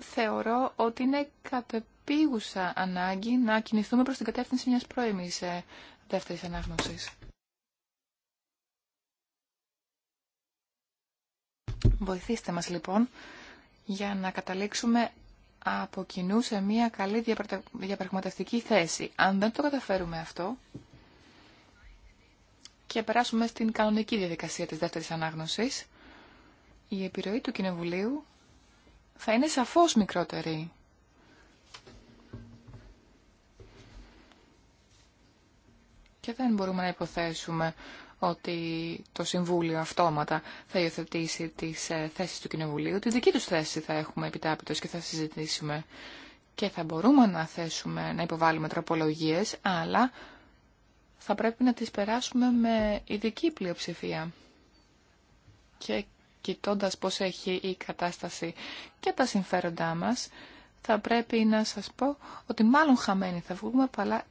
θεωρώ ότι είναι κατεπίγουσα ανάγκη να κινηθούμε προς την κατεύθυνση μιας πρώιμης ε, δεύτερης ανάγνωσης. Βοηθήστε μας λοιπόν για να καταλήξουμε από κοινού σε μια καλή διαπραγματευτική θέση. Αν δεν το καταφέρουμε αυτό και περάσουμε στην κανονική διαδικασία της δεύτερης ανάγνωσης, η επιρροή του Κοινοβουλίου θα είναι σαφώς μικρότερη. Και δεν μπορούμε να υποθέσουμε ότι το Συμβούλιο αυτόματα θα υιοθετήσει τις ε, θέσεις του Κοινοβουλίου. Τη δική τους θέση θα έχουμε επιτάπητος και θα συζητήσουμε. Και θα μπορούμε να θέσουμε, να υποβάλουμε τροπολογίες, αλλά θα πρέπει να τις περάσουμε με ειδική πλειοψηφία. Και κοιτώντας πώς έχει η κατάσταση και τα συμφέροντά μας, θα πρέπει να σας πω ότι μάλλον χαμένοι θα βγούμε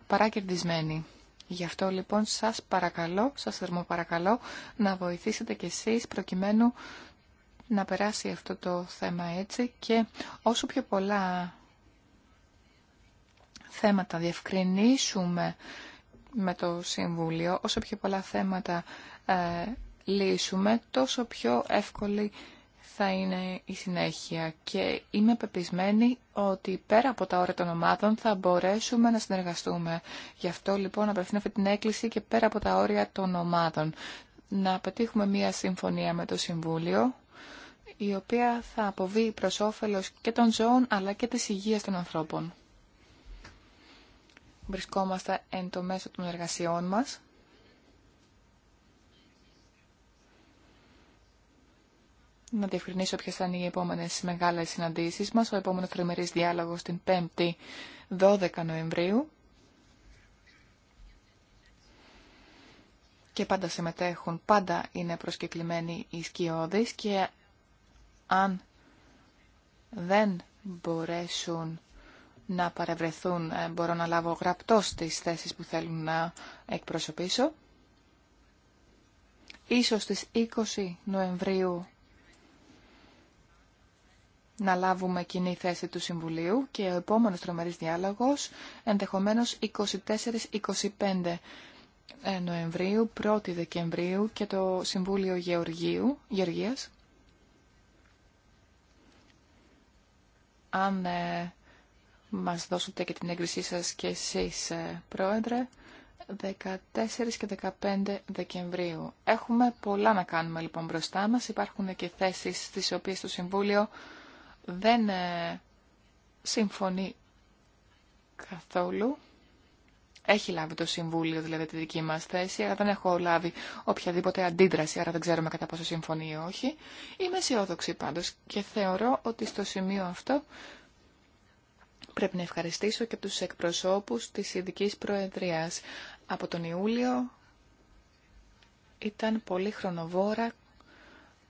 παρά κερδισμένοι. Γι' αυτό λοιπόν σας παρακαλώ, σας θερμοπαρακαλώ να βοηθήσετε κι εσείς προκειμένου να περάσει αυτό το θέμα έτσι και όσο πιο πολλά θέματα διευκρινίσουμε με το Συμβούλιο, όσο πιο πολλά θέματα ε, λύσουμε, τόσο πιο εύκολη θα είναι η συνέχεια. Και είμαι πεπισμένη ότι πέρα από τα όρια των ομάδων θα μπορέσουμε να συνεργαστούμε. Γι' αυτό λοιπόν απευθύνω αυτή την έκκληση και πέρα από τα όρια των ομάδων. Να πετύχουμε μία συμφωνία με το Συμβούλιο, η οποία θα αποβεί προς όφελος και των ζώων αλλά και της υγείας των ανθρώπων. Βρισκόμαστε εν το μέσο των εργασιών μας να διευκρινίσω ποιε θα είναι οι επόμενε μεγάλε συναντήσει μα. Ο επόμενο τριμερή διάλογο την 5η 12 Νοεμβρίου. Και πάντα συμμετέχουν, πάντα είναι προσκεκλημένοι οι σκιώδει και αν δεν μπορέσουν να παρευρεθούν, ε, μπορώ να λάβω γραπτό τις θέσεις που θέλουν να εκπροσωπήσω. Ίσως στις 20 Νοεμβρίου να λάβουμε κοινή θέση του Συμβουλίου και ο επόμενος τρομερής διάλογος ενδεχομένως 24-25 ε, Νοεμβρίου, 1η Δεκεμβρίου και το Συμβούλιο Γεωργίου, Γεωργίας. Αν ε, μας δώσετε και την έγκρισή σας και εσείς ε, Πρόεδρε, 14 και 15 Δεκεμβρίου. Έχουμε πολλά να κάνουμε λοιπόν μπροστά μας. Υπάρχουν και θέσεις στις οποίες το Συμβούλιο δεν ε, συμφωνεί καθόλου. Έχει λάβει το Συμβούλιο, δηλαδή, τη δική μας θέση, αλλά δεν έχω λάβει οποιαδήποτε αντίδραση, άρα δεν ξέρουμε κατά πόσο συμφωνεί ή όχι. Είμαι αισιόδοξη πάντως και θεωρώ ότι στο σημείο αυτό πρέπει να ευχαριστήσω και τους εκπροσώπους της ειδική Προεδρίας. Από τον Ιούλιο ήταν πολύ χρονοβόρα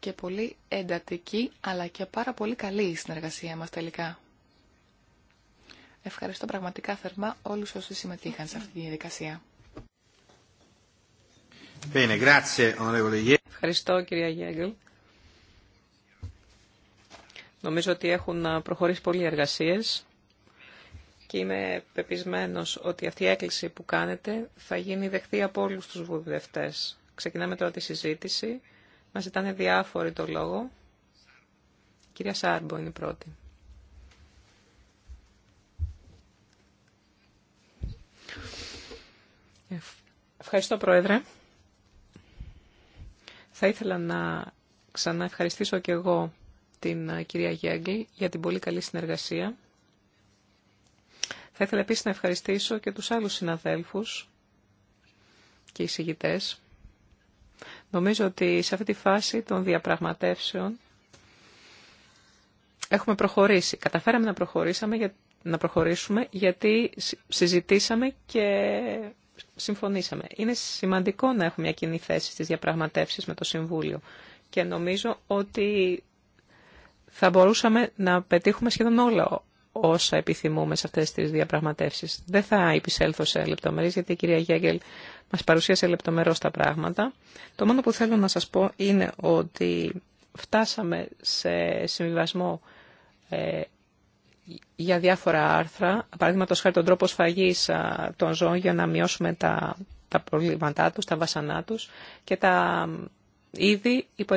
και πολύ εντατική αλλά και πάρα πολύ καλή η συνεργασία μας τελικά. Ευχαριστώ πραγματικά θερμά όλους όσοι συμμετείχαν σε αυτή τη διαδικασία. Ευχαριστώ κυρία Γέγγελ. Νομίζω ότι έχουν προχωρήσει πολλοί εργασίες και είμαι πεπισμένος ότι αυτή η έκκληση που κάνετε θα γίνει δεχτή από όλους τους βουλευτές. Ξεκινάμε τώρα τη συζήτηση. Μα ζητάνε διάφοροι το λόγο. κυρία Σάρμπο είναι η πρώτη. Ευχαριστώ, Πρόεδρε. Θα ήθελα να ξανά ευχαριστήσω και εγώ την ε, κυρία Γέγκλη για την πολύ καλή συνεργασία. Θα ήθελα επίσης να ευχαριστήσω και τους άλλους συναδέλφους και εισηγητές Νομίζω ότι σε αυτή τη φάση των διαπραγματεύσεων έχουμε προχωρήσει. Καταφέραμε να, προχωρήσαμε, για... να προχωρήσουμε γιατί συζητήσαμε και συμφωνήσαμε. Είναι σημαντικό να έχουμε μια κοινή θέση στις διαπραγματεύσεις με το Συμβούλιο και νομίζω ότι θα μπορούσαμε να πετύχουμε σχεδόν όλα όσα επιθυμούμε σε αυτές τις διαπραγματεύσεις. Δεν θα επισέλθω σε λεπτομέρειες γιατί η κυρία Γέγκελ μας παρουσίασε λεπτομερώς τα πράγματα. Το μόνο που θέλω να σας πω είναι ότι φτάσαμε σε συμβιβασμό ε, για διάφορα άρθρα, παραδείγματος χάρη τον τρόπο σφαγής των ζώων για να μειώσουμε τα, τα προβλήματά τους, τα βασανά τους και τα είδη υπό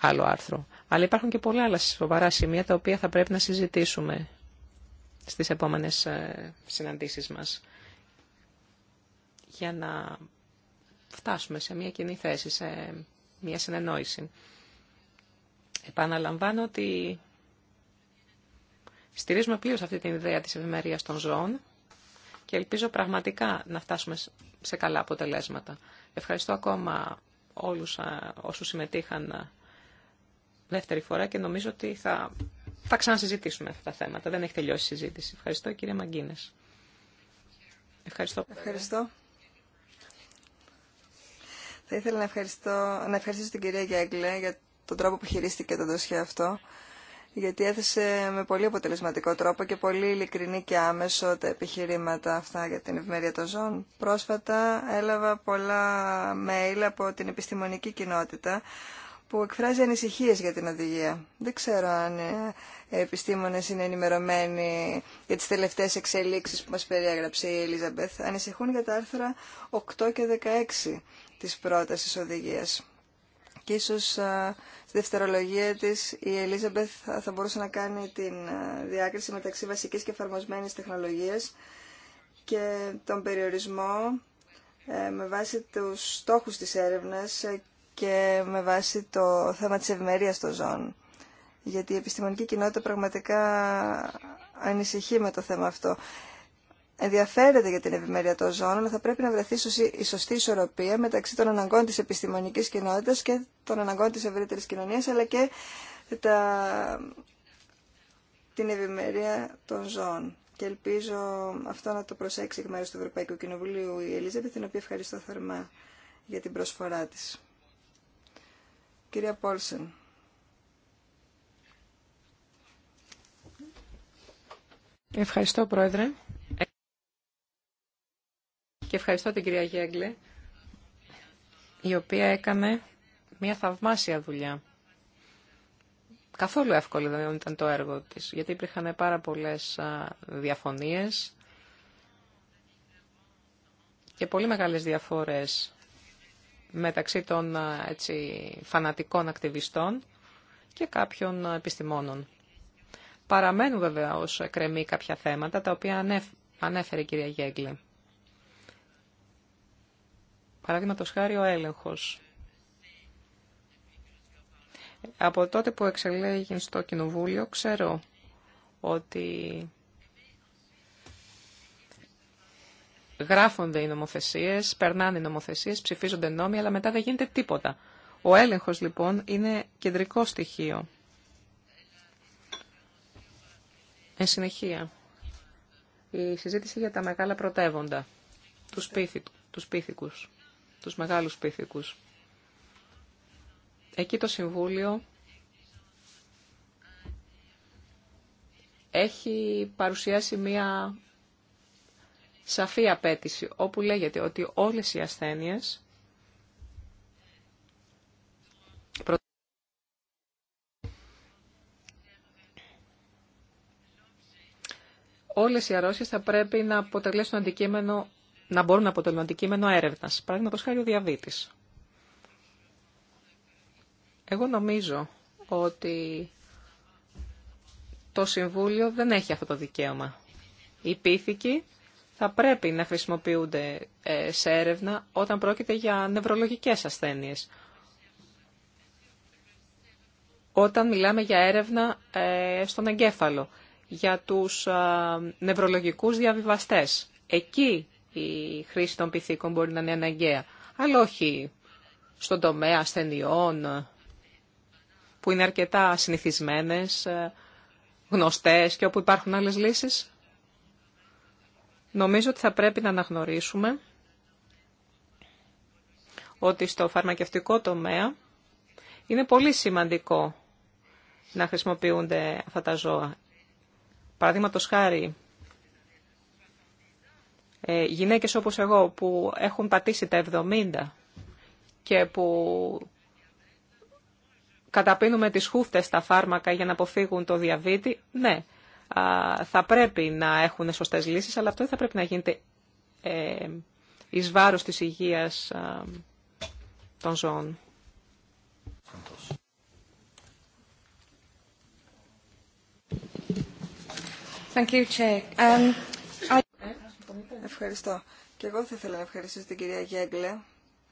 Άλλο άρθρο. Αλλά υπάρχουν και πολλά άλλα σοβαρά σημεία τα οποία θα πρέπει να συζητήσουμε στις επόμενες ε, συναντήσεις μας για να φτάσουμε σε μια κοινή θέση, σε μια συνεννόηση. Επαναλαμβάνω ότι στηρίζουμε πλήρως αυτή την ιδέα της ευημερίας των ζώων και ελπίζω πραγματικά να φτάσουμε σε καλά αποτελέσματα. Ευχαριστώ ακόμα όλους ε, όσους συμμετείχαν ε, δεύτερη φορά και νομίζω ότι θα, θα ξανασυζητήσουμε αυτά τα θέματα. Δεν έχει τελειώσει η συζήτηση. Ευχαριστώ κύριε Μαγκίνε. Ευχαριστώ. Ευχαριστώ. Θα ήθελα να, ευχαριστήσω την κυρία Γέγκλε για τον τρόπο που χειρίστηκε το δοσχέ αυτό, γιατί έθεσε με πολύ αποτελεσματικό τρόπο και πολύ ειλικρινή και άμεσο τα επιχειρήματα αυτά για την ευημερία των ζώων. Πρόσφατα έλαβα πολλά mail από την επιστημονική κοινότητα που εκφράζει ανησυχίες για την οδηγία. Δεν ξέρω αν ε, οι επιστήμονες είναι ενημερωμένοι για τις τελευταίες εξελίξεις που μας περιέγραψε η Ελίζαμπεθ. Ανησυχούν για τα άρθρα 8 και 16 της πρότασης οδηγίας. Και ίσως ε, στη δευτερολογία της η Ελίζαμπεθ θα μπορούσε να κάνει την ε, διάκριση μεταξύ βασικής και εφαρμοσμένης τεχνολογίας και τον περιορισμό με βάση τους στόχους της έρευνας και με βάση το θέμα της ευημερίας των ζώων. Γιατί η επιστημονική κοινότητα πραγματικά ανησυχεί με το θέμα αυτό. Ενδιαφέρεται για την ευημερία των ζώων, αλλά θα πρέπει να βρεθεί η σωστή ισορροπία μεταξύ των αναγκών της επιστημονικής κοινότητας και των αναγκών της ευρύτερη κοινωνίας, αλλά και τα... την ευημερία των ζώων. Και ελπίζω αυτό να το προσέξει εκ μέρους του Ευρωπαϊκού Κοινοβουλίου η Ελίζα, την οποία ευχαριστώ θερμά για την προσφορά της. Κυρία Πόλσεν. Ευχαριστώ, Πρόεδρε. Και ευχαριστώ την κυρία Γέγκλε, η οποία έκανε μια θαυμάσια δουλειά. Καθόλου εύκολη δεν ήταν το έργο της, γιατί υπήρχαν πάρα πολλές διαφωνίες και πολύ μεγάλες διαφορές μεταξύ των ε, έτσι, φανατικών ακτιβιστών και κάποιων επιστημόνων. Παραμένουν βέβαια ως κρεμή κάποια θέματα, τα οποία ανέφερε η κυρία Γέγκλη. Παραδείγματος χάρη ο έλεγχος. Από τότε που εξελέγει στο Κοινοβούλιο, ξέρω ότι γράφονται οι νομοθεσίες, περνάνε οι νομοθεσίες, ψηφίζονται νόμοι, αλλά μετά δεν γίνεται τίποτα. Ο έλεγχος λοιπόν είναι κεντρικό στοιχείο. Εν συνεχεία, η συζήτηση για τα μεγάλα πρωτεύοντα, τους, πίθη, τους πίθηκους, τους μεγάλους πίθηκους. Εκεί το Συμβούλιο έχει παρουσιάσει μία σαφή απέτηση όπου λέγεται ότι όλες οι ασθένειες όλες οι αρρώσεις θα πρέπει να αποτελέσουν αντικείμενο να μπορούν να αποτελούν αντικείμενο έρευνα. Παραδείγματο χάρη ο διαβήτη. Εγώ νομίζω ότι το Συμβούλιο δεν έχει αυτό το δικαίωμα. Υπήθηκε θα πρέπει να χρησιμοποιούνται ε, σε έρευνα όταν πρόκειται για νευρολογικές ασθένειες. Όταν μιλάμε για έρευνα ε, στον εγκέφαλο, για τους νευρολογικούς διαβιβαστές. Εκεί η χρήση των πυθίκων μπορεί να είναι αναγκαία, αλλά όχι στον τομέα ασθενειών που είναι αρκετά συνηθισμένες, ε, γνωστές και όπου υπάρχουν άλλες λύσεις. Νομίζω ότι θα πρέπει να αναγνωρίσουμε ότι στο φαρμακευτικό τομέα είναι πολύ σημαντικό να χρησιμοποιούνται αυτά τα ζώα. Παραδείγματο χάρη, ε, γυναίκες όπως εγώ που έχουν πατήσει τα 70 και που καταπίνουμε τις χούφτες στα φάρμακα για να αποφύγουν το διαβήτη, ναι, θα πρέπει να έχουν σωστές λύσεις, αλλά αυτό δεν θα πρέπει να γίνεται ε, εις βάρος της υγείας των ζώων. Um, Ευχαριστώ. Και εγώ θα ήθελα να ευχαριστήσω την κυρία Γέγκλε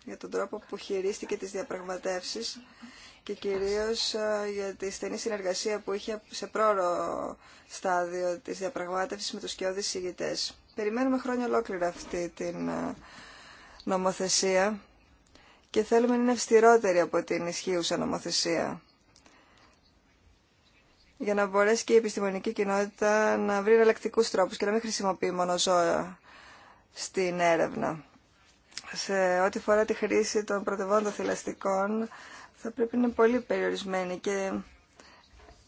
για τον τρόπο που χειρίστηκε τις διαπραγματεύσεις και κυρίως ε, για τη στενή συνεργασία που είχε σε πρόωρο στάδιο της διαπραγμάτευσης με τους σκιώδεις ηγητές. Περιμένουμε χρόνια ολόκληρα αυτή την ε, νομοθεσία και θέλουμε να είναι αυστηρότερη από την ισχύουσα νομοθεσία για να μπορέσει και η επιστημονική κοινότητα να βρει εναλλακτικού τρόπους και να μην χρησιμοποιεί μόνο ζώα στην έρευνα. Σε ό,τι φορά τη χρήση των πρωτευόντων θηλαστικών, θα πρέπει να είναι πολύ περιορισμένη και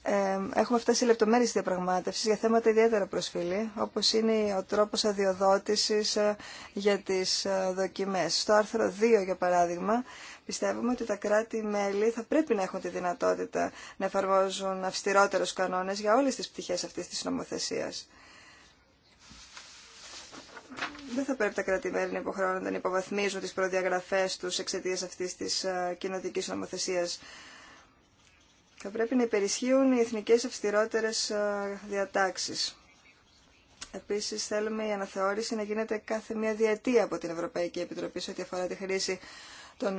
ε, έχουμε φτάσει λεπτομέρειες διαπραγμάτευσης για θέματα ιδιαίτερα προσφυλή, όπως είναι ο τρόπος αδειοδότησης ε, για τις ε, δοκιμές. Στο άρθρο 2, για παράδειγμα, πιστεύουμε ότι τα κράτη-μέλη θα πρέπει να έχουν τη δυνατότητα να εφαρμόζουν αυστηρότερους κανόνες για όλες τις πτυχές αυτής της νομοθεσίας δεν θα πρέπει τα κρατημέρια να υποχρεώνονται να υποβαθμίζουν τις προδιαγραφές τους εξαιτίας αυτής της ε, κοινοτική νομοθεσία. Θα πρέπει να υπερισχύουν οι εθνικές αυστηρότερε ε, διατάξεις. Επίσης θέλουμε η αναθεώρηση να γίνεται κάθε μία διετία από την Ευρωπαϊκή Επιτροπή σε ό,τι αφορά τη χρήση των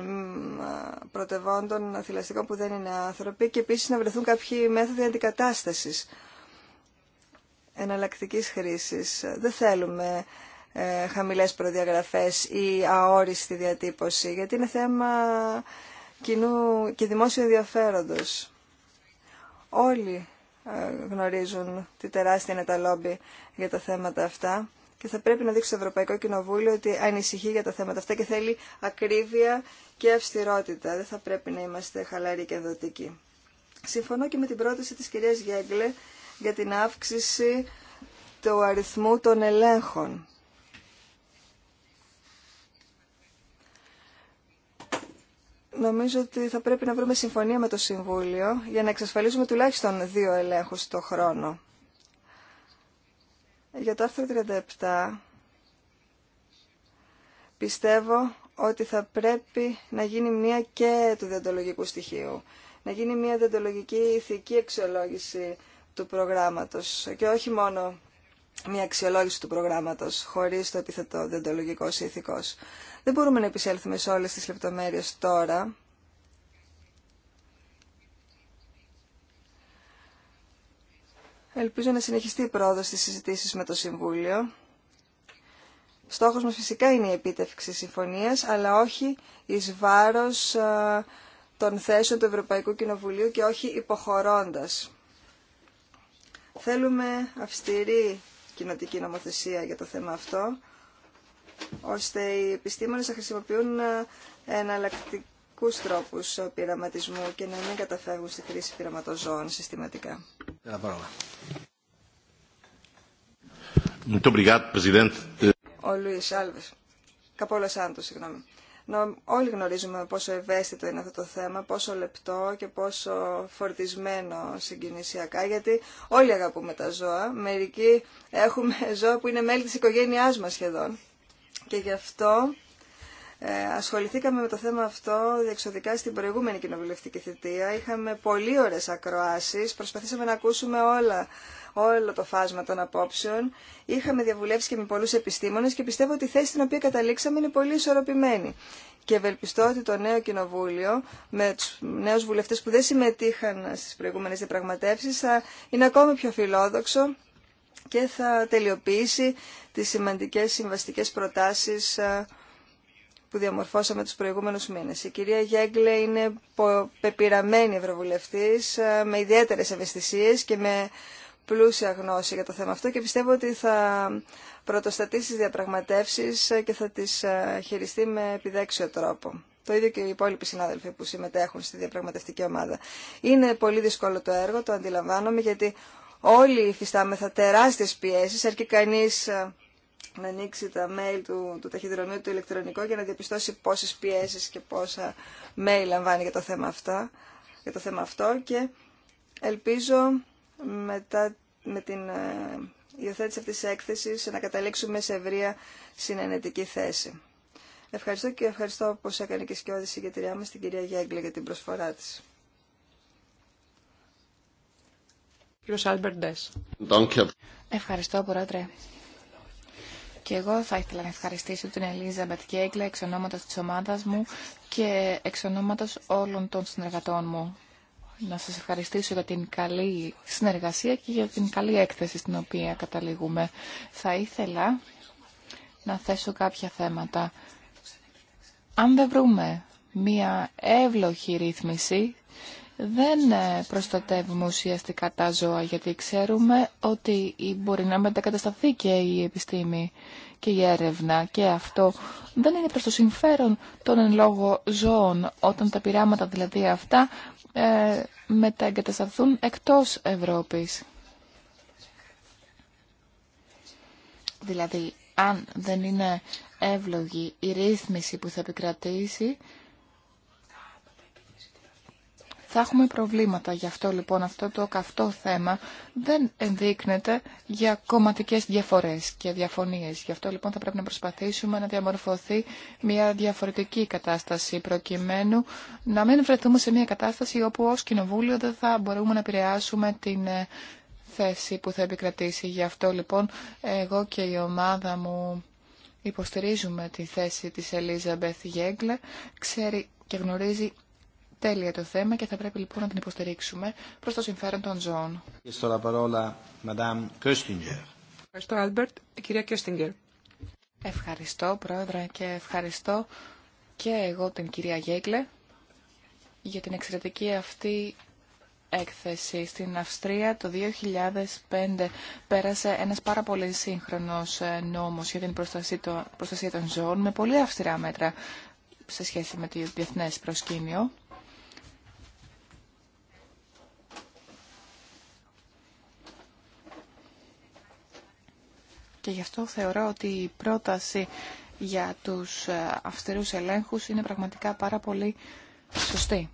ε, πρωτευόντων θηλαστικών που δεν είναι άνθρωποι και επίσης να βρεθούν κάποιοι μέθοδοι αντικατάστασης εναλλακτική χρήση. Δεν θέλουμε ε, χαμηλές προδιαγραφές ή αόριστη διατύπωση, γιατί είναι θέμα κοινού και δημόσιο ενδιαφέροντος. Όλοι ε, γνωρίζουν τι τεράστια είναι τα λόμπι για τα θέματα αυτά και θα πρέπει να δείξει το Ευρωπαϊκό Κοινοβούλιο ότι ανησυχεί για τα θέματα αυτά και θέλει ακρίβεια και αυστηρότητα. Δεν θα πρέπει να είμαστε χαλαροί και δοτικοί. Συμφωνώ και με την πρόταση της κυρίας Γέγκλε για την αύξηση του αριθμού των ελέγχων. Νομίζω ότι θα πρέπει να βρούμε συμφωνία με το Συμβούλιο για να εξασφαλίσουμε τουλάχιστον δύο ελέγχους το χρόνο. Για το άρθρο 37 πιστεύω ότι θα πρέπει να γίνει μία και του διοντολογικού στοιχείου. Να γίνει μία διοντολογική ηθική αξιολόγηση του προγράμματος και όχι μόνο μια αξιολόγηση του προγράμματος χωρίς το επίθετο δεντολογικό ή ηθικός. Δεν μπορούμε να επισέλθουμε σε όλες τις λεπτομέρειες τώρα. Ελπίζω να συνεχιστεί η ηθικο δεν μπορουμε να επισελθουμε σε ολες τις λεπτομερειες τωρα ελπιζω να συνεχιστει η πρόοδο στι συζητήσει με το Συμβούλιο. Στόχος μας φυσικά είναι η επίτευξη συμφωνίας, αλλά όχι εις βάρος ε, των θέσεων του Ευρωπαϊκού Κοινοβουλίου και όχι υποχωρώντας. Θέλουμε αυστηρή κοινοτική νομοθεσία για το θέμα αυτό, ώστε οι επιστήμονες να χρησιμοποιούν ε, εναλλακτικού τρόπους πειραματισμού και να μην καταφεύγουν στη χρήση πειραματοζώων συστηματικά. Ο Λουίς Άλβες. Καπόλα Σάντος, συγγνώμη. Όλοι γνωρίζουμε πόσο ευαίσθητο είναι αυτό το θέμα, πόσο λεπτό και πόσο φορτισμένο συγκινησιακά, γιατί όλοι αγαπούμε τα ζώα. Μερικοί έχουμε ζώα που είναι μέλη της οικογένειάς μας σχεδόν. Και γι' αυτό ε, ασχοληθήκαμε με το θέμα αυτό διεξοδικά στην προηγούμενη κοινοβουλευτική θητεία. Είχαμε πολύ ωραίες ακροάσεις, προσπαθήσαμε να ακούσουμε όλα όλο το φάσμα των απόψεων. Είχαμε διαβουλεύσει και με πολλούς επιστήμονες και πιστεύω ότι η θέση στην οποία καταλήξαμε είναι πολύ ισορροπημένη. Και ευελπιστώ ότι το νέο κοινοβούλιο με τους νέους βουλευτές που δεν συμμετείχαν στις προηγούμενες διαπραγματεύσεις θα είναι ακόμη πιο φιλόδοξο και θα τελειοποιήσει τις σημαντικές συμβαστικές προτάσεις που διαμορφώσαμε τους προηγούμενους μήνες. Η κυρία Γέγκλε είναι πεπειραμένη ευρωβουλευτής, με ιδιαίτερες ευαισθησίες και με πλούσια γνώση για το θέμα αυτό και πιστεύω ότι θα πρωτοστατήσει τις διαπραγματεύσεις και θα τις ε, χειριστεί με επιδέξιο τρόπο. Το ίδιο και οι υπόλοιποι συνάδελφοι που συμμετέχουν στη διαπραγματευτική ομάδα. Είναι πολύ δύσκολο το έργο, το αντιλαμβάνομαι, γιατί όλοι υφιστάμεθα τεράστιες πιέσεις, αρκεί κανείς ε, να ανοίξει τα mail του, του ταχυδρομείου του ηλεκτρονικού για να διαπιστώσει πόσες πιέσεις και πόσα mail λαμβάνει για το θέμα, αυτά, για το θέμα αυτό και ελπίζω μετά με την ε, υιοθέτηση αυτής της έκθεσης να καταλήξουμε σε ευρεία συνενετική θέση. Ευχαριστώ και ευχαριστώ πως έκανε και σκιώδη συγκεκριά μας την κυρία Γέγκλε για την προσφορά της. Ευχαριστώ, Πρόεδρε. Και εγώ θα ήθελα να ευχαριστήσω την Ελίζα Μπατκέγκλα εξ ονόματος της ομάδας μου και εξ ονόματος όλων των συνεργατών μου να σας ευχαριστήσω για την καλή συνεργασία και για την καλή έκθεση στην οποία καταλήγουμε. Θα ήθελα να θέσω κάποια θέματα. Αν δεν βρούμε μία εύλογη ρύθμιση, δεν ε, προστατεύουμε ουσιαστικά τα ζώα, γιατί ξέρουμε ότι μπορεί να μετακατασταθεί και η επιστήμη και η έρευνα και αυτό δεν είναι προς το συμφέρον των εν λόγω ζώων, όταν τα πειράματα δηλαδή αυτά ε, μεταγκατασταθούν εκτός Ευρώπης. Δηλαδή, αν δεν είναι εύλογη η ρύθμιση που θα επικρατήσει, θα έχουμε προβλήματα γι' αυτό λοιπόν αυτό το καυτό θέμα δεν ενδείκνεται για κομματικές διαφορές και διαφωνίες. Γι' αυτό λοιπόν θα πρέπει να προσπαθήσουμε να διαμορφωθεί μια διαφορετική κατάσταση προκειμένου να μην βρεθούμε σε μια κατάσταση όπου ως κοινοβούλιο δεν θα μπορούμε να επηρεάσουμε την ε, θέση που θα επικρατήσει. Γι' αυτό λοιπόν εγώ και η ομάδα μου υποστηρίζουμε τη θέση της Ελίζα Μπεθ Γέγκλε. Ξέρει και γνωρίζει τέλεια το θέμα και θα πρέπει λοιπόν να την υποστηρίξουμε προς το συμφέρον των ζώων. Ευχαριστώ, Άλμπερτ. Κυρία Ευχαριστώ, Πρόεδρε, και ευχαριστώ και εγώ την κυρία Γέγκλε για την εξαιρετική αυτή έκθεση. Στην Αυστρία το 2005 πέρασε ένας πάρα πολύ σύγχρονος ε, νόμος για την προστασία των ζώων με πολύ αυστηρά μέτρα σε σχέση με το διεθνές προσκήνιο. Και γι' αυτό θεωρώ ότι η πρόταση για τους ε, αυστηρούς ελέγχους είναι πραγματικά πάρα πολύ σωστή.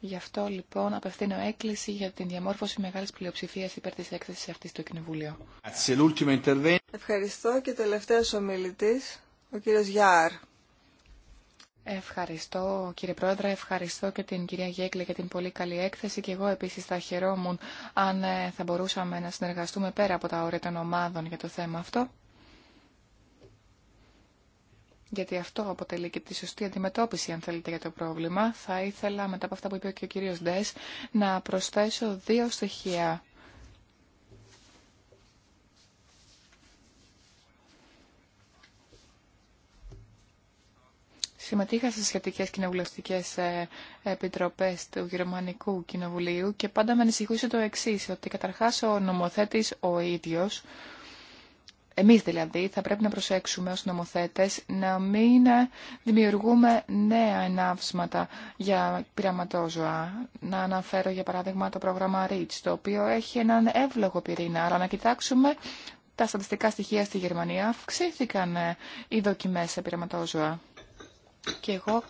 Γι' αυτό λοιπόν απευθύνω έκκληση για την διαμόρφωση μεγάλη πλειοψηφία υπέρ τη έκθεση αυτή στο Κοινοβούλιο. Ευχαριστώ και τελευταίο ομιλητή, ο κύριο Γιάρ. Ευχαριστώ κύριε Πρόεδρε, ευχαριστώ και την κυρία Γέκλη για την πολύ καλή έκθεση και εγώ επίσης θα χαιρόμουν αν ε, θα μπορούσαμε να συνεργαστούμε πέρα από τα όρια των ομάδων για το θέμα αυτό. Γιατί αυτό αποτελεί και τη σωστή αντιμετώπιση, αν θέλετε, για το πρόβλημα. Θα ήθελα, μετά από αυτά που είπε και ο κύριος Ντές, να προσθέσω δύο στοιχεία Συμμετείχα σε σχετικές κοινοβουλευτικές ε, επιτροπές του Γερμανικού Κοινοβουλίου και πάντα με ανησυχούσε το εξή: ότι καταρχάς ο νομοθέτης ο ίδιος, εμείς δηλαδή, θα πρέπει να προσέξουμε ως νομοθέτες να μην ε, δημιουργούμε νέα ενάψματα για πειραματόζωα. Να αναφέρω για παράδειγμα το πρόγραμμα REACH, το οποίο έχει έναν εύλογο πυρήνα, αλλά να κοιτάξουμε τα στατιστικά στοιχεία στη Γερμανία αυξήθηκαν ε, οι δοκιμές σε πειραματόζωα. Και εγώ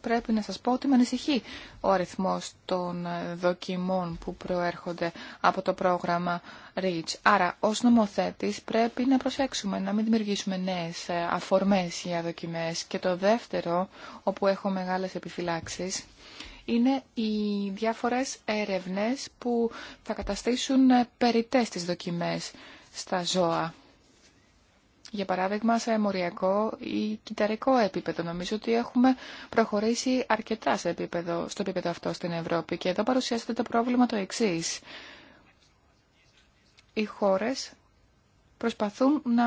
πρέπει να σας πω ότι με ανησυχεί ο αριθμός των ε, δοκιμών που προέρχονται από το πρόγραμμα REACH. Άρα, ως νομοθέτης πρέπει να προσέξουμε, να μην δημιουργήσουμε νέες ε, αφορμές για δοκιμές. Και το δεύτερο, όπου έχω μεγάλες επιφυλάξεις, είναι οι διάφορες έρευνες που θα καταστήσουν ε, περιτές τις δοκιμές στα ζώα για παράδειγμα, σε αιμοριακό ή κυταρικό επίπεδο. Νομίζω ότι έχουμε προχωρήσει αρκετά σε επίπεδο, στο επίπεδο αυτό στην Ευρώπη και εδώ παρουσιάζεται το πρόβλημα το εξή. Οι χώρες προσπαθούν να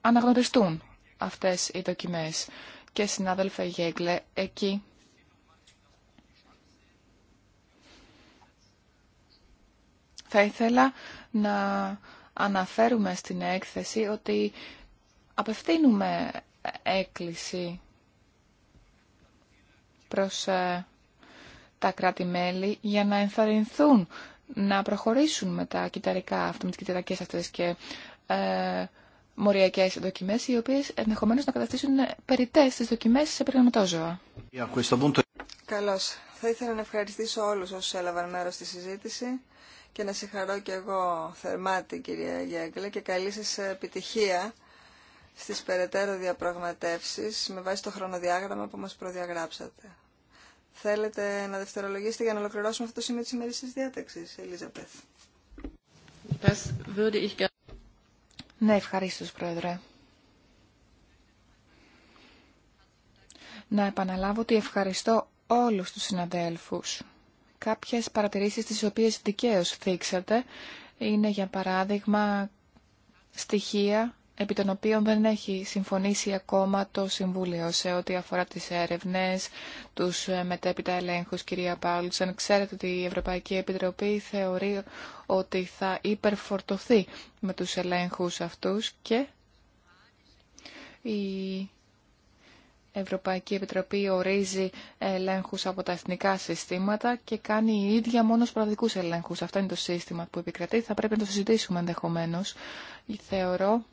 αναγνωριστούν αυτές οι δοκιμές. Και συνάδελφε Γέγκλε, εκεί θα ήθελα να αναφέρουμε στην έκθεση ότι απευθύνουμε έκκληση προς ε, τα κράτη-μέλη για να ενθαρρυνθούν να προχωρήσουν με τα κυταρικά αυτά, με τις κυταρικές αυτές και ε, μοριακές δοκιμές, οι οποίες ενδεχομένως να καταστήσουν ε, περιττές τις δοκιμές σε περιγραμματόζωα. Καλώς. Θα ήθελα να ευχαριστήσω όλους όσους έλαβαν μέρος στη συζήτηση και να συγχαρώ και εγώ θερμά την κυρία Γιάγκλα και καλή σας επιτυχία στις περαιτέρω διαπραγματεύσεις με βάση το χρονοδιάγραμμα που μας προδιαγράψατε. Θέλετε να δευτερολογήσετε για να ολοκληρώσουμε αυτό το σημείο της της διάταξης, Ελίζαπεθ. Ναι, ευχαρίστω, Πρόεδρε. Να επαναλάβω ότι ευχαριστώ όλους τους συναδέλφους. Κάποιες παρατηρήσεις τις οποίες δικαίως θίξατε είναι, για παράδειγμα, στοιχεία επί των οποίων δεν έχει συμφωνήσει ακόμα το Συμβούλιο σε ό,τι αφορά τις έρευνες, τους μετέπειτα ελέγχους, κυρία Πάουλτσεν. Ξέρετε ότι η Ευρωπαϊκή Επιτροπή θεωρεί ότι θα υπερφορτωθεί με τους ελέγχους αυτούς και η Ευρωπαϊκή Επιτροπή ορίζει ελέγχους από τα εθνικά συστήματα και κάνει η ίδια μόνο σπραδικούς ελέγχους. Αυτό είναι το σύστημα που επικρατεί. Θα πρέπει να το συζητήσουμε ενδεχομένως. Θεωρώ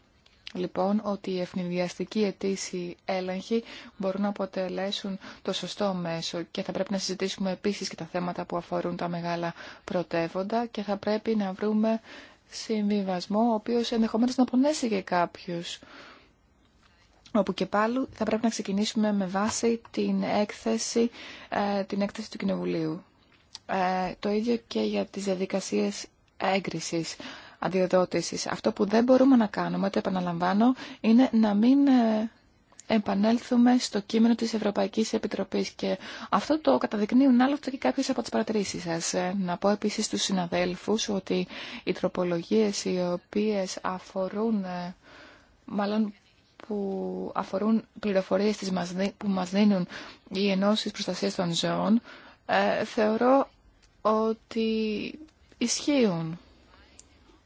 λοιπόν ότι οι ευνηδιαστικοί αιτήσιοι έλεγχοι μπορούν να αποτελέσουν το σωστό μέσο και θα πρέπει να συζητήσουμε επίσης και τα θέματα που αφορούν τα μεγάλα πρωτεύοντα και θα πρέπει να βρούμε συμβιβασμό ο οποίος ενδεχομένως να πονέσει και κάποιους όπου και πάλι θα πρέπει να ξεκινήσουμε με βάση την έκθεση, ε, την έκθεση του Κοινοβουλίου. Ε, το ίδιο και για τις διαδικασίες έγκρισης αντιοδότησης. Αυτό που δεν μπορούμε να κάνουμε, το επαναλαμβάνω, είναι να μην ε, επανέλθουμε στο κείμενο της Ευρωπαϊκής Επιτροπής και αυτό το καταδεικνύουν άλλωστε και κάποιες από τις παρατηρήσεις σας. Ε, να πω επίσης στους συναδέλφους ότι οι τροπολογίες οι οποίες αφορούν, ε, μάλλον που αφορούν πληροφορίες που μας δίνουν οι ενώσεις προστασίας των ζώων, θεωρώ ότι ισχύουν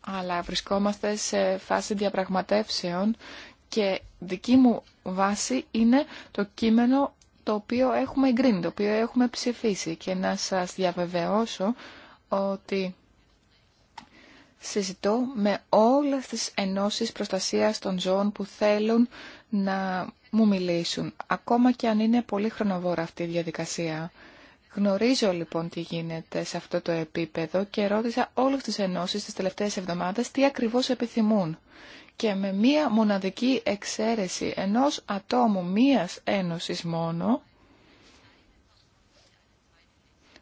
αλλά βρισκόμαστε σε φάση διαπραγματεύσεων και δική μου βάση είναι το κείμενο το οποίο έχουμε εγκρίνει, το οποίο έχουμε ψηφίσει και να σας διαβεβαιώσω ότι συζητώ με όλες τις ενώσεις προστασίας των ζώων που θέλουν να μου μιλήσουν, ακόμα και αν είναι πολύ χρονοβόρα αυτή η διαδικασία. Γνωρίζω λοιπόν τι γίνεται σε αυτό το επίπεδο και ρώτησα όλες τις ενώσεις τις τελευταίες εβδομάδες τι ακριβώς επιθυμούν. Και με μία μοναδική εξαίρεση ενός ατόμου μίας ένωσης μόνο,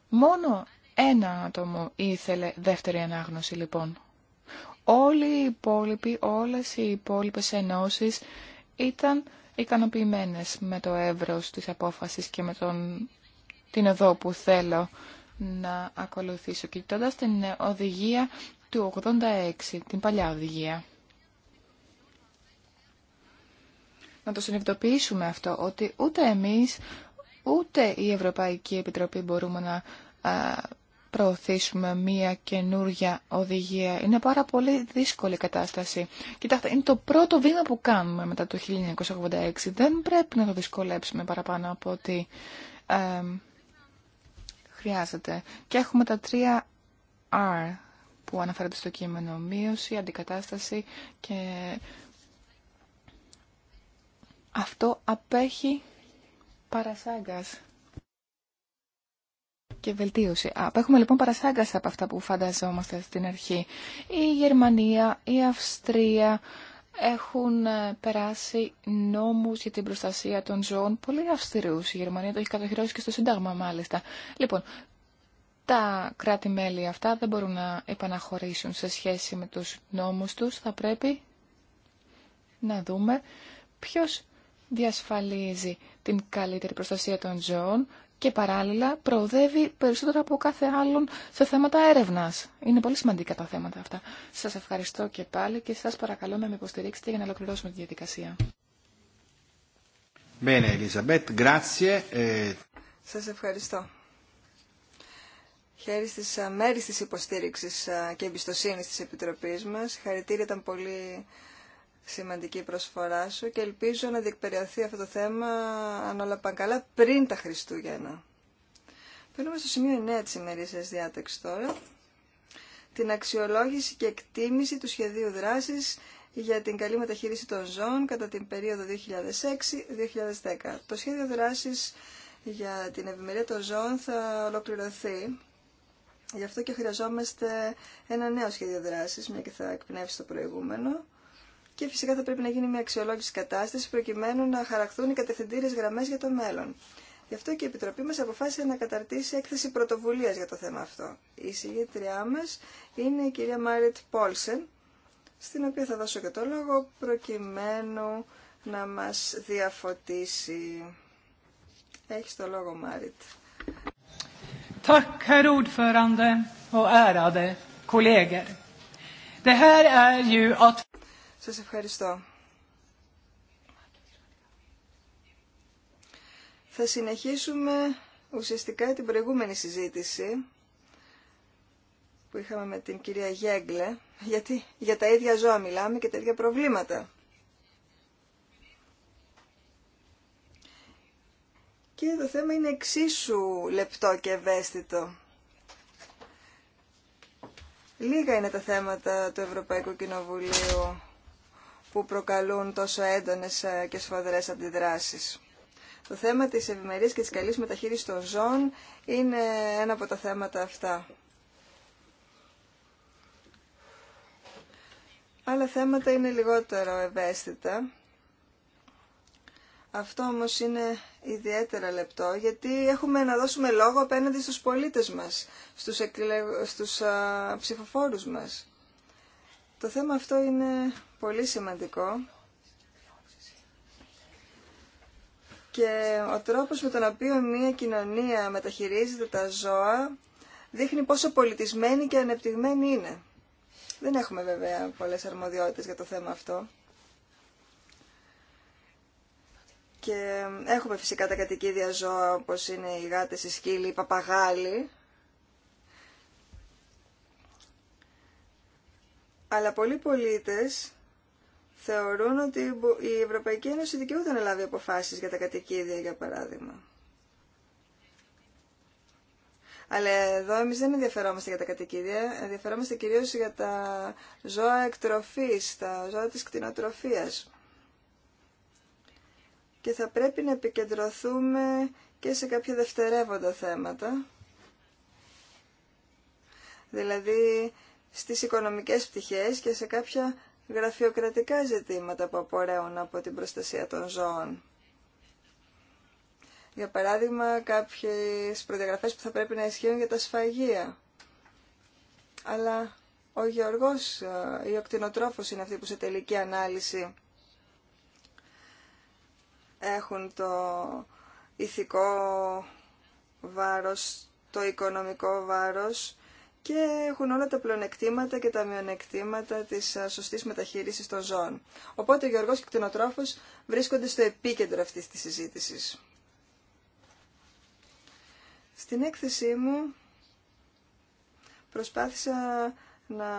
μόνο ένα άτομο ήθελε δεύτερη ανάγνωση λοιπόν. Όλοι οι υπόλοιποι, όλες οι υπόλοιπες ενώσεις ήταν ικανοποιημένες με το εύρος της απόφασης και με τον την οδό που θέλω να ακολουθήσω, κοιτώντας την οδηγία του 86, την παλιά οδηγία. Να το συνειδητοποιήσουμε αυτό, ότι ούτε εμείς, ούτε η Ευρωπαϊκή Επιτροπή μπορούμε να προωθήσουμε μία καινούργια οδηγία. Είναι πάρα πολύ δύσκολη η κατάσταση. Κοιτάξτε, είναι το πρώτο βήμα που κάνουμε μετά το 1986. Δεν πρέπει να το δυσκολέψουμε παραπάνω από ότι χρειάζεται. Και έχουμε τα τρία R που αναφέρονται στο κείμενο. Μείωση, αντικατάσταση και αυτό απέχει παρασάγκας και βελτίωση. Απέχουμε λοιπόν παρασάγκας από αυτά που φανταζόμαστε στην αρχή. Η Γερμανία, η Αυστρία, έχουν ε, περάσει νόμους για την προστασία των ζώων πολύ αυστηρούς. Η Γερμανία το έχει κατοχυρώσει και στο Σύνταγμα μάλιστα. Λοιπόν, τα κράτη-μέλη αυτά δεν μπορούν να επαναχωρήσουν σε σχέση με τους νόμους τους. Θα πρέπει να δούμε ποιος διασφαλίζει την καλύτερη προστασία των ζώων, και παράλληλα προοδεύει περισσότερο από κάθε άλλον σε θέματα έρευνας. Είναι πολύ σημαντικά τα θέματα αυτά. Σας ευχαριστώ και πάλι και σας παρακαλώ να με υποστηρίξετε για να ολοκληρώσουμε τη διαδικασία. E- σας ευχαριστώ. Χαίρι στις μέρη της υποστήριξης ε, και εμπιστοσύνης της Επιτροπής μας. Χαρητήρια ήταν πολύ σημαντική προσφορά σου και ελπίζω να διεκπεριωθεί αυτό το θέμα, αν όλα πάνε καλά, πριν τα Χριστούγεννα. Περνούμε στο σημείο 9 της ημερήσιας διάταξης τώρα. Την αξιολόγηση και εκτίμηση του σχεδίου δράσης για την καλή μεταχείριση των ζώων κατά την περίοδο 2006-2010. Το σχέδιο δράσης για την ευημερία των ζώων θα ολοκληρωθεί. Γι' αυτό και χρειαζόμαστε ένα νέο σχέδιο δράσης, μια και θα εκπνεύσει το προηγούμενο και φυσικά θα πρέπει να γίνει μια αξιολόγηση κατάσταση προκειμένου να χαραχθούν οι κατευθυντήριε γραμμέ για το μέλλον. Γι' αυτό και η Επιτροπή μα αποφάσισε να καταρτήσει έκθεση πρωτοβουλία για το θέμα αυτό. Η συγγήτριά μα είναι η κυρία Μάριτ Πόλσεν, στην οποία θα δώσω και το λόγο προκειμένου να μα διαφωτίσει. Έχει το λόγο Μάριτ. Tack, herr ordförande och ärade σας ευχαριστώ. Θα συνεχίσουμε ουσιαστικά την προηγούμενη συζήτηση που είχαμε με την κυρία Γέγκλε, γιατί για τα ίδια ζώα μιλάμε και τα ίδια προβλήματα. Και το θέμα είναι εξίσου λεπτό και ευαίσθητο. Λίγα είναι τα θέματα του Ευρωπαϊκού Κοινοβουλίου που προκαλούν τόσο έντονες ε, και σφοδρές αντιδράσεις. Το θέμα της ευημερίας και της καλής μεταχείρισης των ζώων είναι ένα από τα θέματα αυτά. Άλλα θέματα είναι λιγότερο ευαίσθητα. Αυτό όμως είναι ιδιαίτερα λεπτό γιατί έχουμε να δώσουμε λόγο απέναντι στους πολίτες μας, στους, εκλε... στους ψηφοφόρους μας. Το θέμα αυτό είναι πολύ σημαντικό και ο τρόπος με τον οποίο μια κοινωνία μεταχειρίζεται τα ζώα δείχνει πόσο πολιτισμένη και ανεπτυγμένη είναι. Δεν έχουμε βέβαια πολλές αρμοδιότητες για το θέμα αυτό. Και έχουμε φυσικά τα κατοικίδια ζώα όπως είναι οι γάτες, οι σκύλοι, οι παπαγάλοι. Αλλά πολλοί πολίτες θεωρούν ότι η Ευρωπαϊκή Ένωση δικαιούται να λάβει αποφάσεις για τα κατοικίδια, για παράδειγμα. Αλλά εδώ εμείς δεν ενδιαφερόμαστε για τα κατοικίδια, ενδιαφερόμαστε κυρίως για τα ζώα εκτροφής, τα ζώα της κτηνοτροφίας. Και θα πρέπει να επικεντρωθούμε και σε κάποια δευτερεύοντα θέματα. Δηλαδή στις οικονομικές πτυχές και σε κάποια γραφειοκρατικά ζητήματα που απορρέουν από την προστασία των ζώων. Για παράδειγμα, κάποιες προδιαγραφές που θα πρέπει να ισχύουν για τα σφαγεία. Αλλά ο γεωργός ή ε, ο κτηνοτρόφος είναι αυτοί που σε τελική ανάλυση έχουν το ηθικό βάρος, το οικονομικό βάρος και έχουν όλα τα πλεονεκτήματα και τα μειονεκτήματα της ε, σωστή μεταχείρισης των ζώων. Οπότε ο Γιώργος και ο κτηνοτρόφο βρίσκονται στο επίκεντρο αυτής της συζήτηση. Στην έκθεσή μου προσπάθησα να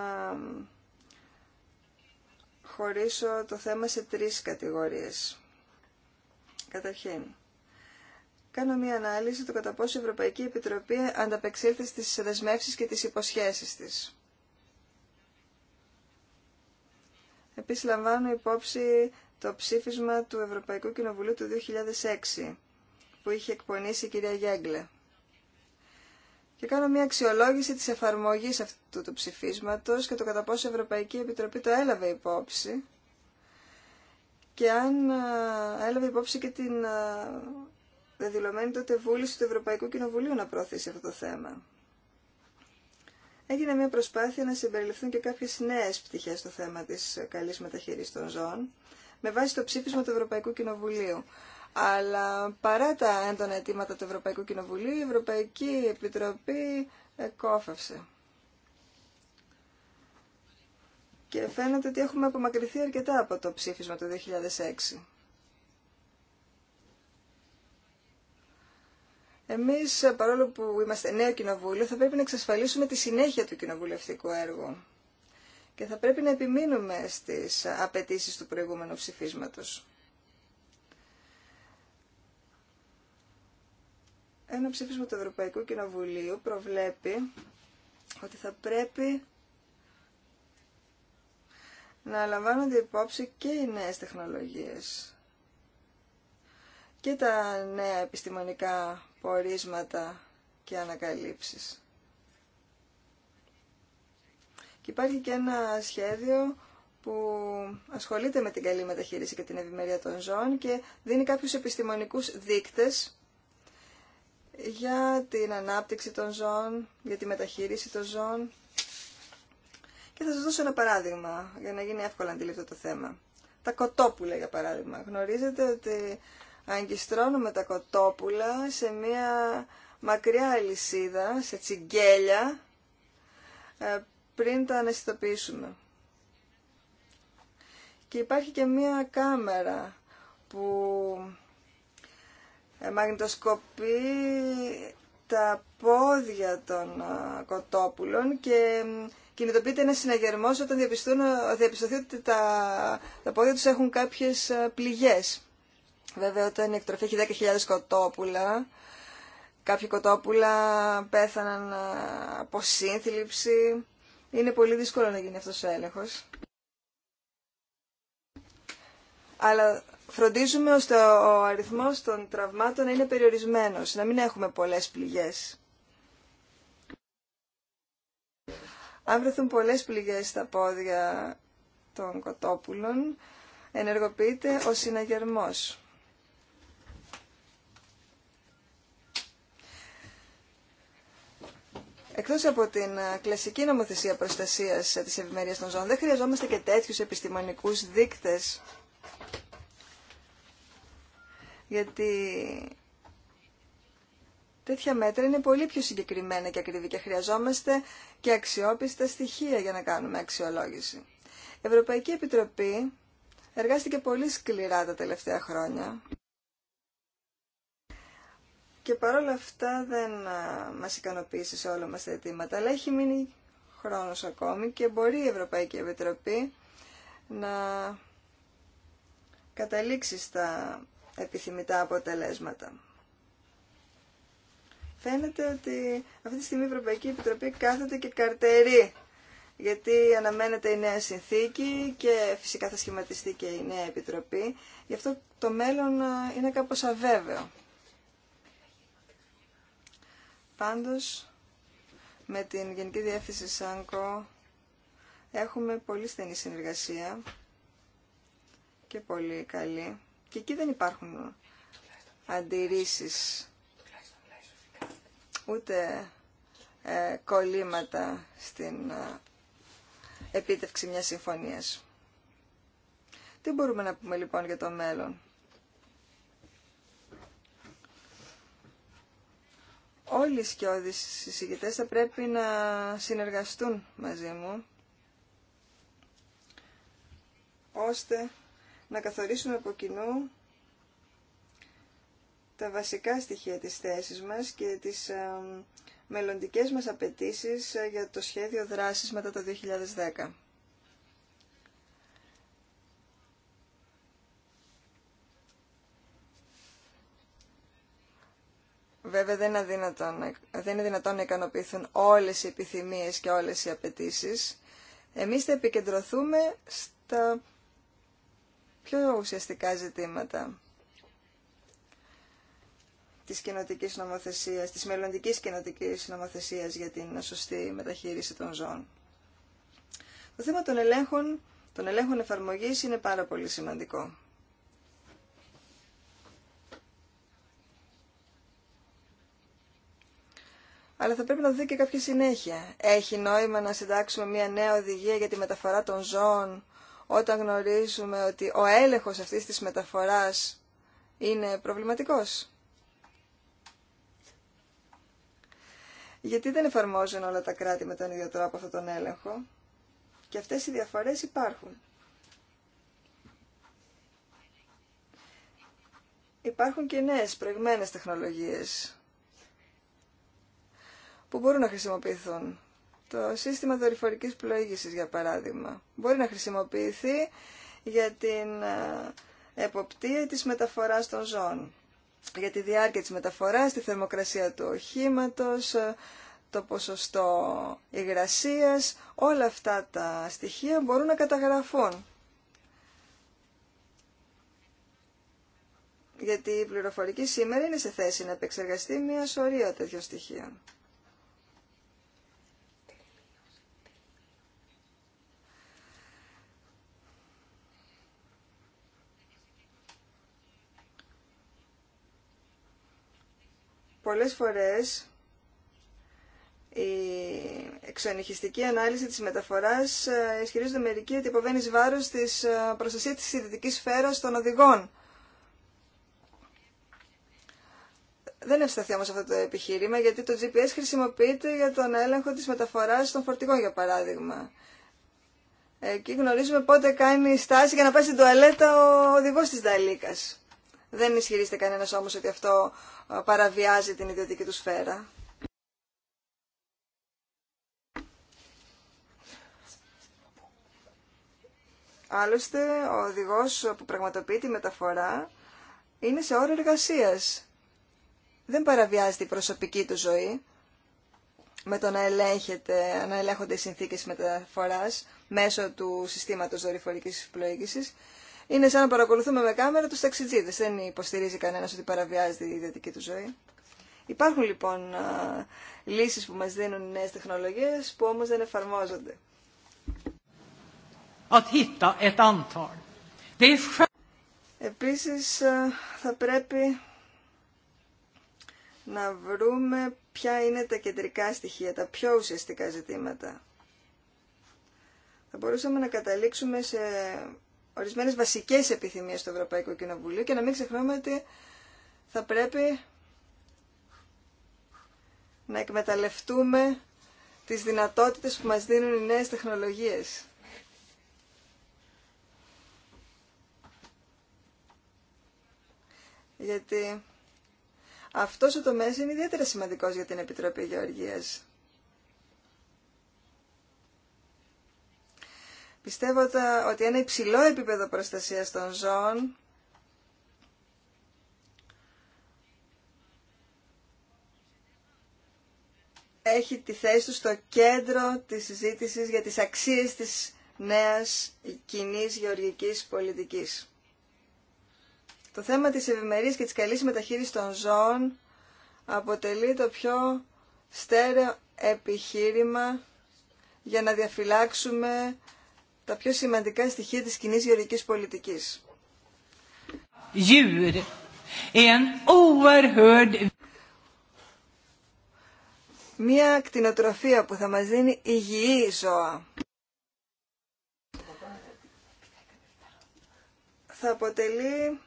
χωρίσω το θέμα σε τρεις κατηγορίες. Καταρχήν, κάνω μια ανάλυση του κατά πόσο η Ευρωπαϊκή Επιτροπή ανταπεξήλθε στις δεσμεύσεις και τις υποσχέσεις της. Επίσης λαμβάνω υπόψη το ψήφισμα του Ευρωπαϊκού Κοινοβουλίου του 2006 που είχε εκπονήσει η κυρία Γέγκλε. Και κάνω μια αξιολόγηση της εφαρμογής αυτού του ψηφίσματος και το κατά πόσο η Ευρωπαϊκή Επιτροπή το έλαβε υπόψη και αν ε, έλαβε υπόψη και την ε, δηλωμένη τότε βούληση του Ευρωπαϊκού Κοινοβουλίου να προωθήσει αυτό το θέμα. Έγινε μια προσπάθεια να συμπεριληφθούν και κάποιες νέε πτυχές στο θέμα τη καλής μεταχείρισης των ζώων, με βάση το ψήφισμα του Ευρωπαϊκού Κοινοβουλίου. Αλλά παρά τα έντονα αιτήματα του Ευρωπαϊκού Κοινοβουλίου, η Ευρωπαϊκή Επιτροπή ε, κόφευσε. Και φαίνεται ότι έχουμε απομακρυνθεί αρκετά από το ψήφισμα του 2006. Εμείς, παρόλο που είμαστε νέο κοινοβούλιο, θα πρέπει να εξασφαλίσουμε τη συνέχεια του κοινοβουλευτικού έργου και θα πρέπει να επιμείνουμε στις απαιτήσει του προηγούμενου ψηφίσματος. Ένα ψήφισμα του Ευρωπαϊκού Κοινοβουλίου προβλέπει ότι θα πρέπει να λαμβάνονται υπόψη και οι νέες τεχνολογίες και τα νέα επιστημονικά πορίσματα και ανακαλύψεις. Και υπάρχει και ένα σχέδιο που ασχολείται με την καλή μεταχείριση και την ευημερία των ζώων και δίνει κάποιους επιστημονικούς δείκτες για την ανάπτυξη των ζώων, για τη μεταχείριση των ζώων. Και θα σας δώσω ένα παράδειγμα για να γίνει εύκολα αντιληπτό το θέμα. Τα κοτόπουλα, για παράδειγμα. Γνωρίζετε ότι αγκιστρώνουμε τα κοτόπουλα σε μία μακριά αλυσίδα, σε τσιγκέλια, ε, πριν τα αναισθητοποιήσουμε. Και υπάρχει και μία κάμερα που ε, μαγνητοσκοπεί τα πόδια των ε, κοτόπουλων και κινητοποιείται ένα συναγερμό όταν διαπιστωθεί ότι τα, τα πόδια τους έχουν κάποιες πληγές. Βέβαια, όταν η εκτροφή έχει 10.000 κοτόπουλα, κάποιοι κοτόπουλα πέθαναν ε, από σύνθλιψη. Είναι πολύ δύσκολο να γίνει αυτός ο έλεγχος. Αλλά φροντίζουμε ώστε ο αριθμός των τραυμάτων να είναι περιορισμένος, να μην έχουμε πολλές πληγές. Αν βρεθούν πολλές πληγές στα πόδια των κοτόπουλων, ενεργοποιείται ο συναγερμός. εκτός από την ε, κλασική νομοθεσία προστασίας της ευημερίας των ζώων, δεν χρειαζόμαστε και τέτοιους επιστημονικούς δείκτες. Γιατί τέτοια μέτρα είναι πολύ πιο συγκεκριμένα και ακριβή και χρειαζόμαστε και αξιόπιστα στοιχεία για να κάνουμε αξιολόγηση. Η Ευρωπαϊκή Επιτροπή εργάστηκε πολύ σκληρά τα τελευταία χρόνια και παρόλα αυτά δεν μας ικανοποίησε σε όλα μας τα αιτήματα, αλλά έχει μείνει χρόνος ακόμη και μπορεί η Ευρωπαϊκή Επιτροπή να καταλήξει στα επιθυμητά αποτελέσματα. Φαίνεται ότι αυτή τη στιγμή η Ευρωπαϊκή Επιτροπή κάθεται και καρτερεί, γιατί αναμένεται η νέα συνθήκη και φυσικά θα σχηματιστεί και η νέα Επιτροπή. Γι' αυτό το μέλλον είναι κάπως αβέβαιο. Πάντως, με την Γενική Διεύθυνση ΣΑΝΚΟ έχουμε πολύ στενή συνεργασία και πολύ καλή. Και εκεί δεν υπάρχουν αντιρρήσεις, ούτε ε, κολλήματα στην ε, επίτευξη μιας συμφωνίας. Τι μπορούμε να πούμε λοιπόν για το μέλλον. όλοι οι σκιώδεις συζητητές θα πρέπει να συνεργαστούν μαζί μου ώστε να καθορίσουμε από κοινού τα βασικά στοιχεία της θέσης μας και τις ε, μελλοντικές μας απαιτήσεις ε, για το σχέδιο δράσης μετά το 2010. Βέβαια δεν είναι, δυνατόν, δεν είναι δυνατόν να ικανοποιηθούν όλες οι επιθυμίες και όλες οι απαιτήσει. Εμείς θα επικεντρωθούμε στα πιο ουσιαστικά ζητήματα της κοινοτική νομοθεσίας, της μελλοντικής κοινοτική νομοθεσίας για την σωστή μεταχείριση των ζώων. Το θέμα των ελέγχων, των ελέγχων εφαρμογής είναι πάρα πολύ σημαντικό. αλλά θα πρέπει να δει και κάποια συνέχεια. Έχει νόημα να συντάξουμε μια νέα οδηγία για τη μεταφορά των ζώων όταν γνωρίζουμε ότι ο έλεγχος αυτής της μεταφοράς είναι προβληματικός. Γιατί δεν εφαρμόζουν όλα τα κράτη με τον ίδιο τρόπο αυτόν τον έλεγχο και αυτές οι διαφορές υπάρχουν. Υπάρχουν και νέες προηγμένες τεχνολογίες που μπορούν να χρησιμοποιηθούν. Το σύστημα δορυφορικής πλοήγησης, για παράδειγμα, μπορεί να χρησιμοποιηθεί για την ε, εποπτεία της μεταφοράς των ζώων, για τη διάρκεια της μεταφοράς, τη θερμοκρασία του οχήματος, ε, το ποσοστό υγρασίας, όλα αυτά τα στοιχεία μπορούν να καταγραφούν. Γιατί η πληροφορική σήμερα είναι σε θέση να επεξεργαστεί μια σωρία τέτοιων στοιχείων. πολλές φορές η εξονυχιστική ανάλυση της μεταφοράς ε, ισχυρίζονται μερικοί ότι υποβαίνει βάρος της ε, προστασία της ιδιωτικής σφαίρας των οδηγών. Δεν ευσταθεί όμως αυτό το επιχείρημα γιατί το GPS χρησιμοποιείται για τον έλεγχο της μεταφοράς των φορτηγών για παράδειγμα. Εκεί γνωρίζουμε πότε κάνει στάση για να πάει στην τουαλέτα ο οδηγός της Νταλίκας. Δεν ισχυρίζεται κανένας όμως ότι αυτό ε, παραβιάζει την ιδιωτική του σφαίρα. Άλλωστε, ο οδηγός που πραγματοποιεί τη μεταφορά είναι σε όρο εργασίας. Δεν παραβιάζει την προσωπική του ζωή με το να, ελέγχεται, να ελέγχονται οι συνθήκες μεταφοράς μέσω του συστήματος δορυφορικής πλοήγησης είναι σαν να παρακολουθούμε με κάμερα του ταξιτζίδε. Δεν υποστηρίζει κανένα ότι παραβιάζει η ιδιωτική του ζωή. Υπάρχουν λοιπόν λύσει που μα δίνουν νέε τεχνολογίε που όμω δεν εφαρμόζονται. Επίση θα πρέπει να βρούμε ποια είναι τα κεντρικά στοιχεία, τα πιο ουσιαστικά ζητήματα. Θα μπορούσαμε να καταλήξουμε σε ορισμένες βασικές επιθυμίες του Ευρωπαϊκού Κοινοβουλίου και να μην ξεχνάμε ότι θα πρέπει να εκμεταλλευτούμε τις δυνατότητες που μας δίνουν οι νέες τεχνολογίες. Γιατί αυτός ο τομέας είναι ιδιαίτερα σημαντικός για την Επιτροπή Γεωργίας. Πιστεύω ότι ένα υψηλό επίπεδο προστασίας των ζώων έχει τη θέση του στο κέντρο της συζήτηση για τις αξίες της νέας κοινή γεωργικής πολιτικής. Το θέμα της ευημερίας και της καλής μεταχείρισης των ζώων αποτελεί το πιο στέρεο επιχείρημα για να διαφυλάξουμε τα πιο σημαντικά στοιχεία της κοινή γεωργικής πολιτικής. Μία κτηνοτροφία που θα μας δίνει υγιή ζώα. Θα αποτελεί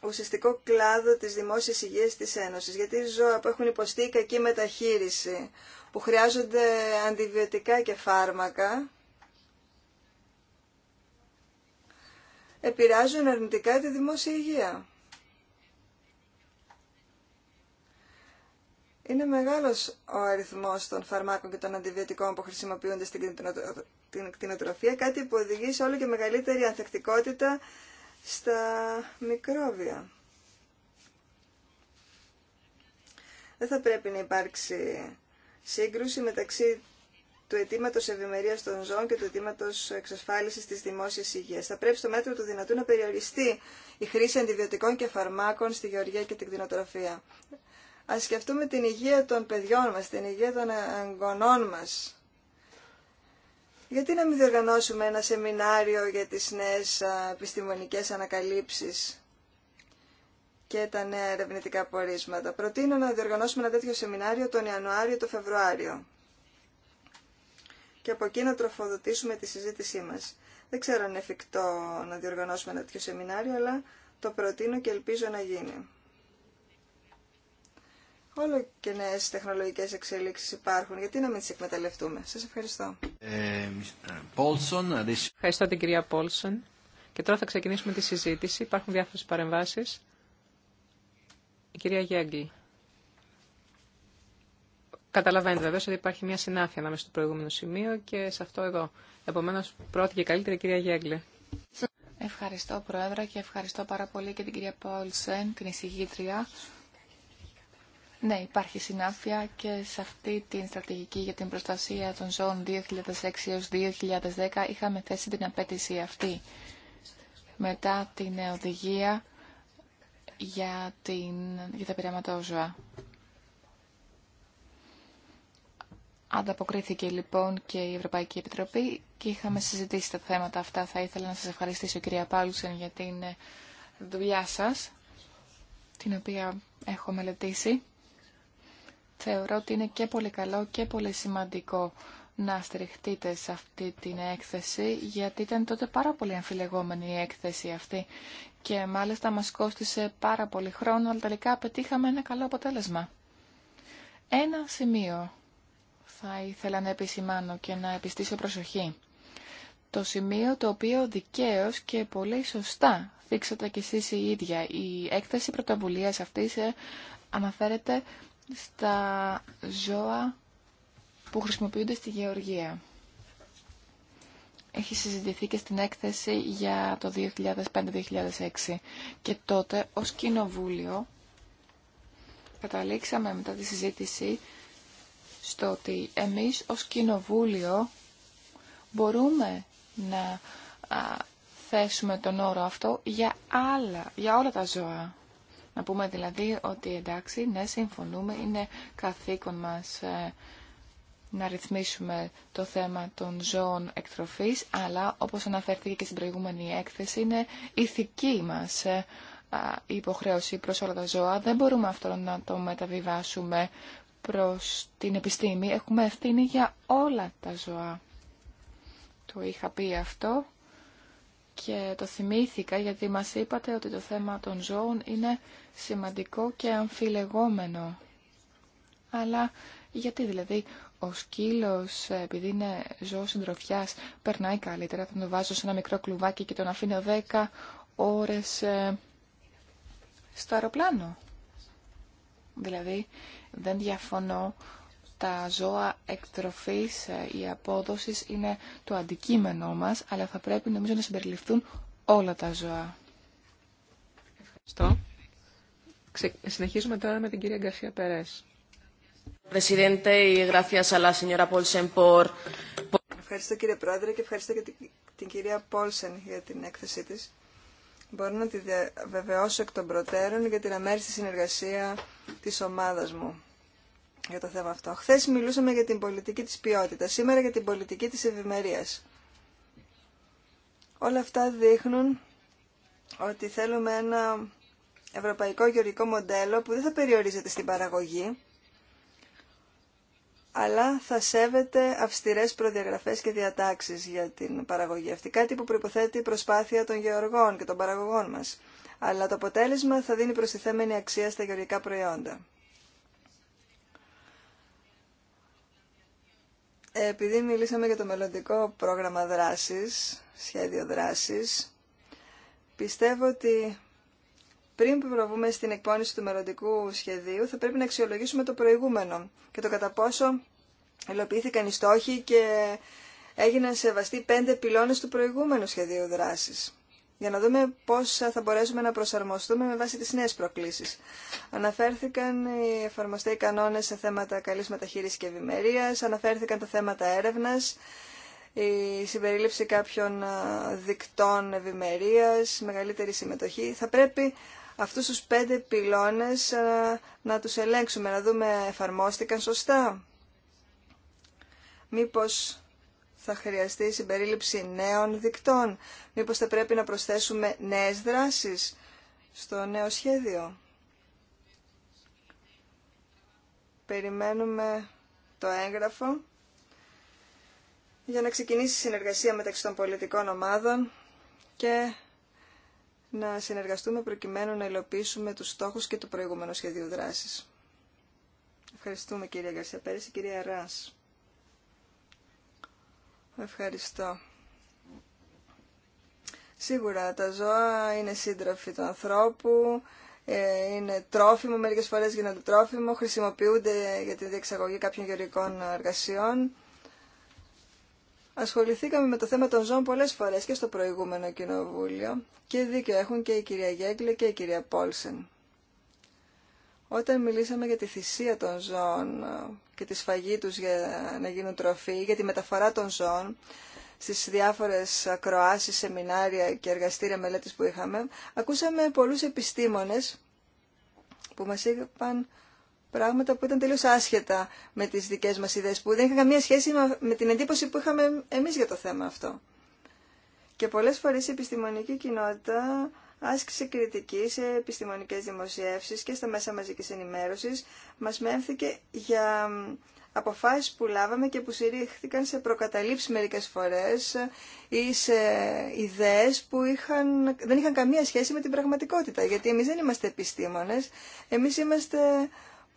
ουσιαστικό κλάδο της δημόσιας υγείας της Ένωσης, γιατί ζώα που έχουν υποστεί κακή μεταχείριση, που χρειάζονται αντιβιωτικά και φάρμακα, επηρεάζουν αρνητικά τη δημόσια υγεία. Είναι μεγάλος ο αριθμός των φαρμάκων και των αντιβιωτικών που χρησιμοποιούνται στην κτηνοτροφία, κάτι που οδηγεί σε όλο και μεγαλύτερη ανθεκτικότητα στα μικρόβια. Δεν θα πρέπει να υπάρξει σύγκρουση μεταξύ του αιτήματο ευημερία των ζώων και του αιτήματο εξασφάλιση τη δημόσια υγεία. Θα πρέπει στο μέτρο του δυνατού να περιοριστεί η χρήση αντιβιωτικών και φαρμάκων στη γεωργία και την κτηνοτροφία. Α σκεφτούμε την υγεία των παιδιών μα, την υγεία των εγγονών μα. Γιατί να μην διοργανώσουμε ένα σεμινάριο για τις νέες επιστημονικές ανακαλύψεις και τα νέα ερευνητικά πορίσματα. Προτείνω να διοργανώσουμε ένα τέτοιο σεμινάριο τον Ιανουάριο-το Φεβρουάριο και από εκεί να τροφοδοτήσουμε τη συζήτησή μας. Δεν ξέρω αν είναι εφικτό να διοργανώσουμε ένα τέτοιο σεμινάριο, αλλά το προτείνω και ελπίζω να γίνει. Όλο και νέε τεχνολογικές εξελίξεις υπάρχουν, γιατί να μην τι εκμεταλλευτούμε. Σας ευχαριστώ. Ε, Paulson, Ευχαριστώ την κυρία Πόλσον. Και τώρα θα ξεκινήσουμε τη συζήτηση. Υπάρχουν διάφορε παρεμβάσει. Η κυρία Γιάνγκη. Καταλαβαίνετε βεβαίω ότι υπάρχει μια συνάφεια ανάμεσα στο προηγούμενο σημείο και σε αυτό εδώ. Επομένω, πρώτη και καλύτερη κυρία Γέγκλε. Ευχαριστώ, Πρόεδρε, και ευχαριστώ πάρα πολύ και την κυρία Πόλσεν, την εισηγήτρια. Ναι, υπάρχει συνάφεια και σε αυτή την στρατηγική για την προστασία των ζώων 2006 έως 2010 είχαμε θέσει την απέτηση αυτή. Μετά την οδηγία για, την, για τα πειραματόζωα. Ανταποκρίθηκε λοιπόν και η Ευρωπαϊκή Επιτροπή και είχαμε συζητήσει τα θέματα αυτά. Θα ήθελα να σας ευχαριστήσω κυρία Πάλουσεν για την ε, δουλειά σας, την οποία έχω μελετήσει. Θεωρώ ότι είναι και πολύ καλό και πολύ σημαντικό να στηριχτείτε σε αυτή την έκθεση, γιατί ήταν τότε πάρα πολύ αμφιλεγόμενη η έκθεση αυτή και μάλιστα μας κόστησε πάρα πολύ χρόνο, αλλά τελικά πετύχαμε ένα καλό αποτέλεσμα. Ένα σημείο θα ήθελα να επισημάνω και να επιστήσω προσοχή. Το σημείο το οποίο δικαίως και πολύ σωστά δείξατε κι εσείς η ίδια. Η έκθεση πρωτοβουλίας αυτής ε, αναφέρεται στα ζώα που χρησιμοποιούνται στη γεωργία. Έχει συζητηθεί και στην έκθεση για το 2005-2006 και τότε ως κοινοβούλιο καταλήξαμε μετά τη συζήτηση στο ότι εμείς ως κοινοβούλιο μπορούμε να θέσουμε τον όρο αυτό για, άλλα, για όλα τα ζώα. Να πούμε δηλαδή ότι εντάξει, ναι, συμφωνούμε, είναι καθήκον μας ε, να ρυθμίσουμε το θέμα των ζώων εκτροφής, αλλά όπως αναφέρθηκε και στην προηγούμενη έκθεση, είναι ηθική μας ε, η υποχρέωση προς όλα τα ζώα. Δεν μπορούμε αυτό να το μεταβιβάσουμε προς την επιστήμη έχουμε ευθύνη για όλα τα ζώα. Το είχα πει αυτό και το θυμήθηκα γιατί μας είπατε ότι το θέμα των ζώων είναι σημαντικό και αμφιλεγόμενο. Αλλά γιατί δηλαδή ο σκύλος επειδή είναι ζώο συντροφιάς περνάει καλύτερα, θα τον βάζω σε ένα μικρό κλουβάκι και τον αφήνω 10 ώρες ε, στο αεροπλάνο. Δηλαδή δεν διαφωνώ, τα ζώα εκτροφής, ε, η απόδοση είναι το αντικείμενό μας, αλλά θα πρέπει νομίζω να συμπεριληφθούν όλα τα ζώα. Ευχαριστώ. Συνεχίζουμε τώρα με την κυρία Γκαρσία Περές. Ευχαριστώ κύριε Πρόεδρε και ευχαριστώ και την κυρία Πόλσεν για την έκθεσή της μπορώ να τη βεβαιώσω εκ των προτέρων για την αμέριστη συνεργασία της ομάδας μου για το θέμα αυτό. Χθε μιλούσαμε για την πολιτική της ποιότητας, σήμερα για την πολιτική της ευημερία. Όλα αυτά δείχνουν ότι θέλουμε ένα ευρωπαϊκό γεωργικό μοντέλο που δεν θα περιορίζεται στην παραγωγή, αλλά θα σέβεται αυστηρές προδιαγραφές και διατάξεις για την παραγωγή αυτή. Κάτι που προϋποθέτει η προσπάθεια των γεωργών και των παραγωγών μας. Αλλά το αποτέλεσμα θα δίνει προστιθέμενη αξία στα γεωργικά προϊόντα. Επειδή μιλήσαμε για το μελλοντικό πρόγραμμα δράσης, σχέδιο δράσης, πιστεύω ότι πριν προβούμε στην εκπόνηση του μελλοντικού σχεδίου, θα πρέπει να αξιολογήσουμε το προηγούμενο και το κατά πόσο υλοποιήθηκαν οι στόχοι και έγιναν σεβαστοί πέντε πυλώνες του προηγούμενου σχεδίου δράσης για να δούμε πώς θα μπορέσουμε να προσαρμοστούμε με βάση τις νέες προκλήσεις. Αναφέρθηκαν οι εφαρμοστέοι κανόνες σε θέματα καλής μεταχείρισης και ευημερία, αναφέρθηκαν τα θέματα έρευνας, η συμπερίληψη κάποιων δικτών ευημερία, μεγαλύτερη συμμετοχή. Θα πρέπει αυτούς τους πέντε πυλώνες ε, να τους ελέγξουμε, να δούμε εφαρμόστηκαν σωστά. Μήπως θα χρειαστεί συμπερίληψη νέων δικτών. Μήπως θα πρέπει να προσθέσουμε νέες δράσεις στο νέο σχέδιο. Περιμένουμε το έγγραφο για να ξεκινήσει η συνεργασία μεταξύ των πολιτικών ομάδων και να συνεργαστούμε προκειμένου να υλοποιήσουμε τους στόχους και του προηγούμενο σχεδίου δράσης. Ευχαριστούμε κυρία Γκαρσία Πέρεση, κυρία Ράς. Ευχαριστώ. Σίγουρα τα ζώα είναι σύντροφοι του ανθρώπου, ε, είναι τρόφιμο, μερικές φορές γίνονται τρόφιμο, χρησιμοποιούνται για τη διεξαγωγή κάποιων γεωργικών εργασιών Ασχοληθήκαμε με το θέμα των ζώων πολλέ φορέ και στο προηγούμενο κοινοβούλιο και δίκιο έχουν και η κυρία Γέγκλε και η κυρία Πόλσεν. Όταν μιλήσαμε για τη θυσία των ζώων ε, και τη σφαγή τους για να γίνουν τροφή, για τη μεταφορά των ζώων, στις διάφορες ακροάσεις, σεμινάρια και εργαστήρια μελέτης που είχαμε, ακούσαμε πολλούς επιστήμονες που μας είπαν πράγματα που ήταν τελείως άσχετα με τις δικές μας ιδέες, που δεν είχαν καμία σχέση με την εντύπωση που είχαμε εμείς για το θέμα αυτό. Και πολλές φορές η επιστημονική κοινότητα άσκησε κριτική σε επιστημονικές δημοσιεύσεις και στα μέσα μαζικής ενημέρωσης, μας μέμφθηκε για αποφάσεις που λάβαμε και που συρίχθηκαν σε προκαταλήψεις μερικές φορές ή σε ιδέες που είχαν, δεν είχαν καμία σχέση με την πραγματικότητα. Γιατί εμείς δεν είμαστε επιστήμονες, εμείς είμαστε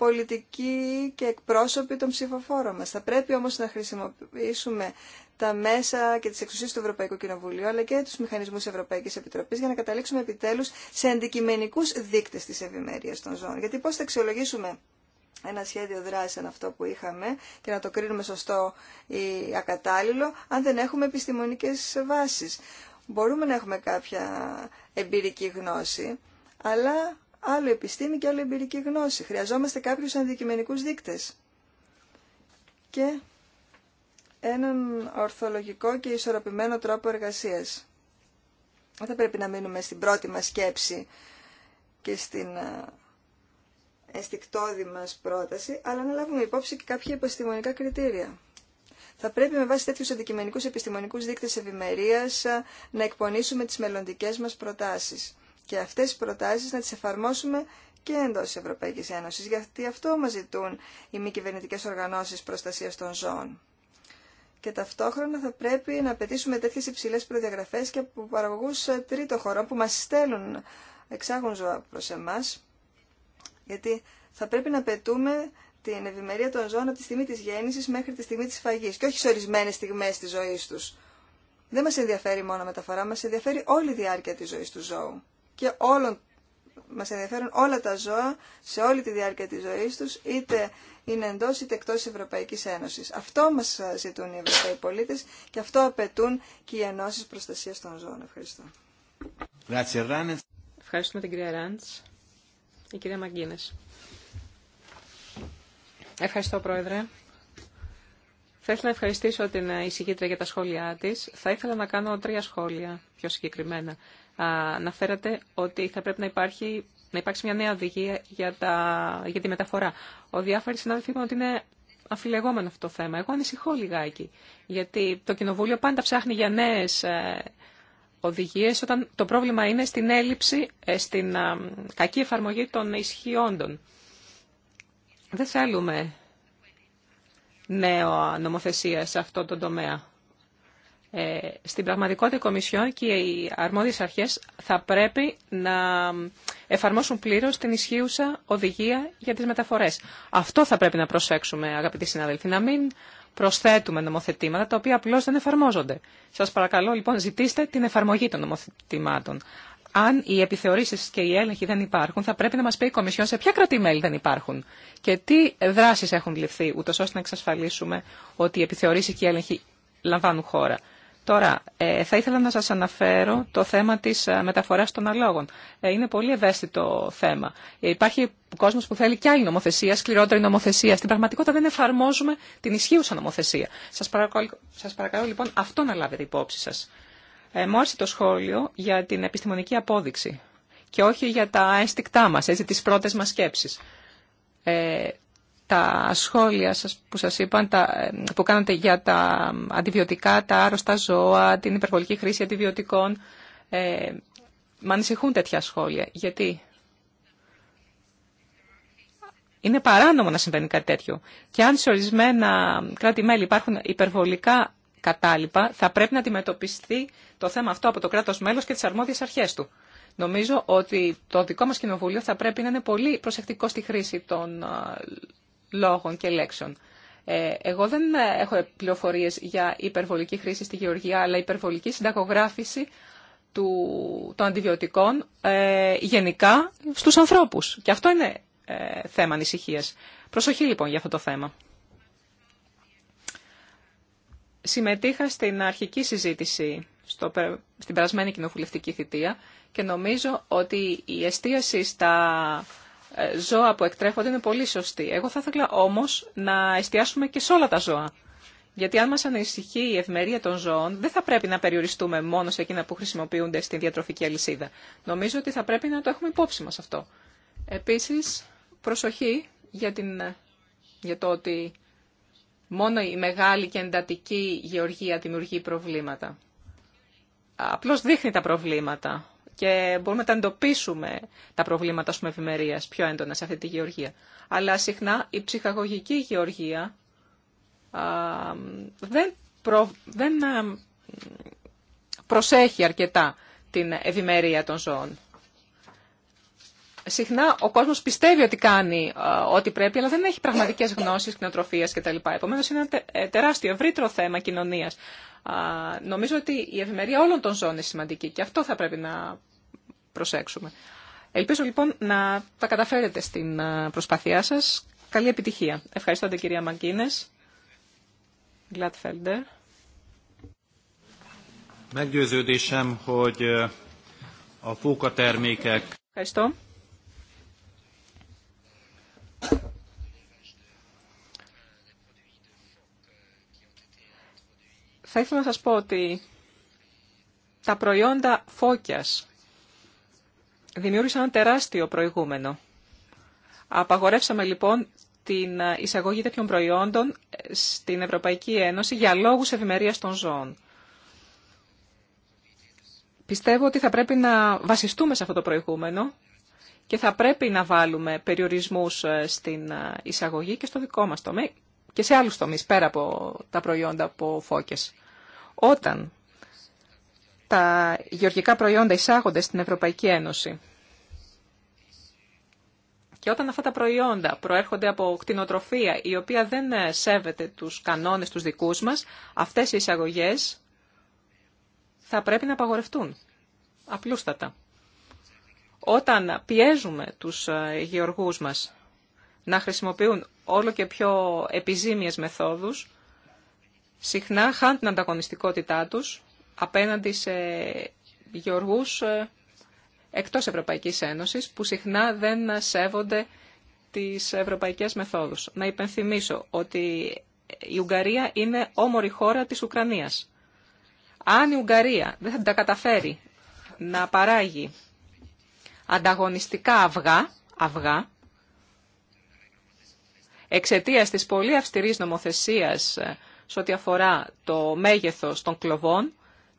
πολιτικοί και εκπρόσωποι των ψηφοφόρων μας. Θα πρέπει όμως να χρησιμοποιήσουμε τα μέσα και τις εξουσίες του Ευρωπαϊκού Κοινοβουλίου, αλλά και τους μηχανισμούς Ευρωπαϊκής Επιτροπής, για να καταλήξουμε επιτέλους σε αντικειμενικούς δείκτες της ευημερίας των ζώων. Γιατί πώς θα αξιολογήσουμε ένα σχέδιο δράση σαν αυτό που είχαμε και να το κρίνουμε σωστό ή ακατάλληλο, αν δεν έχουμε επιστημονικές βάσεις. Μπορούμε να έχουμε κάποια εμπειρική γνώση, αλλά άλλο επιστήμη και άλλο εμπειρική γνώση. Χρειαζόμαστε κάποιους αντικειμενικούς δείκτες και έναν ορθολογικό και ισορροπημένο τρόπο εργασίας. Δεν θα πρέπει να μείνουμε στην πρώτη μας σκέψη και στην αισθηκτόδη μας πρόταση, αλλά να λάβουμε υπόψη και κάποια επιστημονικά κριτήρια. Θα πρέπει με βάση τέτοιου αντικειμενικούς επιστημονικούς δείκτες ευημερίας να εκπονήσουμε τις μελλοντικέ μας προτάσεις και αυτές οι προτάσεις να τις εφαρμόσουμε και εντός της Ευρωπαϊκής Ένωσης, γιατί αυτό μας ζητούν οι μη κυβερνητικέ οργανώσεις προστασίας των ζώων. Και ταυτόχρονα θα πρέπει να απαιτήσουμε τέτοιες υψηλές προδιαγραφές και από παραγωγούς τρίτο χωρών που μας στέλνουν, εξάγουν ζώα προς εμάς, γιατί θα πρέπει να πετούμε την ευημερία των ζώων από τη στιγμή της γέννησης μέχρι τη στιγμή της φαγής και όχι σε ορισμένες στιγμές της ζωής τους. Δεν μας ενδιαφέρει μόνο μεταφορά, μας ενδιαφέρει όλη η διάρκεια της ζωής του ζώου και όλων μας ενδιαφέρουν όλα τα ζώα σε όλη τη διάρκεια της ζωής τους, είτε είναι εντός είτε εκτός της Ευρωπαϊκής Ένωσης. Αυτό μας ζητούν οι Ευρωπαίοι πολίτες και αυτό απαιτούν και οι ενώσεις προστασίας των ζώων. Ευχαριστώ. Ευχαριστούμε την κυρία Ράντς. Η κυρία Μαγκίνες. Ευχαριστώ, Πρόεδρε. Θα ήθελα να ευχαριστήσω την εισηγήτρια για τα σχόλιά της. Θα ήθελα να κάνω τρία σχόλια πιο συγκεκριμένα αναφέρατε ότι θα πρέπει να υπάρχει να υπάρξει μια νέα οδηγία για, τα, για τη μεταφορά. Ο διάφοροι συνάδελφοι είπαν ότι είναι αφιλεγόμενο αυτό το θέμα. Εγώ ανησυχώ λιγάκι, γιατί το Κοινοβούλιο πάντα ψάχνει για νέες ε, οδηγίες όταν το πρόβλημα είναι στην έλλειψη, ε, στην κακή εφαρμογή των ισχυόντων. Δεν θέλουμε νέο νομοθεσία σε αυτό το τομέα. Ε, στην πραγματικότητα η Κομισιόν και οι αρμόδιες αρχές θα πρέπει να εφαρμόσουν πλήρως την ισχύουσα οδηγία για τις μεταφορές. Αυτό θα πρέπει να προσέξουμε αγαπητοί συναδελφοί, να μην προσθέτουμε νομοθετήματα τα οποία απλώς δεν εφαρμόζονται. Σας παρακαλώ λοιπόν ζητήστε την εφαρμογή των νομοθετημάτων. Αν οι επιθεωρήσει και οι έλεγχοι δεν υπάρχουν, θα πρέπει να μα πει η Κομισιόν σε ποια κρατη δεν υπάρχουν και τι δράσει έχουν ληφθεί, ούτω ώστε να εξασφαλίσουμε ότι οι επιθεωρήσει και οι έλεγχοι λαμβάνουν χώρα. Τώρα, ε, θα ήθελα να σας αναφέρω το θέμα της ε, μεταφοράς των αλόγων. Ε, είναι πολύ ευαίσθητο θέμα. Υπάρχει κόσμος που θέλει και άλλη νομοθεσία, σκληρότερη νομοθεσία. Στην πραγματικότητα δεν εφαρμόζουμε την ισχύουσα νομοθεσία. Σας παρακαλώ, σας παρακαλώ λοιπόν αυτό να λάβετε υπόψη σας. Ε, μου άρεσε το σχόλιο για την επιστημονική απόδειξη και όχι για τα αίσθηκτά μας, έτσι, τις πρώτες μας σκέψεις. Ε, τα σχόλια σας που σας είπαν, που κάνατε για τα αντιβιωτικά, τα άρρωστα ζώα, την υπερβολική χρήση αντιβιωτικών. Ε, ανησυχούν τέτοια σχόλια. Γιατί είναι παράνομο να συμβαίνει κάτι τέτοιο. Και αν σε ορισμένα κράτη-μέλη υπάρχουν υπερβολικά κατάλοιπα, θα πρέπει να αντιμετωπιστεί το θέμα αυτό από το κράτος μέλος και τις αρμόδιες αρχές του. Νομίζω ότι το δικό μας κοινοβούλιο θα πρέπει να είναι πολύ προσεκτικό στη χρήση των ε, λόγων και λέξεων. Ε, εγώ δεν ε, έχω πληροφορίε για υπερβολική χρήση στη γεωργία, αλλά υπερβολική συνταγογράφηση του, των αντιβιωτικών ε, γενικά στους ανθρώπους. Και αυτό είναι ε, θέμα ανησυχίας. Προσοχή λοιπόν για αυτό το θέμα. Συμμετείχα στην αρχική συζήτηση στο, στην περασμένη κοινοβουλευτική θητεία και νομίζω ότι η εστίαση στα ε, ζώα που εκτρέφονται είναι πολύ σωστή. Εγώ θα ήθελα όμως να εστιάσουμε και σε όλα τα ζώα. Γιατί αν μας ανησυχεί η ευμερία των ζώων, δεν θα πρέπει να περιοριστούμε μόνο σε εκείνα που χρησιμοποιούνται στην διατροφική αλυσίδα. Νομίζω ότι θα πρέπει να το έχουμε υπόψη μας αυτό. Επίσης, προσοχή για, το ότι μόνο η μεγάλη και εντατική γεωργία δημιουργεί προβλήματα. Απλώς δείχνει τα προβλήματα και μπορούμε να τα εντοπίσουμε τα προβλήματα πούμε, ευημερίας πιο έντονα σε αυτή τη γεωργία. Αλλά συχνά η ψυχαγωγική γεωργία δεν, δεν α, προσέχει αρκετά την ευημερία των ζώων. Συχνά ο κόσμος πιστεύει ότι κάνει ό,τι πρέπει, αλλά δεν έχει πραγματικές γνώσεις, τα κτλ. Επομένως είναι ένα ε, τεράστιο ευρύτερο θέμα κοινωνίας. Νομίζω ότι η ευημερία όλων των ζώων είναι σημαντική και αυτό θα πρέπει να προσέξουμε. Ελπίζω λοιπόν να τα καταφέρετε στην ε, προσπάθειά σας. Καλή επιτυχία. Ευχαριστώ την κυρία Μαγκίνες. Ε, Ευχαριστώ. Θα ήθελα να σας πω ότι τα προϊόντα φώκιας δημιούργησε ένα τεράστιο προηγούμενο. Απαγορεύσαμε λοιπόν την εισαγωγή τέτοιων προϊόντων ε, στην Ευρωπαϊκή Ένωση για λόγους ευημερίας των ζώων. Πιστεύω ότι θα πρέπει να βασιστούμε σε αυτό το προηγούμενο και θα πρέπει να βάλουμε περιορισμούς ε, στην ε, εισαγωγή και στο δικό μας τομέα και σε άλλους τομείς πέρα από τα προϊόντα από φώκες. Όταν τα γεωργικά προϊόντα εισάγονται στην Ευρωπαϊκή Ένωση. Και όταν αυτά τα προϊόντα προέρχονται από κτηνοτροφία η οποία δεν ε, σέβεται τους κανόνες τους δικούς μας, αυτές οι εισαγωγές θα πρέπει να απαγορευτούν. Απλούστατα. Όταν πιέζουμε τους ε, γεωργούς μας να χρησιμοποιούν όλο και πιο επιζήμιες μεθόδους, συχνά χάνουν την ανταγωνιστικότητά τους απέναντι σε γεωργούς ε, εκτός Ευρωπαϊκής Ένωσης που συχνά δεν σέβονται τις ευρωπαϊκές μεθόδους. Να υπενθυμίσω ότι η Ουγγαρία είναι όμορη χώρα της Ουκρανίας. Αν η Ουγγαρία δεν θα τα καταφέρει να παράγει ανταγωνιστικά αυγά, αυγά εξαιτίας της πολύ αυστηρής νομοθεσίας ε, σε ό,τι αφορά το μέγεθος των κλοβών,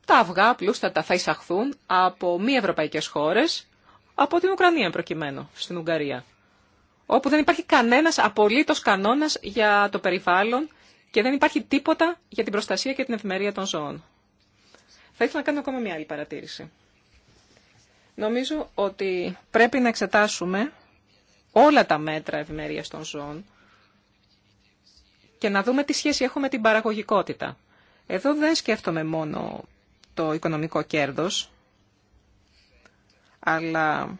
τα αυγά απλούστατα θα εισαχθούν από μη ευρωπαϊκέ χώρε από την Ουκρανία προκειμένου, στην Ουγγαρία, όπου δεν υπάρχει κανένα απολύτω κανόνα για το περιβάλλον και δεν υπάρχει τίποτα για την προστασία και την ευημερία των ζώων. Θα ήθελα να κάνω ακόμα μια άλλη παρατήρηση. Νομίζω ότι πρέπει να εξετάσουμε όλα τα μέτρα ευημερίας των ζώων και να δούμε τι σχέση έχουμε με την παραγωγικότητα. Εδώ δεν σκέφτομαι μόνο το οικονομικό κέρδος, αλλά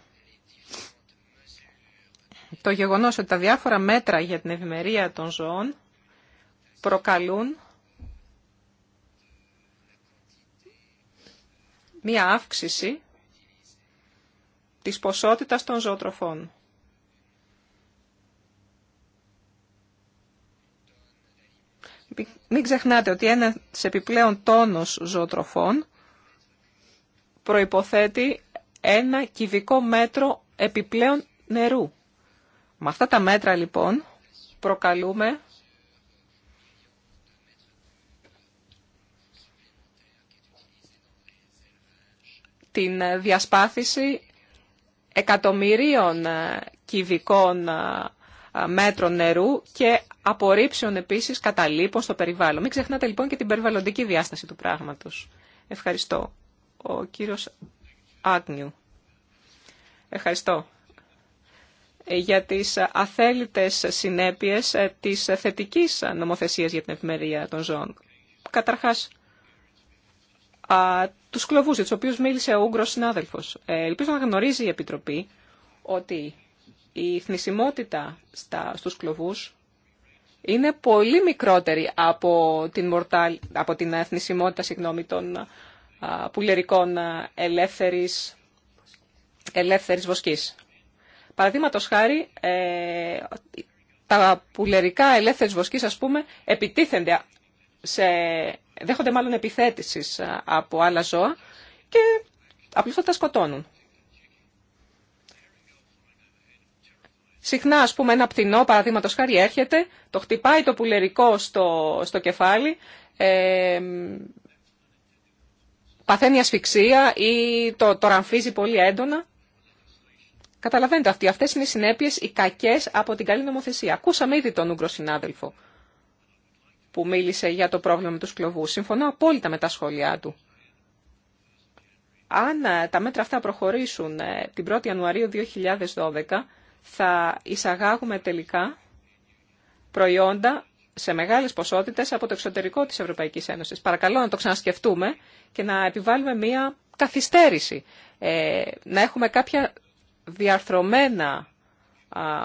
το γεγονός ότι τα διάφορα μέτρα για την ευημερία των ζώων προκαλούν μία αύξηση της ποσότητας των ζωοτροφών. Μην ξεχνάτε ότι ένα επιπλέον τόνος ζωοτροφών προϋποθέτει ένα κυβικό μέτρο επιπλέον νερού. Με αυτά τα μέτρα λοιπόν προκαλούμε την διασπάθηση εκατομμυρίων κυβικών ε, ε, μέτρων νερού και απορρίψεων επίση καταλήπων στο περιβάλλον. Μην ξεχνάτε λοιπόν και την περιβαλλοντική διάσταση του πράγματος. Ευχαριστώ. Ο κύριο Άγνιου. Ευχαριστώ ε, για τις αθέλητες συνέπειες ε, της θετικής νομοθεσίας για την ευημερία των ζώων. Καταρχάς, α, τους κλωβούς για τους οποίους μίλησε ο Ούγγρος συνάδελφος. ελπίζω να γνωρίζει η Επιτροπή ότι η θνησιμότητα στα, στους κλοβούς είναι πολύ μικρότερη από την, μορτάλ, από την ε, θνησιμότητα συγγνώμη, των πουλερικών α, ελεύθερης, ελεύθερης βοσκής. Παραδείγματο χάρη, ε, τα πουλερικά ελεύθερης βοσκής, ας πούμε, επιτίθενται σε, δέχονται μάλλον επιθέτησης από άλλα ζώα και απλώς θα τα σκοτώνουν. Συχνά, α πούμε, ένα πτηνό, παραδείγματο χάρη, έρχεται, το χτυπάει το πουλερικό στο, στο κεφάλι, ε, παθαίνει ασφυξία ή το, το ραμφίζει πολύ έντονα. Καταλαβαίνετε αυτοί, αυτές είναι οι συνέπειες, οι κακές από την καλή νομοθεσία. Ακούσαμε ήδη τον Ούγκρο συνάδελφο που μίλησε για το πρόβλημα με τους κλωβούς. Συμφωνώ απόλυτα με τα σχόλιά του. Αν ε, τα μέτρα αυτά προχωρήσουν ε, την 1η Ιανουαρίου 2012, θα εισαγάγουμε τελικά προϊόντα σε μεγάλες ποσότητες από το εξωτερικό της Ευρωπαϊκής Ένωσης. Παρακαλώ να το ξανασκεφτούμε και να επιβάλλουμε μία καθυστέρηση. Ε, να έχουμε κάποια διαρθρωμένα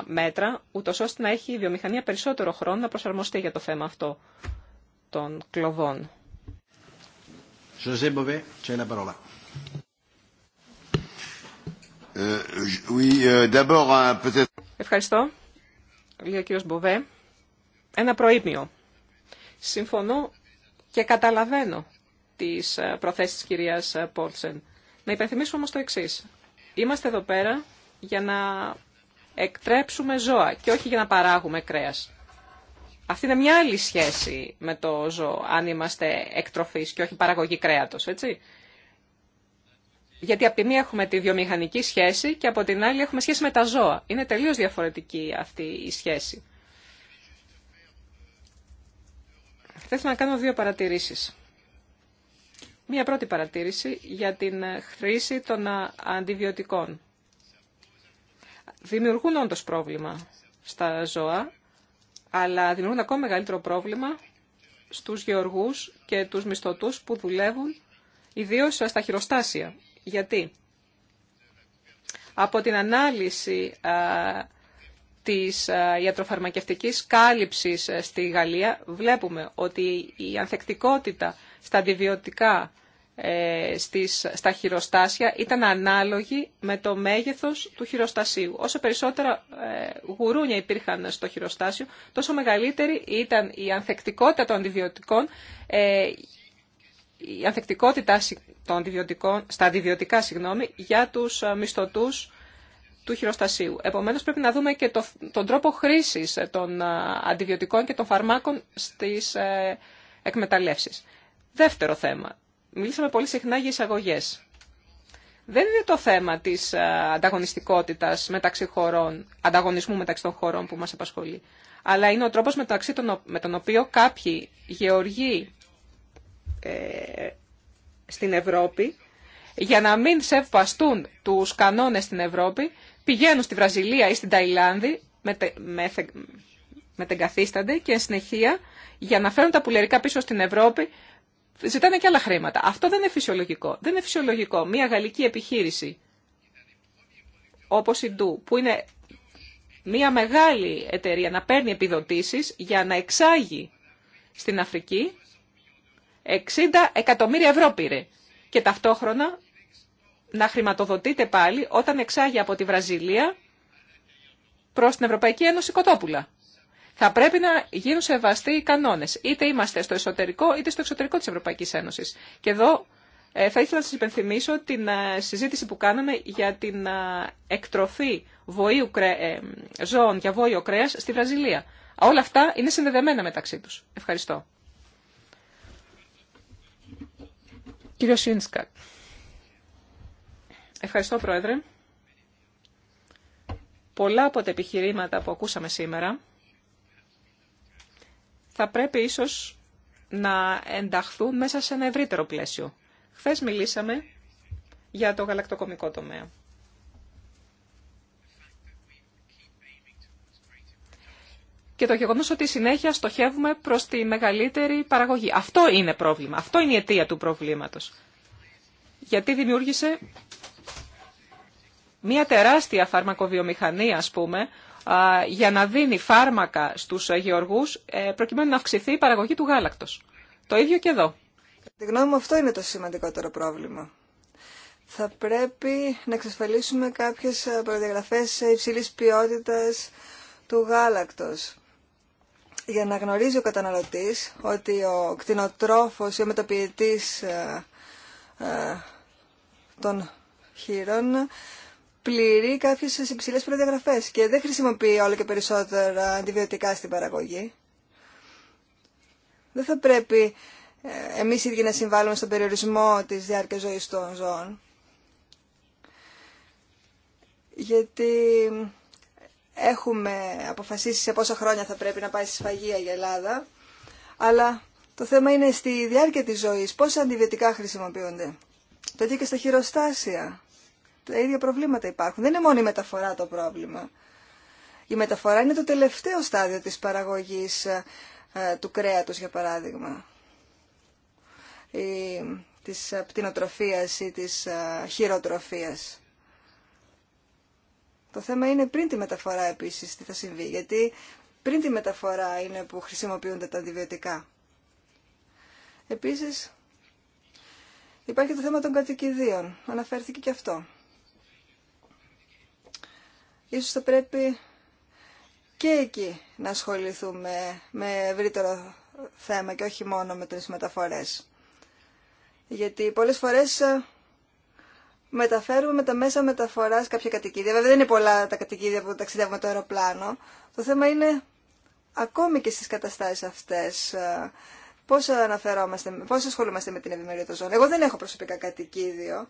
μέτρα, ούτω ώστε να έχει η βιομηχανία περισσότερο χρόνο να προσαρμοστεί για το θέμα αυτό των κλοβών. José Euh, euh, euh, Ευχαριστώ. Λέει ο κύριος Μποβέ. Ένα προήμιο. Συμφωνώ και καταλαβαίνω τις ε, προθέσεις της κυρίας ε, Πόλσεν. Να υπενθυμίσω όμως το εξής. Είμαστε εδώ πέρα για να εκτρέψουμε ζώα και όχι για να παράγουμε κρέας. Αυτή είναι μια άλλη σχέση με το ζώο, αν είμαστε εκτροφείς και όχι παραγωγή κρέατος, έτσι. Γιατί από τη μία έχουμε τη βιομηχανική σχέση και από την άλλη έχουμε σχέση με τα ζώα. Είναι τελείως διαφορετική αυτή η σχέση. Θα ήθελα να κάνω δύο παρατηρήσεις. Μία πρώτη παρατήρηση για την χρήση των αντιβιωτικών. Δημιουργούν όντω πρόβλημα στα ζώα, αλλά δημιουργούν ακόμα μεγαλύτερο πρόβλημα στους γεωργούς και τους μισθωτούς που δουλεύουν ιδίως στα χειροστάσια. Γιατί από την ανάλυση της α, ιατροφαρμακευτικής κάλυψης στη Γαλλία βλέπουμε ότι η ανθεκτικότητα στα αντιβιωτικά ε, στις, στα χειροστάσια ήταν ανάλογη με το μέγεθος του χειροστασίου. Όσο περισσότερα ε, γουρούνια υπήρχαν στο χειροστάσιο, τόσο μεγαλύτερη ήταν η ανθεκτικότητα των αντιβιωτικών ε, η ανθεκτικότητα των στα αντιβιωτικά συγγνώμη, για τους ε, μισθωτούς του χειροστασίου. Επομένως πρέπει να δούμε και τον τρόπο χρήσης ε, των ε, αντιβιωτικών και των φαρμάκων στις ε, εκμεταλλεύσεις. Δεύτερο θέμα. Μιλήσαμε πολύ συχνά για εισαγωγέ. Δεν είναι το θέμα της ανταγωνιστικότητας μεταξύ χωρών, ανταγωνισμού μεταξύ των χωρών που μας απασχολεί, αλλά είναι ο τρόπος μεταξύ με τον οποίο κάποιοι γεωργοί ε, στην Ευρώπη, για να μην σεβαστούν τους κανόνες στην Ευρώπη, πηγαίνουν στη Βραζιλία ή στην Ταϊλάνδη, με μετεγκαθίστανται και εν συνεχεία για να φέρουν τα πουλερικά πίσω στην Ευρώπη ζητάνε και άλλα χρήματα. Αυτό δεν είναι φυσιολογικό. Δεν είναι φυσιολογικό. Μια γαλλική επιχείρηση όπως η Ντου που είναι μια μεγάλη εταιρεία να παίρνει επιδοτήσεις για να εξάγει στην Αφρική 60 εκατομμύρια ευρώ πήρε. Και ταυτόχρονα να χρηματοδοτείται πάλι όταν εξάγει από τη Βραζιλία προς την Ευρωπαϊκή Ένωση κοτόπουλα. Θα πρέπει να γίνουν σεβαστοί οι κανόνες. Είτε είμαστε στο εσωτερικό είτε στο εξωτερικό της Ευρωπαϊκής Ένωσης. Και εδώ ε, θα ήθελα να σας υπενθυμίσω την ε, συζήτηση που κάναμε για την ε, εκτροφή βοήου ζώων για βόηο κρέας στη Βραζιλία. Όλα αυτά είναι συνδεδεμένα μεταξύ τους. Ευχαριστώ. Κύριο Σίνσκακ. Ευχαριστώ, Πρόεδρε. Πολλά από τα επιχειρήματα που ακούσαμε σήμερα θα πρέπει ίσως να ενταχθούν μέσα σε ένα ευρύτερο πλαίσιο. Χθες μιλήσαμε για το γαλακτοκομικό τομέα. και το γεγονό ότι συνέχεια στοχεύουμε προ τη μεγαλύτερη παραγωγή. Αυτό είναι πρόβλημα. Αυτό είναι η αιτία του προβλήματο. Γιατί δημιούργησε μια τεράστια φαρμακοβιομηχανία, α πούμε, για να δίνει φάρμακα στους γεωργού ε, προκειμένου να αυξηθεί η παραγωγή του γάλακτος. Το ίδιο και εδώ. Τη γνώμη μου αυτό είναι το σημαντικότερο πρόβλημα. Θα πρέπει να εξασφαλίσουμε κάποιες ε, προδιαγραφές ε, υψηλής ποιότητας του γάλακτος για να γνωρίζει ο καταναλωτής ότι ο κτηνοτρόφος ή ο μεταποιητής ε, ε, των χείρων πληρεί κάποιες υψηλές προδιαγραφές και δεν χρησιμοποιεί όλο και περισσότερα αντιβιωτικά στην παραγωγή. Δεν θα πρέπει ε, εμείς οι ίδιοι να συμβάλλουμε στον περιορισμό της διάρκειας ζωής των ζώων. Γιατί έχουμε αποφασίσει σε πόσα χρόνια θα πρέπει να πάει στη σφαγεία η Ελλάδα, αλλά το θέμα είναι στη διάρκεια της ζωής πόσα αντιβιωτικά χρησιμοποιούνται. Το ίδιο και στα χειροστάσια. Τα ίδια προβλήματα υπάρχουν. Δεν είναι μόνο η μεταφορά το πρόβλημα. Η μεταφορά είναι το τελευταίο στάδιο της παραγωγής ε, ε, του κρέατος, για παράδειγμα. Η, της ε, πτυνοτροφίας ή της ε, χειροτροφίας. Το θέμα είναι πριν τη μεταφορά επίσης τι θα συμβεί, γιατί πριν τη μεταφορά είναι που χρησιμοποιούνται τα αντιβιωτικά. Επίσης, υπάρχει το θέμα των κατοικιδίων. Αναφέρθηκε και αυτό. Ίσως θα πρέπει και εκεί να ασχοληθούμε με ευρύτερο θέμα και όχι μόνο με τις μεταφορές. Γιατί πολλές φορές ε, μεταφέρουμε με τα μέσα μεταφοράς κάποια κατοικίδια. Βέβαια δεν είναι πολλά τα κατοικίδια που ταξιδεύουμε το αεροπλάνο. Το θέμα είναι ακόμη και στις καταστάσεις αυτές ε, πώς αναφερόμαστε, πώς ασχολούμαστε με την ευημερία των ζώων. Εγώ δεν έχω προσωπικά κατοικίδιο,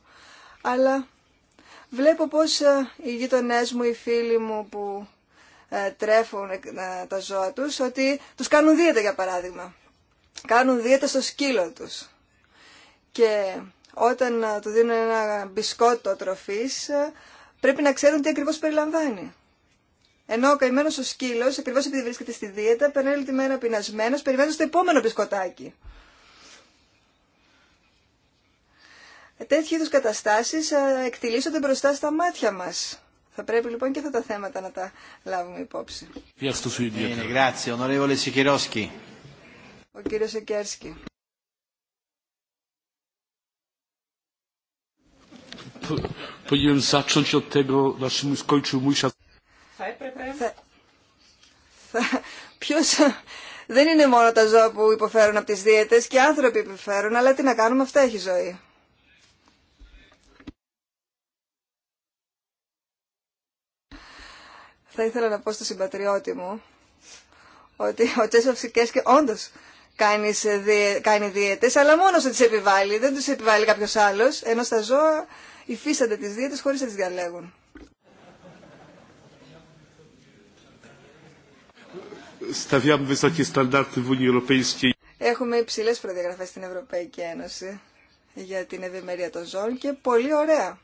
αλλά βλέπω πώς ε, οι γείτονέ μου, οι φίλοι μου που ε, τρέφουν τα ζώα τους, ότι τους κάνουν δίαιτα για παράδειγμα. Κάνουν δίαιτα στο σκύλο τους. Και όταν ε, του δίνουν ένα μπισκότο τροφής, ε, πρέπει να ξέρουν τι ακριβώς περιλαμβάνει. Ενώ ο καημένο ο σκύλο, ακριβώ επειδή βρίσκεται στη δίαιτα, περνάει τη μέρα πεινασμένο, περιμένοντα το επόμενο μπισκοτάκι. Τέτοιου είδου καταστάσει ε, εκτιλήσονται μπροστά στα μάτια μα. Θα πρέπει λοιπόν και αυτά τα θέματα να τα λάβουμε υπόψη. Ο κύριο Ποιος... Δεν είναι μόνο τα ζώα που υποφέρουν από τις δίαιτες και άνθρωποι υποφέρουν, αλλά τι να κάνουμε, αυτά έχει ζωή. Θα ήθελα να πω στο συμπατριώτη μου ότι ο Τσέσοφ και όντως κάνει, κάνει αλλά μόνο σε τις επιβάλλει, δεν του επιβάλλει κάποιος άλλο ενώ στα ζώα υφίστανται τις δίαιτες χωρίς να τις διαλέγουν. Έχουμε υψηλέ προδιαγραφέ στην Ευρωπαϊκή Ένωση για την ευημερία των ζώων και πολύ ωραία.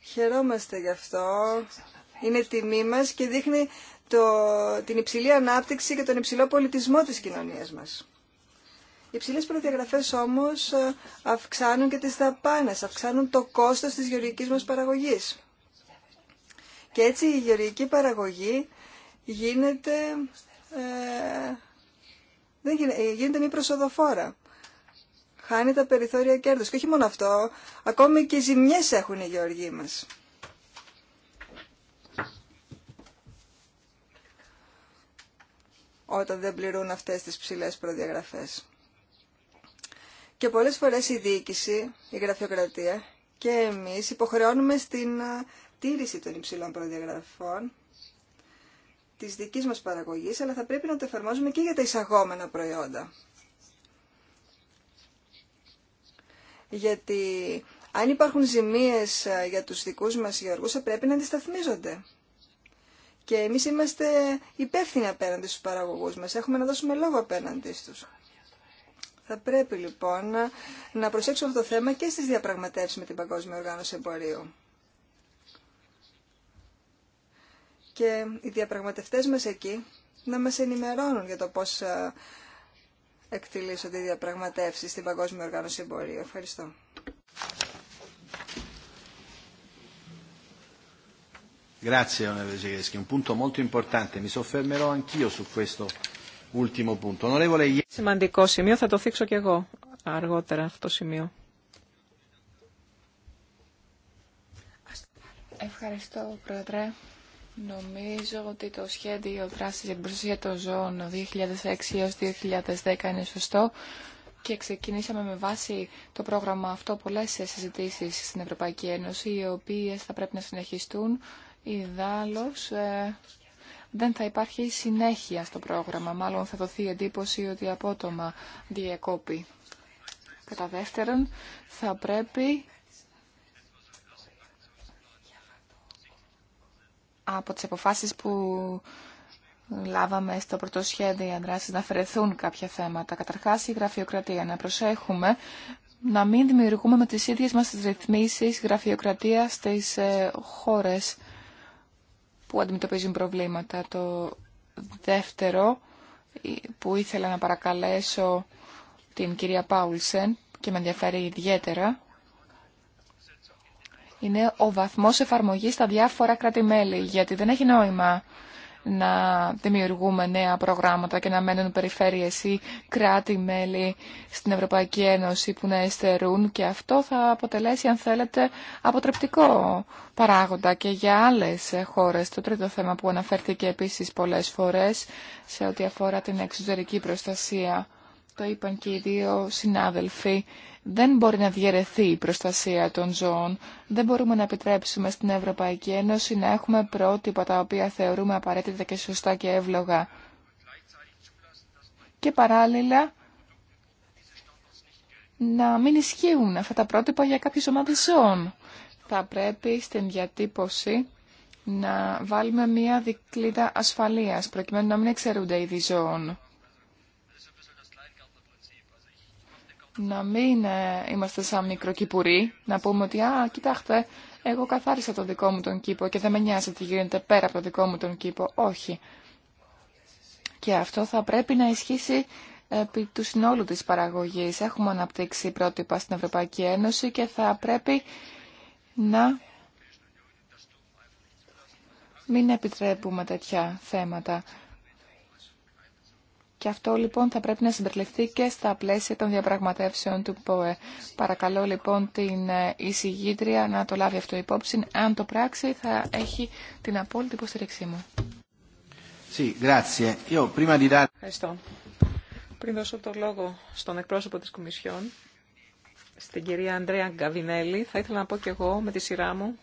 Χαιρόμαστε γι' αυτό. Είναι τιμή μας και δείχνει το, την υψηλή ανάπτυξη και τον υψηλό πολιτισμό της κοινωνίας μας. Οι ψηλέ προδιαγραφές όμω ε, αυξάνουν και τι δαπάνε, αυξάνουν το κόστος της γεωργικής μας παραγωγής. Και έτσι η γεωργική παραγωγή γίνεται, ε, δεν ε, γίνεται, μη προσοδοφόρα. Χάνει τα περιθώρια κέρδους. Και όχι μόνο αυτό, ακόμη και οι ζημιές έχουν οι γεωργοί μας. όταν δεν πληρούν αυτές τις ψηλές προδιαγραφές. Και πολλές φορές η διοίκηση, η γραφειοκρατία και εμείς υποχρεώνουμε στην ε, τήρηση των υψηλών προδιαγραφών της δικής μας παραγωγής, αλλά θα πρέπει να το εφαρμόζουμε και για τα εισαγόμενα προϊόντα. Γιατί αν υπάρχουν ζημίες ε, για τους δικούς μας γεωργούς, θα πρέπει να αντισταθμίζονται. Και εμείς είμαστε υπεύθυνοι απέναντι στους παραγωγούς μας. Έχουμε να δώσουμε λόγο απέναντι στους. Θα πρέπει λοιπόν να προσέξουμε αυτό το θέμα και στις διαπραγματεύσεις με την Παγκόσμια Οργάνωση Εμπορίου. Και οι διαπραγματευτές μας εκεί να μας ενημερώνουν για το πώς ε, εκτελήσονται οι διαπραγματεύσεις στην Παγκόσμια Οργάνωση Εμπορίου. Ευχαριστώ. Grazie, onorevole Zegreschi. Un punto molto importante. Mi soffermerò anch'io su questo Σημαντικό σημείο, θα το θίξω και εγώ αργότερα αυτό το σημείο. Ευχαριστώ, Πρόεδρε. Νομίζω ότι το σχέδιο δράσης για την προστασία των ζώων 2006 έως 2010 είναι σωστό και ξεκινήσαμε με βάση το πρόγραμμα αυτό πολλές συζητήσεις στην Ευρωπαϊκή Ένωση οι οποίες θα πρέπει να συνεχιστούν. Ιδάλλως, ε, δεν θα υπάρχει συνέχεια στο πρόγραμμα. Μάλλον θα δοθεί εντύπωση ότι απότομα διακόπη. Κατά δεύτερον, θα πρέπει από τις αποφάσεις που λάβαμε στο πρωτοσχέδιο αντράσεις να αφαιρεθούν κάποια θέματα. Καταρχάς η γραφειοκρατία, να προσέχουμε να μην δημιουργούμε με τις ίδιες μας τις ρυθμίσεις γραφειοκρατία στις ε, χώρες που αντιμετωπίζουν προβλήματα. Το δεύτερο που ήθελα να παρακαλέσω την κυρία Πάουλσεν και με ενδιαφέρει ιδιαίτερα είναι ο βαθμός εφαρμογής στα διάφορα κράτη-μέλη, γιατί δεν έχει νόημα να δημιουργούμε νέα προγράμματα και να μένουν περιφέρειες ή κράτη-μέλη στην Ευρωπαϊκή Ένωση που να εστερούν και αυτό θα αποτελέσει, αν θέλετε, αποτρεπτικό παράγοντα και για άλλες χώρες. Το τρίτο θέμα που αναφέρθηκε επίσης πολλές φορές σε ό,τι αφορά την εξωτερική προστασία. Το είπαν και οι δύο συνάδελφοι δεν μπορεί να διαιρεθεί η προστασία των ζώων. Δεν μπορούμε να επιτρέψουμε στην Ευρωπαϊκή Ένωση να έχουμε πρότυπα τα οποία θεωρούμε απαραίτητα και σωστά και εύλογα. Και παράλληλα να μην ισχύουν αυτά τα πρότυπα για κάποιες ομάδες ζώων. Θα πρέπει στην διατύπωση να βάλουμε μία δικλίδα ασφαλείας, προκειμένου να μην εξαιρούνται είδη ζώων. να μην ε, είμαστε σαν μικροκυπουροί, να πούμε ότι «Α, κοιτάξτε, εγώ καθάρισα το δικό μου τον κήπο και δεν με νοιάζει τι γίνεται πέρα από το δικό μου τον κήπο». Όχι. Και αυτό θα πρέπει να ισχύσει επί του συνόλου της παραγωγής. Έχουμε αναπτύξει πρότυπα στην Ευρωπαϊκή Ένωση και θα πρέπει να μην επιτρέπουμε τέτοια θέματα. Και αυτό λοιπόν θα πρέπει να συμπεριληφθεί και στα πλαίσια των διαπραγματεύσεων του ΠΟΕ. Παρακαλώ λοιπόν την ε, εισηγήτρια να το λάβει αυτό υπόψη. Αν το πράξει θα έχει την απόλυτη υποστήριξή μου. Ευχαριστώ. Πριν δώσω το λόγο στον εκπρόσωπο της Κομισιόν, στην κυρία Ανδρέα Γκαβινέλη, θα ήθελα να πω και εγώ με τη σειρά μου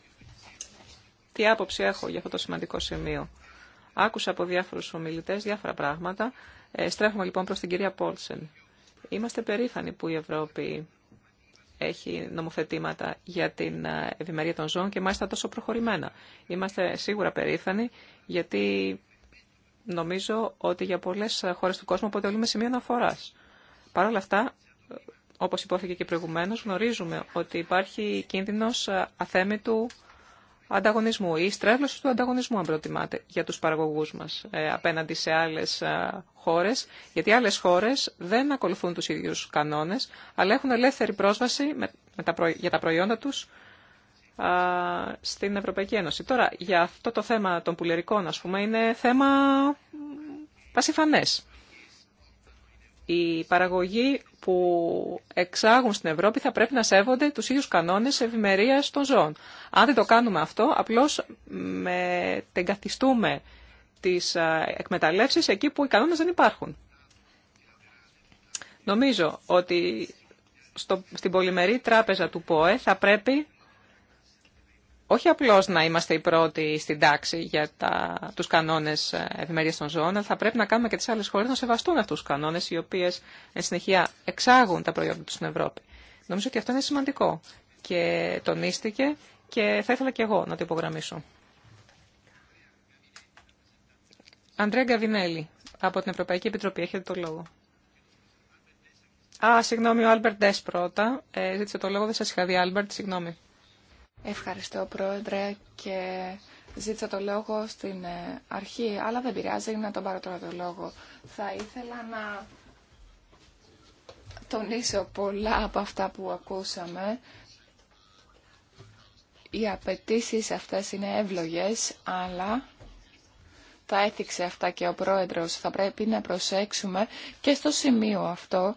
τι άποψη έχω για αυτό το σημαντικό σημείο. Άκουσα από διάφορους ομιλητές διάφορα πράγματα ε, στρέφουμε λοιπόν προς την κυρία Πόλσεν. Είμαστε περήφανοι που η Ευρώπη έχει νομοθετήματα για την ε, ευημερία των ζώων και μάλιστα τόσο προχωρημένα. Είμαστε σίγουρα περήφανοι γιατί νομίζω ότι για πολλές χώρες του κόσμου αποτελούμε σημείο αναφορά. Παρ' όλα αυτά, όπως υπόθηκε και προηγουμένως, γνωρίζουμε ότι υπάρχει κίνδυνος αθέμητου ανταγωνισμού ή στρέβλωση του ανταγωνισμού, αν προτιμάτε, για τους παραγωγούς μας ε, απέναντι σε άλλες ε, χώρες, γιατί άλλες χώρες δεν ακολουθούν τους ίδιους κανόνες, αλλά έχουν ελεύθερη πρόσβαση με, για τα προϊόντα τους στην Ευρωπαϊκή Ένωση. Τώρα, για αυτό το θέμα των πουλερικών, ας πούμε, είναι θέμα πασιφανές οι παραγωγοί που εξάγουν στην Ευρώπη θα πρέπει να σέβονται τους ίδιους κανόνες ευημερία των ζώων. Αν δεν το κάνουμε αυτό, απλώς μετεγκαθιστούμε τις εκμεταλλεύσεις εκεί που οι κανόνες δεν υπάρχουν. Νομίζω ότι στο, στην πολυμερή τράπεζα του ΠΟΕ θα πρέπει όχι απλώς να είμαστε οι πρώτοι στην τάξη για τα, τους κανόνες ε, ευημερίας των ζώων, αλλά θα πρέπει να κάνουμε και τις άλλες χώρες να σεβαστούν αυτούς τους κανόνες, οι οποίες εν συνεχεία εξάγουν τα προϊόντα τους στην Ευρώπη. Νομίζω ότι αυτό είναι σημαντικό και τονίστηκε και θα ήθελα και εγώ να το υπογραμμίσω. Αντρέα Γκαβινέλη, από την Ευρωπαϊκή Επιτροπή, έχετε το λόγο. Α, συγγνώμη, ο Άλμπερντ Ντες πρώτα. Ε, ζήτησε το λόγο, δεν σα είχα δει, Άλμπερτ, συγγνώμη. Ευχαριστώ Πρόεδρε και ζήτησα το λόγο στην ε, αρχή, αλλά δεν πειράζει να τον πάρω τώρα το λόγο. Θα ήθελα να τονίσω πολλά από αυτά που ακούσαμε. Οι απαιτήσει αυτές είναι εύλογες, αλλά τα έθιξε αυτά και ο Πρόεδρος. Θα πρέπει να προσέξουμε και στο σημείο αυτό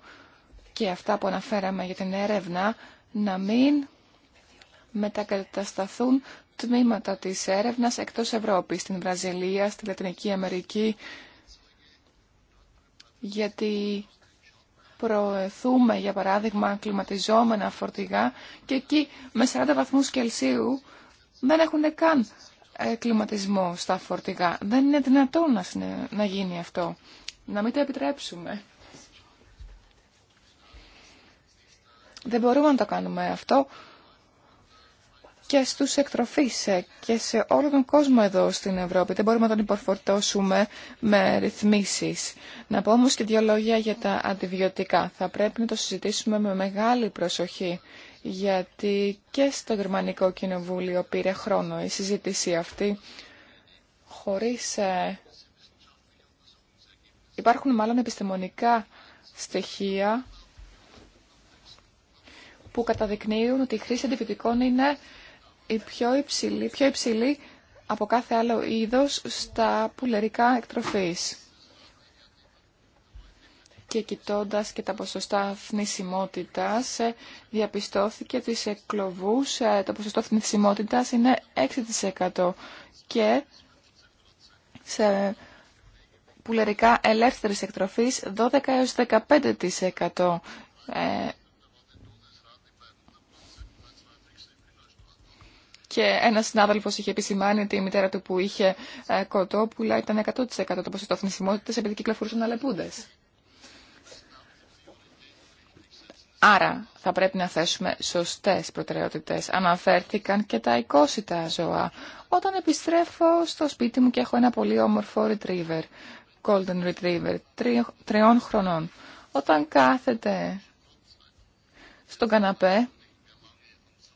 και αυτά που αναφέραμε για την έρευνα, να μην μετακατασταθούν τμήματα της έρευνας εκτός Ευρώπης, στην Βραζιλία, στην Λατινική Αμερική, γιατί προεθούμε, για παράδειγμα, κλιματιζόμενα φορτηγά και εκεί με 40 βαθμούς Κελσίου δεν έχουν καν ε, κλιματισμό στα φορτηγά. Δεν είναι δυνατόν να γίνει αυτό. Να μην το επιτρέψουμε. Δεν μπορούμε να το κάνουμε αυτό και στους εκτροφείς ε, και σε όλο τον κόσμο εδώ στην Ευρώπη. Δεν μπορούμε να τον υπορφορτώσουμε με ρυθμίσεις. Να πω όμως και δύο λόγια για τα αντιβιωτικά. Θα πρέπει να το συζητήσουμε με μεγάλη προσοχή γιατί και στο Γερμανικό Κοινοβούλιο πήρε χρόνο η συζήτηση αυτή χωρίς... Ε, υπάρχουν μάλλον επιστημονικά στοιχεία που καταδεικνύουν ότι η χρήση αντιβιωτικών είναι η πιο υψηλή, πιο υψηλή από κάθε άλλο είδος στα πουλερικά εκτροφής. Και κοιτώντας και τα ποσοστά θνησιμότητας, ε, διαπιστώθηκε ότι σε κλωβούς ε, το ποσοστό θνησιμότητας είναι 6% και σε πουλερικά ελεύθερης εκτροφής 12 15% και ένας συνάδελφος είχε επισημάνει ότι η μητέρα του που είχε ε, κοτόπουλα ήταν 100% το ποσοστό θνησιμότητας επειδή κυκλοφορούσαν λεπούδες. Άρα θα πρέπει να θέσουμε σωστές προτεραιότητες. Αναφέρθηκαν και τα εικόσιτα ζώα. Όταν επιστρέφω στο σπίτι μου και έχω ένα πολύ όμορφο retriever, golden retriever, τριών χρονών. Όταν κάθεται στον καναπέ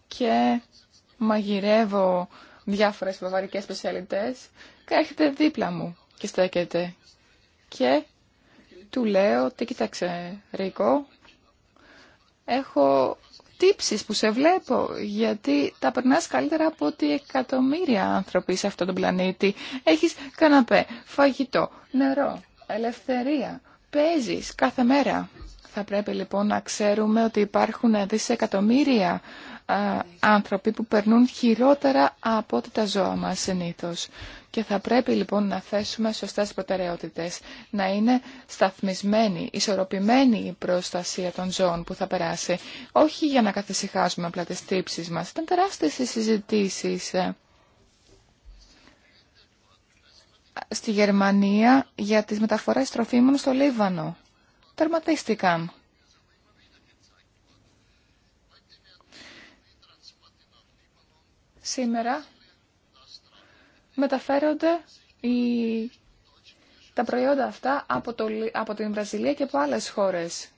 και μαγειρεύω διάφορες βαβαρικές σπεσιαλιτές και έρχεται δίπλα μου και στέκεται. Και του λέω, τι κοίταξε Ρίκο, έχω τύψεις που σε βλέπω, γιατί τα περνάς καλύτερα από ότι εκατομμύρια άνθρωποι σε αυτόν τον πλανήτη. Έχεις καναπέ, φαγητό, νερό, ελευθερία, παίζεις κάθε μέρα. Θα πρέπει λοιπόν να ξέρουμε ότι υπάρχουν δισεκατομμύρια άνθρωποι που περνούν χειρότερα από ό,τι τα ζώα μας συνήθως. Και θα πρέπει λοιπόν να θέσουμε σωστές προτεραιότητες, να είναι σταθμισμένη, ισορροπημένη η προστασία των ζώων που θα περάσει, όχι για να καθησυχάσουμε απλά τις τύψεις μας. Ήταν τεράστιες οι συζητήσεις. Ε, στη Γερμανία για τις μεταφορές τροφίμων στο Λίβανο. Τερματίστηκαν. σήμερα μεταφέρονται οι... τα προϊόντα αυτά από, το... από την Βραζιλία και από άλλες χώρες.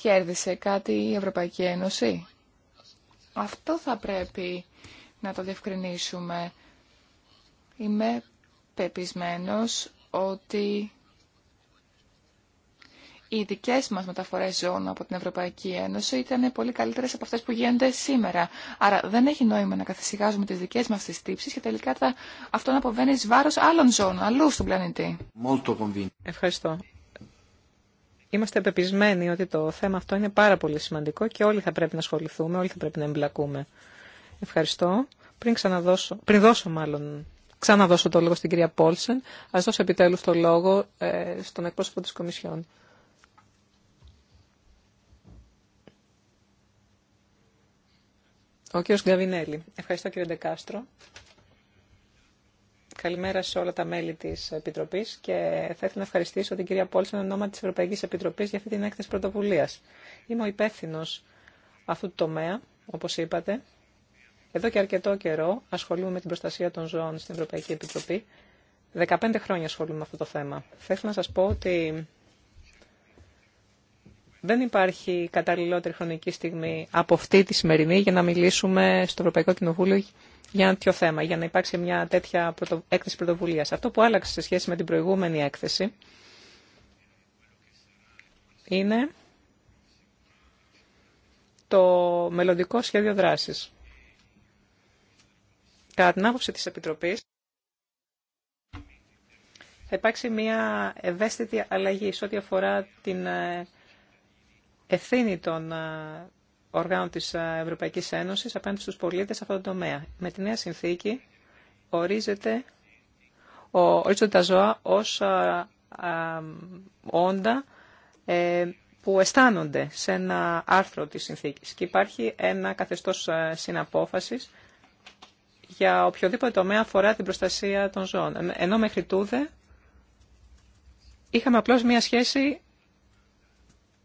Κέρδισε κάτι η Ευρωπαϊκή Ένωση. Αυτό θα πρέπει να το διευκρινίσουμε. Είμαι πεπισμένος ότι οι δικέ μα μεταφορέ ζώων από την Ευρωπαϊκή Ένωση ήταν πολύ καλύτερε από αυτέ που γίνονται σήμερα. Άρα δεν έχει νόημα να καθησυχάζουμε τι δικέ μα τι τύψει και τελικά αυτό να αποβαίνει βάρο άλλων ζώων αλλού στον πλανήτη. Ευχαριστώ. Είμαστε πεπισμένοι ότι το θέμα αυτό είναι πάρα πολύ σημαντικό και όλοι θα πρέπει να ασχοληθούμε, όλοι θα πρέπει να εμπλακούμε. Ευχαριστώ. Πριν ξαναδώσω, πριν δώσω μάλλον ξαναδώσω το λόγο στην κυρία Πόλσεν, ας δώσω επιτέλους το λόγο ε, στον εκπρόσωπο της Κομισιόν. Ο κύριος Γκαβινέλη. Ευχαριστώ κύριε Ντεκάστρο. Καλημέρα σε όλα τα μέλη τη Επιτροπή και θα ήθελα να ευχαριστήσω την κυρία Πόλσον εν ονόμα τη Ευρωπαϊκή Επιτροπή για αυτή την έκθεση πρωτοβουλία. Είμαι ο υπεύθυνο αυτού του τομέα, όπω είπατε. Εδώ και αρκετό καιρό ασχολούμαι με την προστασία των ζώων στην Ευρωπαϊκή Επιτροπή. 15 χρόνια ασχολούμαι με αυτό το θέμα. Θα ήθελα να σα πω ότι δεν υπάρχει καταλληλότερη χρονική στιγμή από αυτή τη σημερινή για να μιλήσουμε στο Ευρωπαϊκό Κοινοβούλιο για ένα τέτοιο θέμα, για να υπάρξει μια τέτοια έκθεση πρωτοβουλία. Αυτό που άλλαξε σε σχέση με την προηγούμενη έκθεση είναι το μελλοντικό σχέδιο δράσης. Κατά την άποψη της Επιτροπή, θα υπάρξει μια ευαίσθητη αλλαγή σε ό,τι αφορά την ε, ευθύνη των ε, οργάνων της ε, Ευρωπαϊκής Ένωσης απέναντι στους πολίτες σε αυτό το τομέα. Με τη νέα συνθήκη ορίζεται ο, ορίζονται τα ζώα ως ε, όντα που αισθάνονται σε ένα άρθρο της συνθήκης. Και υπάρχει ένα καθεστώς συναπόφασης για οποιοδήποτε τομέα αφορά την προστασία των ζώων. Ενώ μέχρι τούδε είχαμε απλώς μία σχέση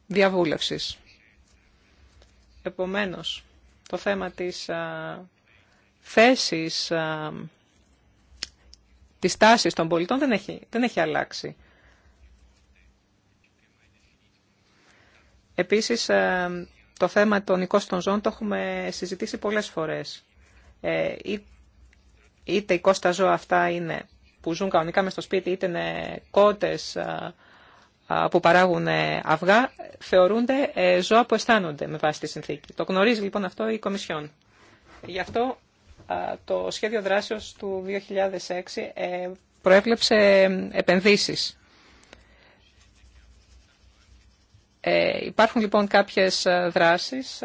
διαβούλευσης. Επομένως, το θέμα της α, θέσης, της τάσης των πολιτών δεν έχει, δεν έχει αλλάξει. Επίσης, το θέμα των οικόστων ζώων το έχουμε συζητήσει πολλές φορές. Ε, είτε οι κόστα ζώα αυτά είναι που ζουν κανονικά με στο σπίτι, είτε είναι κότες, που παράγουν ε, αυγά θεωρούνται ε, ζώα που αισθάνονται με βάση τη συνθήκη. Το γνωρίζει λοιπόν αυτό η Κομισιόν. Γι' αυτό το σχέδιο δράσεως του 2006 ε, προέβλεψε επενδύσεις. Υπάρχουν λοιπόν κάποιες δράσεις.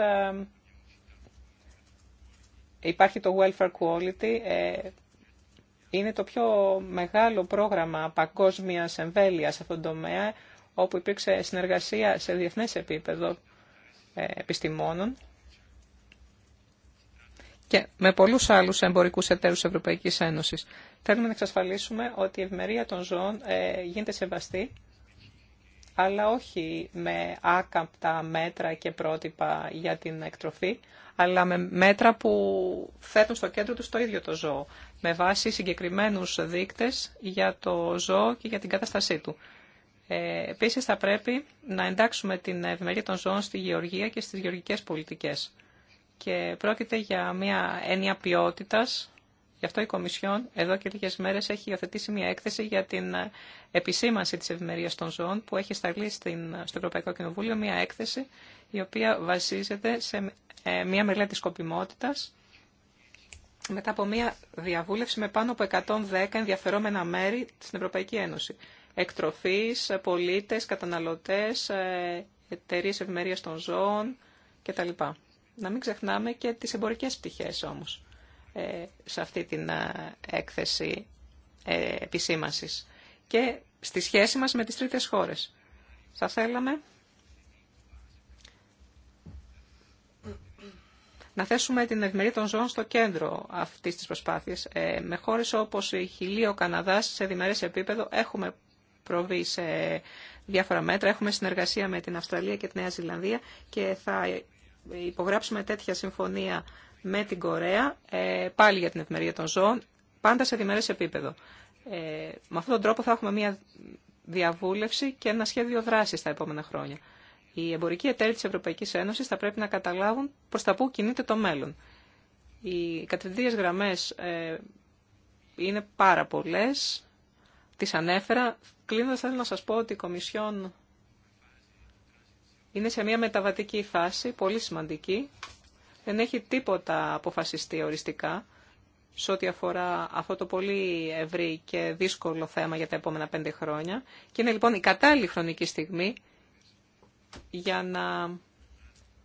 Υπάρχει το welfare quality είναι το πιο μεγάλο πρόγραμμα παγκόσμιας εμβέλειας σε αυτόν τον τομέα, όπου υπήρξε συνεργασία σε διεθνές επίπεδο ε, επιστημόνων και με πολλούς άλλους εμπορικούς εταίρους Ευρωπαϊκής Ένωσης. Θέλουμε να εξασφαλίσουμε ότι η ευημερία των ζώων ε, γίνεται σεβαστή, αλλά όχι με άκαμπτα μέτρα και πρότυπα για την εκτροφή, αλλά με μέτρα που θέτουν στο κέντρο του το ίδιο το ζώο με βάση συγκεκριμένους δείκτες για το ζώο και για την κατάστασή του. Ε, επίσης θα πρέπει να εντάξουμε την ευημερία των ζώων στη γεωργία και στις γεωργικές πολιτικές. Και πρόκειται για μια έννοια ποιότητα. Γι' αυτό η Κομισιόν εδώ και λίγες μέρες έχει υιοθετήσει μια έκθεση για την επισήμανση της ευημερίας των ζώων που έχει σταλεί στο Ευρωπαϊκό Κοινοβούλιο μια έκθεση η οποία βασίζεται σε ε, μια μελέτη σκοπιμότητας μετά από μια διαβούλευση με πάνω από 110 ενδιαφερόμενα μέρη στην Ευρωπαϊκή Ένωση. Εκτροφείς, πολίτες, καταναλωτές, ε, εταιρείε ευημερία των ζώων κτλ. Να μην ξεχνάμε και τις εμπορικές πτυχές όμως ε, σε αυτή την ε, έκθεση επισήμασης και στη σχέση μας με τις τρίτες χώρες. Θα θέλαμε να θέσουμε την ευημερία των ζώων στο κέντρο αυτής της προσπάθειας. Ε, με χώρες όπως η Χιλή, ο Καναδάς, σε διμερές επίπεδο έχουμε προβεί σε διάφορα μέτρα. Έχουμε συνεργασία με την Αυστραλία και τη Νέα Ζηλανδία και θα υπογράψουμε τέτοια συμφωνία με την Κορέα, ε, πάλι για την ευμερία των ζώων, πάντα σε διμερές επίπεδο. Ε, με αυτόν τον τρόπο θα έχουμε μια διαβούλευση και ένα σχέδιο δράσης τα επόμενα χρόνια. Οι εμπορικοί εταίροι τη Ευρωπαϊκή Ένωση θα πρέπει να καταλάβουν προ τα πού κινείται το μέλλον. Οι γραμμέ ε, είναι πάρα πολλέ. Τι ανέφερα. Κλείνοντα, θέλω να σα πω ότι η Κομισιόν είναι σε μια μεταβατική φάση, πολύ σημαντική. Δεν έχει τίποτα αποφασιστεί οριστικά σε ό,τι αφορά αυτό το πολύ ευρύ και δύσκολο θέμα για τα επόμενα πέντε χρόνια. Και είναι λοιπόν η κατάλληλη χρονική στιγμή για να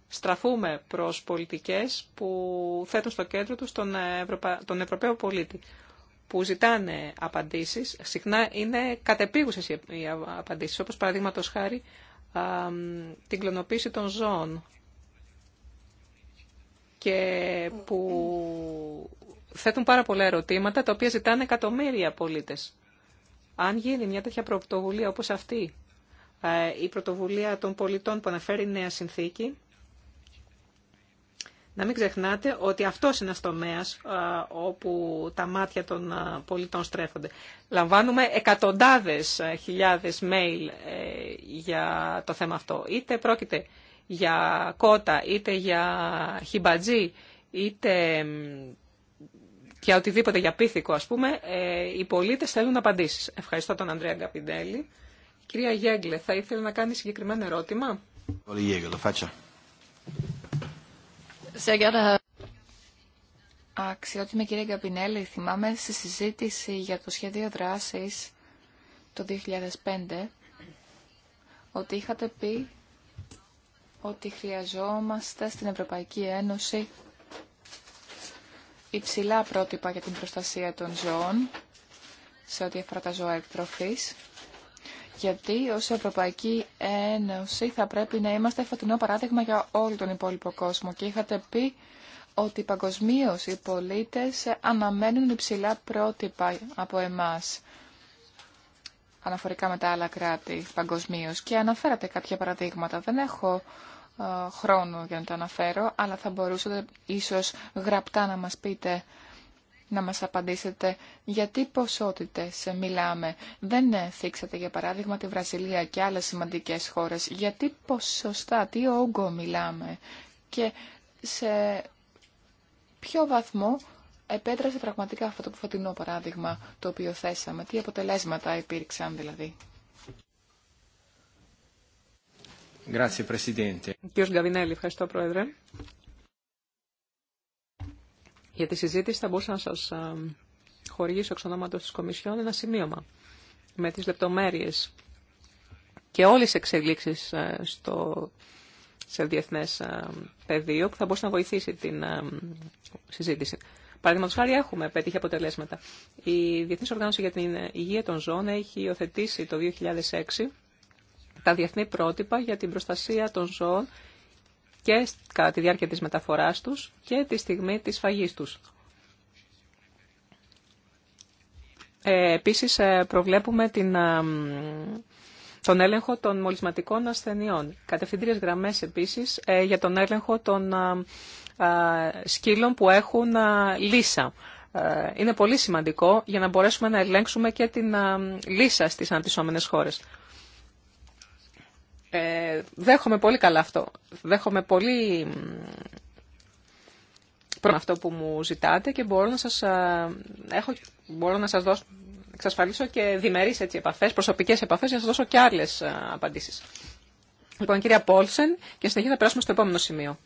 στραφούμε προς πολιτικές που θέτουν στο κέντρο τους τον, Ευρωπα... τον Ευρωπαίο πολίτη, που ζητάνε απαντήσεις. Συχνά είναι κατεπίγουσες οι απαντήσεις, όπως παραδείγματο χάρη την κλωνοποίηση των ζώων και που θέτουν πάρα πολλά ερωτήματα τα οποία ζητάνε εκατομμύρια πολίτες. Αν γίνει μια τέτοια πρωτοβουλία όπως αυτή ε, η πρωτοβουλία των πολιτών που αναφέρει η νέα συνθήκη. Να μην ξεχνάτε ότι αυτό είναι ένα τομέα ε, όπου τα μάτια των ε, πολιτών στρέφονται. Λαμβάνουμε εκατοντάδες χιλιάδες mail για το θέμα αυτό. Είτε πρόκειται για κότα, είτε για χιμπατζή, είτε για οτιδήποτε για πίθηκο ας πούμε, οι πολίτες θέλουν απαντήσει Ευχαριστώ τον Ανδρέα Γκαπιντέλη. Κυρία Γέγκλε, θα ήθελε να κάνει συγκεκριμένο ερώτημα. Αξιότιμη κυρία Γκαμπινέλη, θυμάμαι στη συζήτηση για το σχέδιο δράσης το 2005 ότι είχατε πει ότι χρειαζόμαστε στην Ευρωπαϊκή Ένωση υψηλά πρότυπα για την προστασία των ζώων σε ό,τι αφορά τα ζώα εκτροφής γιατί ως Ευρωπαϊκή Ένωση θα πρέπει να είμαστε φωτεινό παράδειγμα για όλο τον υπόλοιπο κόσμο. Και είχατε πει ότι παγκοσμίω οι πολίτες αναμένουν υψηλά πρότυπα από εμάς αναφορικά με τα άλλα κράτη παγκοσμίω. Και αναφέρατε κάποια παραδείγματα. Δεν έχω ε, χρόνο για να τα αναφέρω, αλλά θα μπορούσατε ίσως γραπτά να μας πείτε να μας απαντήσετε για τι ποσότητες μιλάμε. Δεν θίξατε για παράδειγμα τη Βραζιλία και άλλες σημαντικές χώρες. Για τι ποσοστά, τι όγκο μιλάμε και σε ποιο βαθμό επέτρεσε πραγματικά αυτό το φωτεινό παράδειγμα το οποίο θέσαμε. Τι αποτελέσματα υπήρξαν δηλαδή. Κύριος Γκαβινέλη, ευχαριστώ Πρόεδρε. Για τη συζήτηση θα μπορούσα να σας χορηγήσω εξ ονόματος της Κομισιόν ένα σημείωμα με τις λεπτομέρειες και όλες τις εξελίξεις στο, σε διεθνές πεδίο που θα μπορούσε να βοηθήσει την συζήτηση. Παραδείγματο χάρη έχουμε πετύχει αποτελέσματα. Η Διεθνής Οργάνωση για την Υγεία των Ζώων έχει υιοθετήσει το 2006 τα διεθνή πρότυπα για την προστασία των ζώων και κατά τη διάρκεια της μεταφοράς τους και τη στιγμή της φαγής τους. Ε, επίσης ε, προβλέπουμε ε, τον έλεγχο των μολυσματικών ασθενειών. Κατευθυντήριες γραμμές επίσης ε, για τον έλεγχο των σκύλων που έχουν λύσα. Είναι πολύ σημαντικό για να μπορέσουμε να ελέγξουμε και την λύσα στις αντισώμενες χώρες. Ε, δέχομαι πολύ καλά αυτό. Δέχομαι πολύ αυτό που μου ζητάτε και μπορώ να σας, έχω, μπορώ να σας δώσω, εξασφαλίσω και διμερείς έτσι, επαφές, προσωπικές επαφές για να σας δώσω και άλλες απαντήσεις. Λοιπόν, κυρία Πόλσεν, και συνεχεία θα περάσουμε στο επόμενο σημείο.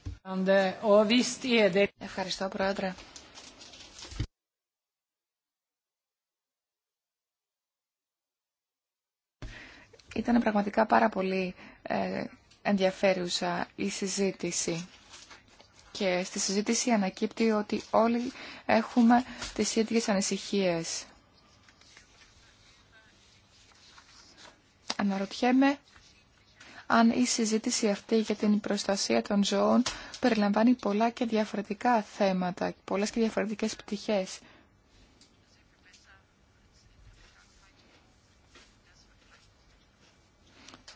Ευχαριστώ, Πρόεδρε. Ήταν πραγματικά πάρα πολύ ε, ενδιαφέρουσα η συζήτηση. Και στη συζήτηση ανακύπτει ότι όλοι έχουμε τις ίδιες ανησυχίες. Αναρωτιέμαι αν η συζήτηση αυτή για την προστασία των ζώων περιλαμβάνει πολλά και διαφορετικά θέματα, πολλές και διαφορετικές πτυχές.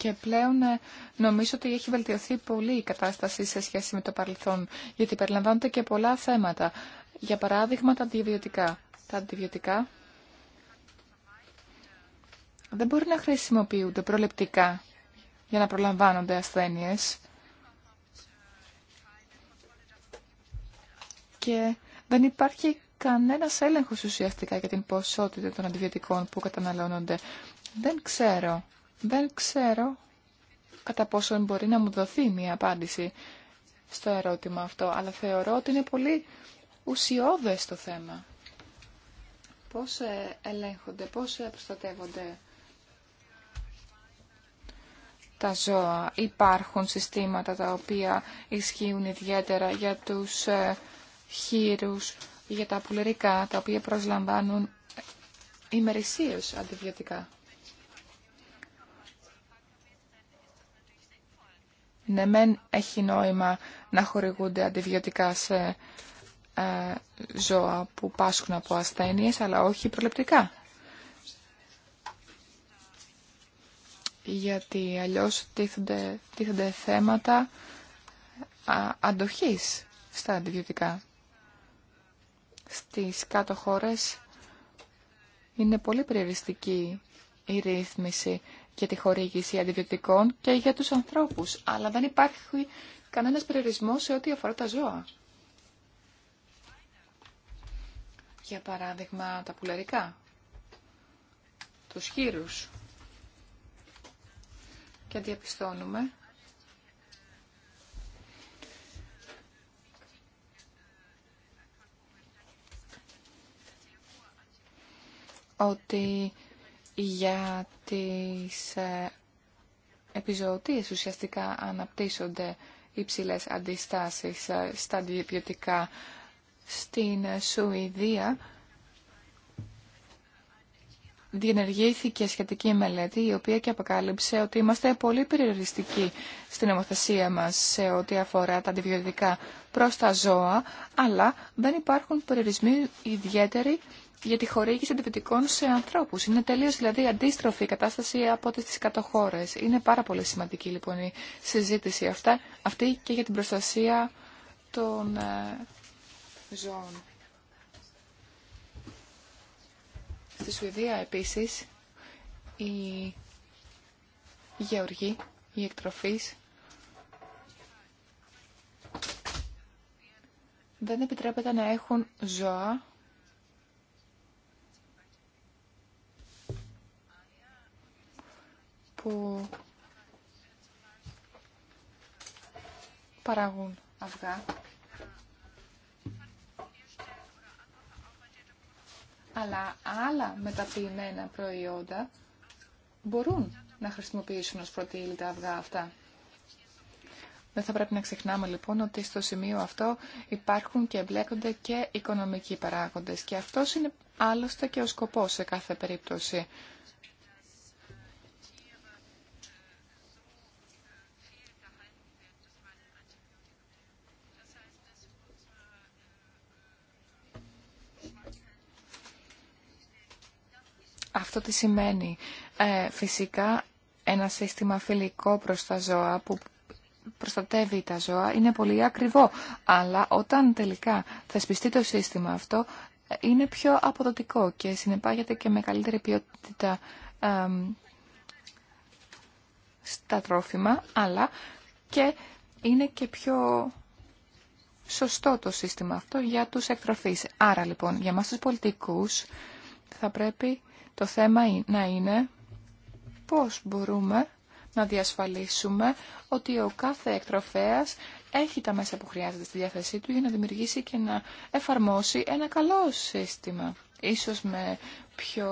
και πλέον ε, νομίζω ότι έχει βελτιωθεί πολύ η κατάσταση σε σχέση με το παρελθόν, γιατί περιλαμβάνονται και πολλά θέματα. Για παράδειγμα, τα αντιβιωτικά. Τα αντιβιωτικά δεν μπορεί να χρησιμοποιούνται προληπτικά για να προλαμβάνονται ασθένειες. Και δεν υπάρχει κανένας έλεγχος ουσιαστικά για την ποσότητα των αντιβιωτικών που καταναλώνονται. Δεν ξέρω δεν ξέρω κατά πόσο μπορεί να μου δοθεί μια απάντηση στο ερώτημα αυτό, αλλά θεωρώ ότι είναι πολύ ουσιώδες το θέμα. Πώς ε, ελέγχονται, πώς ε, προστατεύονται τα ζώα. Υπάρχουν συστήματα τα οποία ισχύουν ιδιαίτερα για τους ε, χείρους, για τα πουλερικά, τα οποία προσλαμβάνουν ημερησίως αντιβιωτικά. Ναι, μεν έχει νόημα να χορηγούνται αντιβιωτικά σε ε, ζώα που πάσχουν από ασθένειες, αλλά όχι προληπτικά. Γιατί αλλιώς τίθονται θέματα α, αντοχής στα αντιβιωτικά. Στις κάτω χώρες είναι πολύ περιοριστική η ρύθμιση για τη χορήγηση αντιβιωτικών και για τους ανθρώπους, αλλά δεν υπάρχει κανένας περιορισμό σε ό,τι αφορά τα ζώα. Για παράδειγμα, τα πουλερικά, τους χείρους. Και διαπιστώνουμε ότι για τις ε, επιζωοτίες ουσιαστικά αναπτύσσονται υψηλές αντιστάσεις ε, στα αντιβιωτικά στην Σουηδία διενεργήθηκε σχετική μελέτη η οποία και αποκάλυψε ότι είμαστε πολύ περιοριστικοί στην νομοθεσία μας σε ό,τι αφορά τα αντιβιωτικά προς τα ζώα αλλά δεν υπάρχουν περιορισμοί ιδιαίτεροι για τη χορήγηση αντιβιωτικών σε ανθρώπους. Είναι τελείως δηλαδή αντίστροφη η κατάσταση από τις κατοχώρε. Είναι πάρα πολύ σημαντική λοιπόν η συζήτηση αυτά, αυτή και για την προστασία των ε, ζώων. Στη Σουηδία επίσης οι γεωργοί, οι εκτροφείς δεν επιτρέπεται να έχουν ζώα που παράγουν αυγά. Αλλά άλλα μεταποιημένα προϊόντα μπορούν να χρησιμοποιήσουν ως πρωτήλη τα αυγά αυτά. Δεν θα πρέπει να ξεχνάμε λοιπόν ότι στο σημείο αυτό υπάρχουν και εμπλέκονται και οικονομικοί παράγοντες και αυτός είναι άλλωστε και ο σκοπός σε κάθε περίπτωση Αυτό τι σημαίνει. Ε, φυσικά ένα σύστημα φιλικό προς τα ζώα που προστατεύει τα ζώα είναι πολύ ακριβό. Αλλά όταν τελικά θα θεσπιστεί το σύστημα αυτό ε, είναι πιο αποδοτικό και συνεπάγεται και με καλύτερη ποιότητα στα τρόφιμα, αλλά και είναι και πιο σωστό το σύστημα αυτό για τους εκτροφείς. Άρα λοιπόν, για μας τους πολιτικούς θα πρέπει το θέμα να είναι πώς μπορούμε να διασφαλίσουμε ότι ο κάθε εκτροφέας έχει τα μέσα που χρειάζεται στη διάθεσή του για να δημιουργήσει και να εφαρμόσει ένα καλό σύστημα. Ίσως με πιο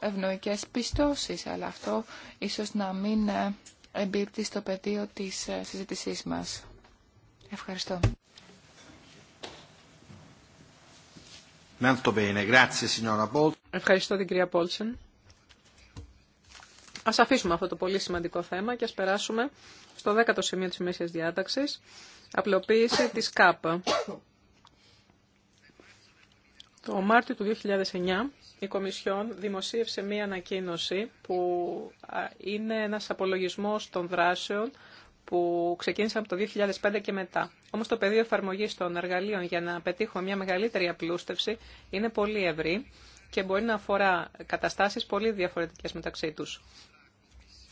ευνοϊκές πιστώσεις, αλλά αυτό ίσως να μην εμπίπτει στο πεδίο της ε, συζήτησής μας. Ευχαριστώ. Ευχαριστώ την κυρία Πόλτσεν. Ας αφήσουμε αυτό το πολύ σημαντικό θέμα και ας περάσουμε στο δέκατο σημείο της ημέσιας διάταξης, απλοποίηση της ΚΑΠ. Το Μάρτιο του 2009 η Κομισιόν δημοσίευσε μία ανακοίνωση που είναι ένας απολογισμός των δράσεων που ξεκίνησαν από το 2005 και μετά. Όμως το πεδίο εφαρμογή των εργαλείων για να πετύχουμε μια μεγαλύτερη απλούστευση είναι πολύ ευρύ και μπορεί να αφορά καταστάσεις πολύ διαφορετικές μεταξύ τους.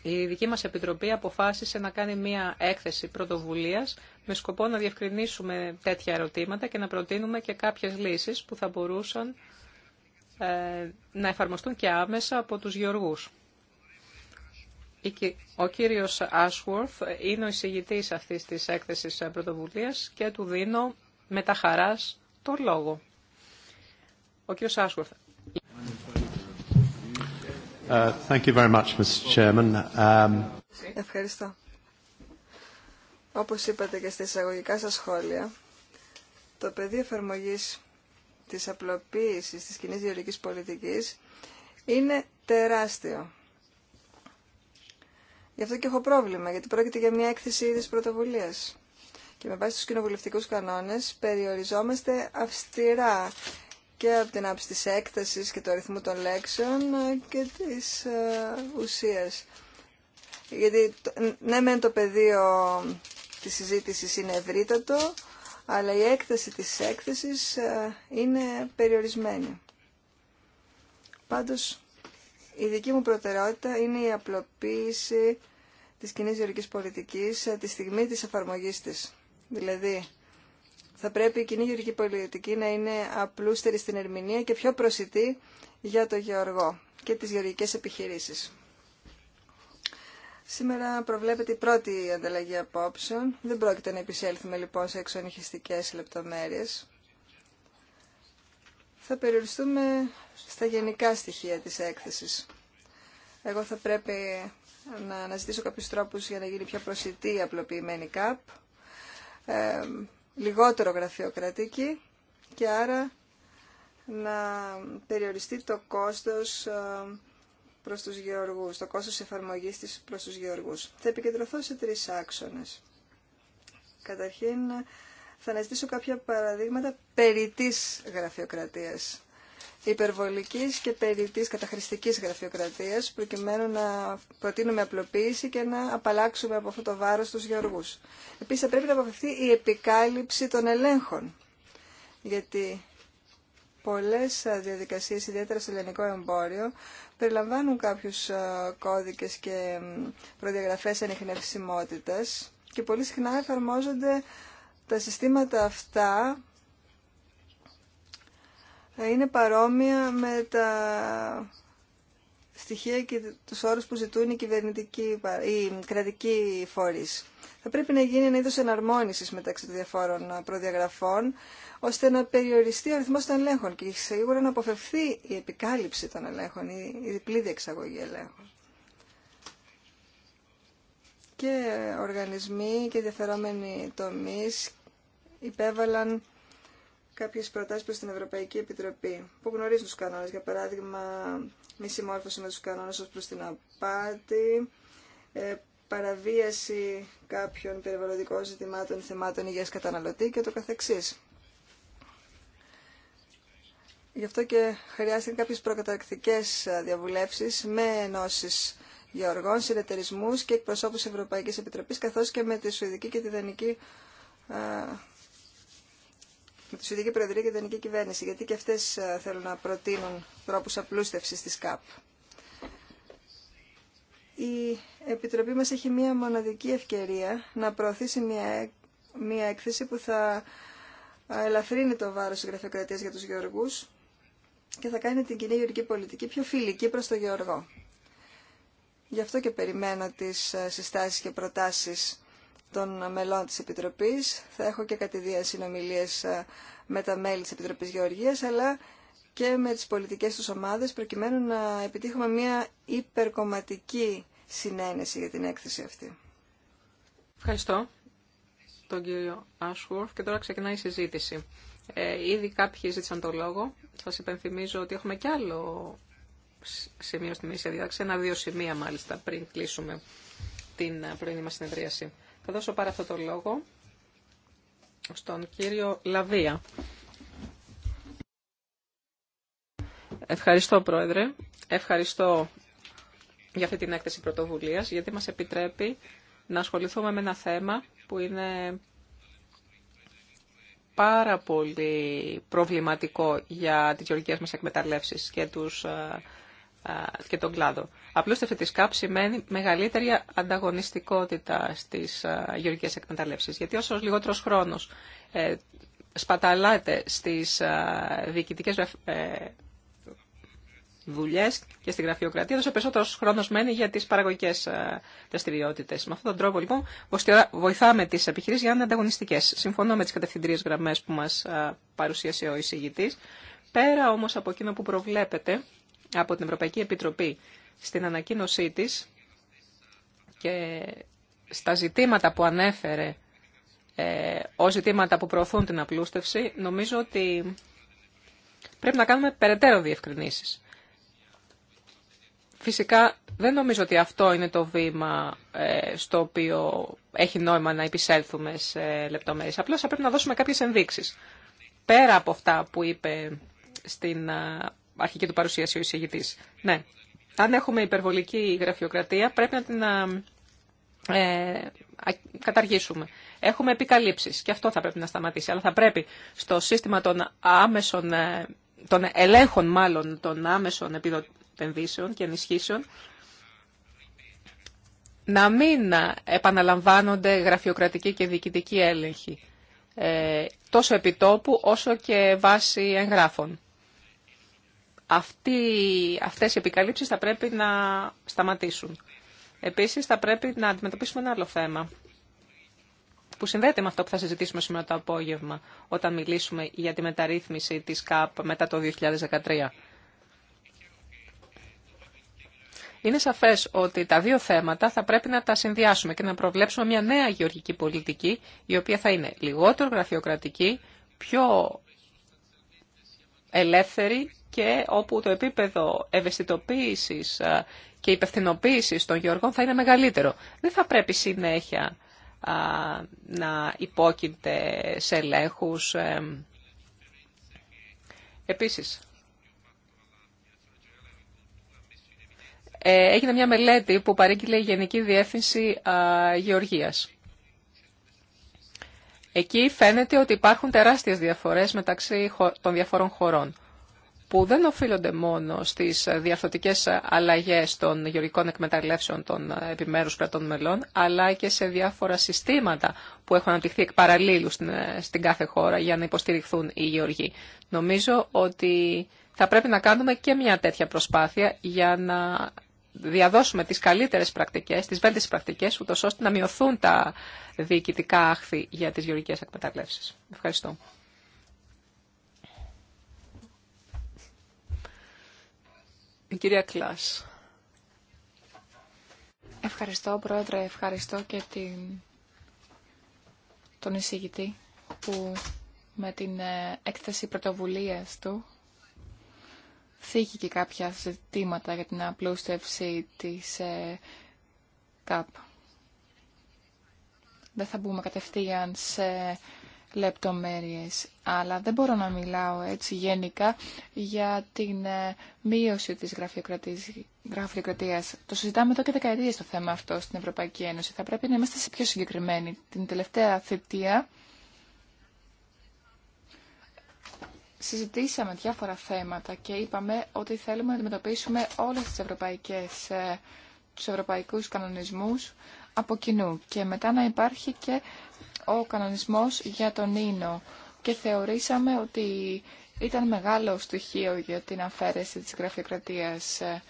Η δική μας Επιτροπή αποφάσισε να κάνει μια έκθεση πρωτοβουλίας με σκοπό να διευκρινίσουμε τέτοια ερωτήματα και να προτείνουμε και κάποιες λύσεις που θα μπορούσαν ε, να εφαρμοστούν και άμεσα από τους γεωργούς. Ο κύριος Ashworth είναι ο εισηγητής αυτής της έκθεσης πρωτοβουλίας και του δίνω με τα χαράς το λόγο. Ο κύριος Ashworth. Uh, um, Ευχαριστώ. Όπως είπατε και στα εισαγωγικά σας σχόλια, το πεδίο εφαρμογή της απλοποίησης της κοινής γεωργικής πολιτικής είναι τεράστιο. Γι' αυτό και έχω πρόβλημα, γιατί πρόκειται για μια έκθεση τη πρωτοβουλία. Και με βάση τους κοινοβουλευτικού κανόνες περιοριζόμαστε αυστηρά και από την άψη τη έκταση και του αριθμού των λέξεων και τη ε, ουσία. Γιατί ναι μεν το πεδίο της συζήτηση είναι ευρύτατο, αλλά η έκταση της έκθεσης ε, είναι περιορισμένη. Πάντως, η δική μου προτεραιότητα είναι η απλοποίηση της κοινή γεωργικής πολιτικής ε, τη στιγμή της εφαρμογή της. Δηλαδή, θα πρέπει η κοινή γεωργική πολιτική να είναι απλούστερη στην ερμηνεία και πιο προσιτή για το γεωργό και τις γεωργικές επιχειρήσεις. Σήμερα προβλέπεται η πρώτη ανταλλαγή απόψεων. Δεν πρόκειται να επισέλθουμε λοιπόν σε εξονυχιστικές λεπτομέρειες. Θα περιοριστούμε στα γενικά στοιχεία της έκθεσης. Εγώ θα πρέπει να αναζητήσω κάποιους τρόπους για να γίνει πιο προσιτή η απλοποιημένη ΚΑΠ, ε, λιγότερο γραφειοκρατική και άρα να περιοριστεί το κόστος ε, προς τους γεωργούς, το κόστος εφαρμογής της προς τους γεωργούς. Θα επικεντρωθώ σε τρεις άξονες. Καταρχήν θα αναζητήσω κάποια παραδείγματα περί της γραφειοκρατίας υπερβολικής και περιττής καταχρηστικής γραφειοκρατίας προκειμένου να προτείνουμε απλοποίηση και να απαλλάξουμε από αυτό το βάρος τους γεωργούς. Επίσης θα πρέπει να αποφευθεί η επικάλυψη των ελέγχων γιατί πολλές διαδικασίες, ιδιαίτερα στο ελληνικό εμπόριο, περιλαμβάνουν κάποιους ε, κώδικες και προδιαγραφές ανιχνευσιμότητας και πολύ συχνά εφαρμόζονται τα συστήματα αυτά ε, είναι παρόμοια με τα στοιχεία και τους όρους που ζητούν οι, οι κρατικοί φορείς. Θα πρέπει να γίνει ένα είδος εναρμόνισης μεταξύ των διαφόρων προδιαγραφών, ώστε να περιοριστεί ο αριθμός των ελέγχων και σίγουρα να αποφευθεί η επικάλυψη των ελέγχων, η διπλή διεξαγωγή ελέγχων. Και οργανισμοί και ενδιαφερόμενοι τομείς υπέβαλαν Κάποιε προτάσει προ την Ευρωπαϊκή Επιτροπή που γνωρίζουν του κανόνε. Για παράδειγμα, μη συμμόρφωση με του κανόνε ω προ την απάτη, ε, παραβίαση κάποιων περιβαλλοντικών ζητημάτων, θεμάτων υγείας καταναλωτή και το καθεξής. Γι' αυτό και χρειάστηκαν κάποιε προκαταρκτικές ε, διαβουλεύσεις με ενώσει γεωργών, συνεταιρισμού και εκπροσώπου ευρωπαϊκή Επιτροπή, καθώ και με τη Σουηδική και τη Δανική ε, με τη Σουηδική Προεδρία και την Ελληνική Κυβέρνηση, γιατί και αυτές ε, θέλουν να προτείνουν τρόπους απλούστευση τη ΚΑΠ. Η Επιτροπή μας έχει μία μοναδική ευκαιρία να προωθήσει μία, μία έκθεση που θα ε, ελαφρύνει το βάρος της γραφειοκρατίας για τους γεωργούς και θα κάνει την κοινή γεωργική πολιτική πιο φιλική προς το γεωργό. Γι' αυτό και περιμένω τις ε, συστάσεις και προτάσεις των μελών της Επιτροπής. Θα έχω και κατηδία συνομιλίες ε, με τα μέλη της Επιτροπής Γεωργίας, αλλά και με τις πολιτικές τους ομάδες, προκειμένου να επιτύχουμε μια υπερκομματική συνένεση για την έκθεση αυτή. Ευχαριστώ τον κύριο Ashworth και τώρα ξεκινάει η συζήτηση. Ε, ήδη κάποιοι ζήτησαν το λόγο. Σας υπενθυμίζω ότι έχουμε κι άλλο σημείο στη μέση διάταξη, ένα-δύο σημεία μάλιστα πριν κλείσουμε την ε, πρωινή μας συνεδρίαση. Θα δώσω πάρα αυτό το λόγο στον κύριο Λαβία. Ευχαριστώ, Πρόεδρε. Ευχαριστώ για αυτή την έκθεση πρωτοβουλίας, γιατί μας επιτρέπει να ασχοληθούμε με ένα θέμα που είναι πάρα πολύ προβληματικό για τις γεωργικές μας εκμεταλλεύσεις και τους ε, και τον κλάδο. αυτή τη ΚΑΠ σημαίνει μεγαλύτερη ανταγωνιστικότητα στι γεωργικές εκμεταλλεύσεις. Γιατί όσο λιγότερο χρόνο ε, σπαταλάτε στι διοικητικέ ε, δουλειέ και στη γραφειοκρατία, τόσο περισσότερο χρόνο μένει για τι παραγωγικέ δραστηριότητε. Με αυτόν τον τρόπο, λοιπόν, βοηθάμε τις επιχειρήσεις για να είναι ανταγωνιστικέ. Συμφωνώ με τι κατευθυντριές γραμμέ που μα παρουσίασε ο εισηγητή. Πέρα όμω από εκείνο που προβλέπετε από την Ευρωπαϊκή Επιτροπή στην ανακοίνωσή της και στα ζητήματα που ανέφερε ε, ως ζητήματα που προωθούν την απλούστευση, νομίζω ότι πρέπει να κάνουμε περαιτέρω διευκρινήσεις. Φυσικά δεν νομίζω ότι αυτό είναι το βήμα ε, στο οποίο έχει νόημα να επισέλθουμε σε λεπτομέρειες. Απλώς θα πρέπει να δώσουμε κάποιες ενδείξεις. Πέρα από αυτά που είπε στην ε, αρχική του παρουσίαση ο εισηγητής. Ναι. Αν έχουμε υπερβολική γραφειοκρατία πρέπει να την ε, καταργήσουμε. Έχουμε επικαλύψεις και αυτό θα πρέπει να σταματήσει. Αλλά θα πρέπει στο σύστημα των άμεσων, ε, των ελέγχων μάλλον των άμεσων επιδοτενδύσεων και ενισχύσεων να μην επαναλαμβάνονται γραφειοκρατικοί και διοικητικοί έλεγχοι ε, τόσο επιτόπου όσο και βάση εγγράφων αυτοί, αυτές οι επικαλύψεις θα πρέπει να σταματήσουν. Επίσης θα πρέπει να αντιμετωπίσουμε ένα άλλο θέμα που συνδέεται με αυτό που θα συζητήσουμε σήμερα το απόγευμα όταν μιλήσουμε για τη μεταρρύθμιση της ΚΑΠ μετά το 2013. Είναι σαφές ότι τα δύο θέματα θα πρέπει να τα συνδυάσουμε και να προβλέψουμε μια νέα γεωργική πολιτική η οποία θα είναι λιγότερο γραφειοκρατική, πιο ελεύθερη και όπου το επίπεδο ευαισθητοποίησης ε, και υπευθυνοποίηση των γεωργών θα είναι μεγαλύτερο. Δεν θα πρέπει συνέχεια να υπόκεινται σε ελέγχους. Ε, Επίσης, ε, έγινε μια μελέτη που παρήγγειλε η Γενική Διεύθυνση Γεωργίας. Εκεί φαίνεται ότι υπάρχουν τεράστιες διαφορές μεταξύ των διαφόρων χωρών που δεν οφείλονται μόνο στις διαρθωτικές αλλαγές των γεωργικών εκμεταλλεύσεων των επιμέρους κρατών μελών, αλλά και σε διάφορα συστήματα που έχουν αναπτυχθεί εκ παραλλήλου στην, στην κάθε χώρα για να υποστηριχθούν οι γεωργοί. Νομίζω ότι θα πρέπει να κάνουμε και μια τέτοια προσπάθεια για να διαδώσουμε τις καλύτερες πρακτικές, τις βέλτιστες πρακτικές, ούτως ώστε να μειωθούν τα διοικητικά άχθη για τις γεωργικές εκμεταλλεύσεις. Ευχαριστώ. Η κυρία Κλάς. Ευχαριστώ, Πρόεδρε. Ευχαριστώ και τον εισηγητή που με την ε, έκθεση πρωτοβουλίας του θίγει και κάποια ζητήματα για την απλούστευση της ε, ΚΑΠ. Δεν θα μπούμε κατευθείαν σε λεπτομέρειες, αλλά δεν μπορώ να μιλάω έτσι γενικά για την ε, μείωση της γραφειοκρατίας. Το συζητάμε εδώ και δεκαετίες το θέμα αυτό στην Ευρωπαϊκή Ένωση. Θα πρέπει να είμαστε σε πιο συγκεκριμένοι. Την τελευταία θητεία συζητήσαμε διάφορα θέματα και είπαμε ότι θέλουμε να αντιμετωπίσουμε όλες τις ευρωπαϊκές, ε, τους ευρωπαϊκούς κανονισμούς από κοινού και μετά να υπάρχει και ο κανονισμός για τον ίνο και θεωρήσαμε ότι ήταν μεγάλο στοιχείο για την αφαίρεση της γραφειοκρατίας ε,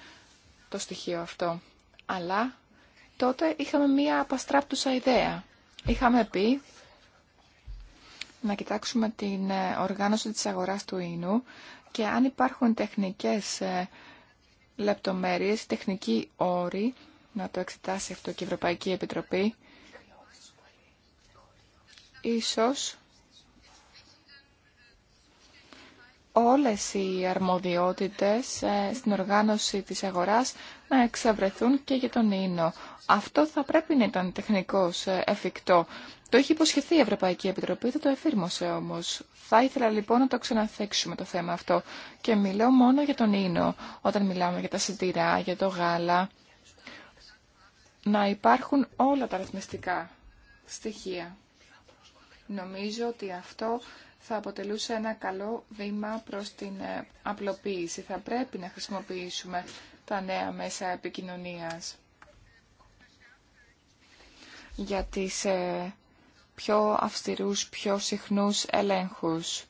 το στοιχείο αυτό. Αλλά τότε είχαμε μία απαστράπτουσα ιδέα. Είχαμε πει να κοιτάξουμε την ε, οργάνωση της αγοράς του ίνου και αν υπάρχουν τεχνικές ε, λεπτομέρειες, τεχνικοί όροι, να το εξετάσει αυτό και η Ευρωπαϊκή Επιτροπή, ίσως όλες οι αρμοδιότητες ε, στην οργάνωση της αγοράς να εξαβρεθούν και για τον ίνο. Αυτό θα πρέπει να ήταν τεχνικώς ε, εφικτό. Το έχει υποσχεθεί η Ευρωπαϊκή Επιτροπή, δεν το εφήρμοσε όμως. Θα ήθελα λοιπόν να το ξαναθέξουμε το θέμα αυτό. Και μιλώ μόνο για τον ίνο, όταν μιλάμε για τα σιτηρά, για το γάλα. Να υπάρχουν όλα τα ρυθμιστικά στοιχεία. Νομίζω ότι αυτό θα αποτελούσε ένα καλό βήμα προς την ε, απλοποίηση. Θα πρέπει να χρησιμοποιήσουμε τα νέα μέσα επικοινωνίας για τις ε, πιο αυστηρούς, πιο συχνούς ελέγχους.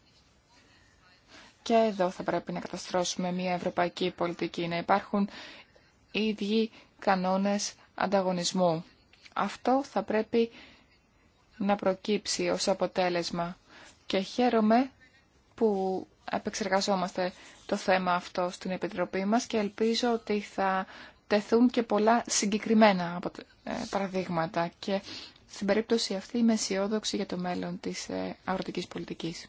Και εδώ θα πρέπει να καταστρώσουμε μια ευρωπαϊκή πολιτική, να υπάρχουν ίδιοι κανόνες ανταγωνισμού. Αυτό θα πρέπει να προκύψει ως αποτέλεσμα. Και χαίρομαι που επεξεργαζόμαστε το θέμα αυτό στην Επιτροπή μας και ελπίζω ότι θα τεθούν και πολλά συγκεκριμένα ε, παραδείγματα και στην περίπτωση αυτή είμαι αισιόδοξη για το μέλλον της ε, αγροτικής πολιτικής.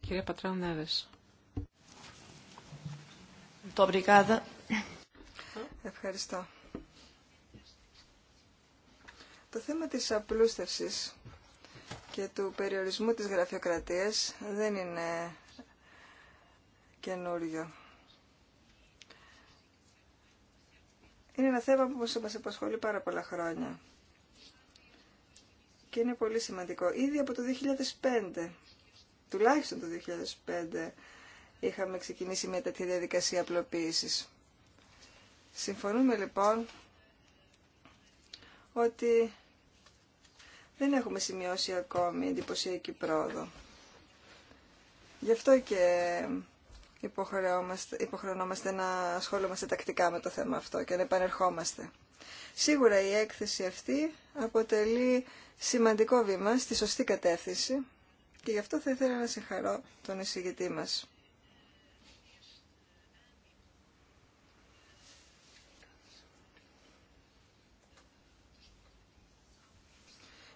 Κυρία Πατράου Νέβες. Ευχαριστώ. Το θέμα της απλούστευσης και του περιορισμού της γραφειοκρατίας δεν είναι καινούριο. Είναι ένα θέμα που μας απασχολεί πάρα πολλά χρόνια και είναι πολύ σημαντικό. Ήδη από το 2005, τουλάχιστον το 2005, είχαμε ξεκινήσει μια τέτοια διαδικασία απλοποίησης. Συμφωνούμε λοιπόν ότι δεν έχουμε σημειώσει ακόμη εντυπωσιακή πρόοδο. Γι' αυτό και υποχρεωνόμαστε να ασχολούμαστε τακτικά με το θέμα αυτό και να επανερχόμαστε. Σίγουρα η έκθεση αυτή αποτελεί σημαντικό βήμα στη σωστή κατεύθυνση και γι' αυτό θα ήθελα να συγχαρώ τον εισηγητή μας.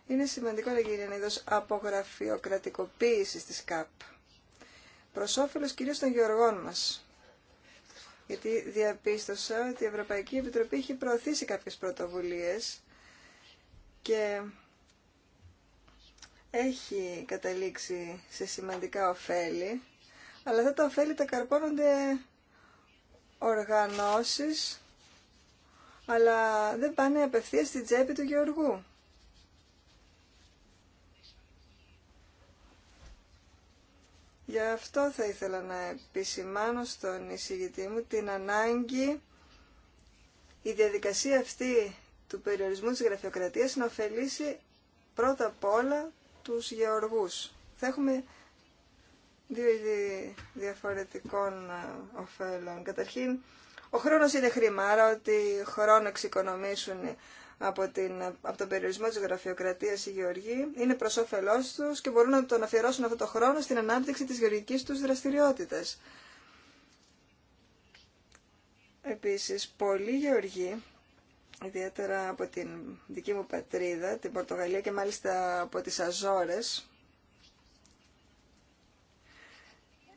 Είναι σημαντικό να γίνει ένα είδος απογραφειοκρατικοποίησης της ΚΑΠ. Προς όφελος κυρίως των γεωργών μας. Γιατί διαπίστωσα ότι η Ευρωπαϊκή Επιτροπή έχει προωθήσει κάποιες πρωτοβουλίες και έχει καταλήξει σε σημαντικά ωφέλη, αλλά αυτά τα ωφέλη τα καρπώνονται οργανώσεις, αλλά δεν πάνε απευθείας στην τσέπη του Γεωργού. Γι' αυτό θα ήθελα να επισημάνω στον εισηγητή μου την ανάγκη η διαδικασία αυτή του περιορισμού της γραφειοκρατίας να ωφελήσει πρώτα απ' όλα τους γεωργούς. Θα έχουμε δύο διαφορετικών ε, ωφέλων. Καταρχήν, ο χρόνος είναι χρήμα, άρα ότι χρόνο εξοικονομήσουν από, την, από τον περιορισμό της γραφειοκρατίας οι γεωργοί είναι προς όφελός τους και μπορούν να τον αφιερώσουν αυτό το χρόνο στην ανάπτυξη της γεωργικής τους δραστηριότητας. Επίσης, πολλοί γεωργοί, ιδιαίτερα από την δική μου πατρίδα, την Πορτογαλία και μάλιστα από τις Αζόρες,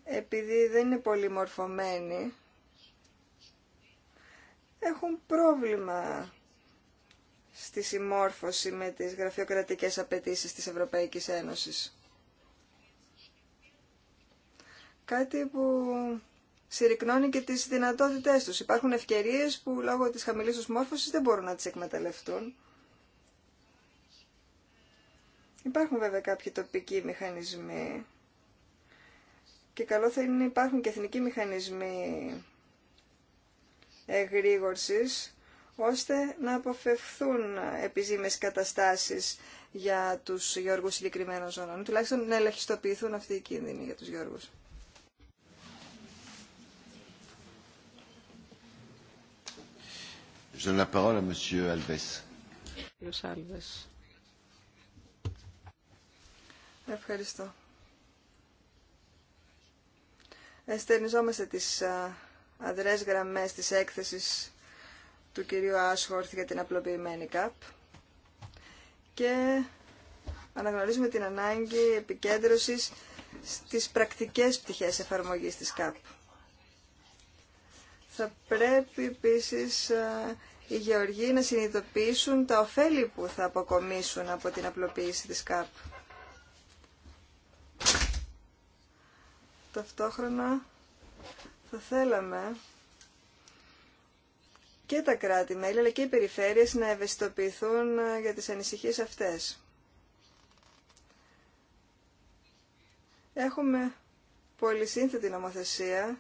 επειδή δεν είναι πολύ μορφωμένοι, έχουν πρόβλημα στη συμμόρφωση με τις γραφειοκρατικές απαιτήσεις της Ευρωπαϊκής Ένωσης. Κάτι που συρρυκνώνει και τις δυνατότητές τους. Υπάρχουν ευκαιρίες που λόγω της χαμηλής τους μόρφωσης δεν μπορούν να τις εκμεταλλευτούν. Υπάρχουν βέβαια κάποιοι τοπικοί μηχανισμοί και καλό θα είναι να υπάρχουν και εθνικοί μηχανισμοί εγρήγορσης ώστε να αποφευθούν επιζήμες καταστάσεις για τους γεωργούς συγκεκριμένων ζωνών. Τουλάχιστον να ελαχιστοποιηθούν αυτοί οι κίνδυνοι για τους γεωργούς. Ευχαριστώ. Εστερνιζόμαστε τις αδρές γραμμές της έκθεσης του κυρίου Άσχορθ για την απλοποιημένη ΚΑΠ και αναγνωρίζουμε την ανάγκη επικέντρωσης στις πρακτικές πτυχές εφαρμογής της ΚΑΠ. Θα πρέπει επίσης ε, οι γεωργοί να συνειδητοποιήσουν τα ωφέλη που θα αποκομίσουν από την απλοποίηση της ΚΑΠ. Ταυτόχρονα θα θέλαμε και τα κράτη-μέλη αλλά και οι περιφέρειες να ευαισθητοποιηθούν ε, για τις ανησυχίες αυτές. Έχουμε πολυσύνθετη νομοθεσία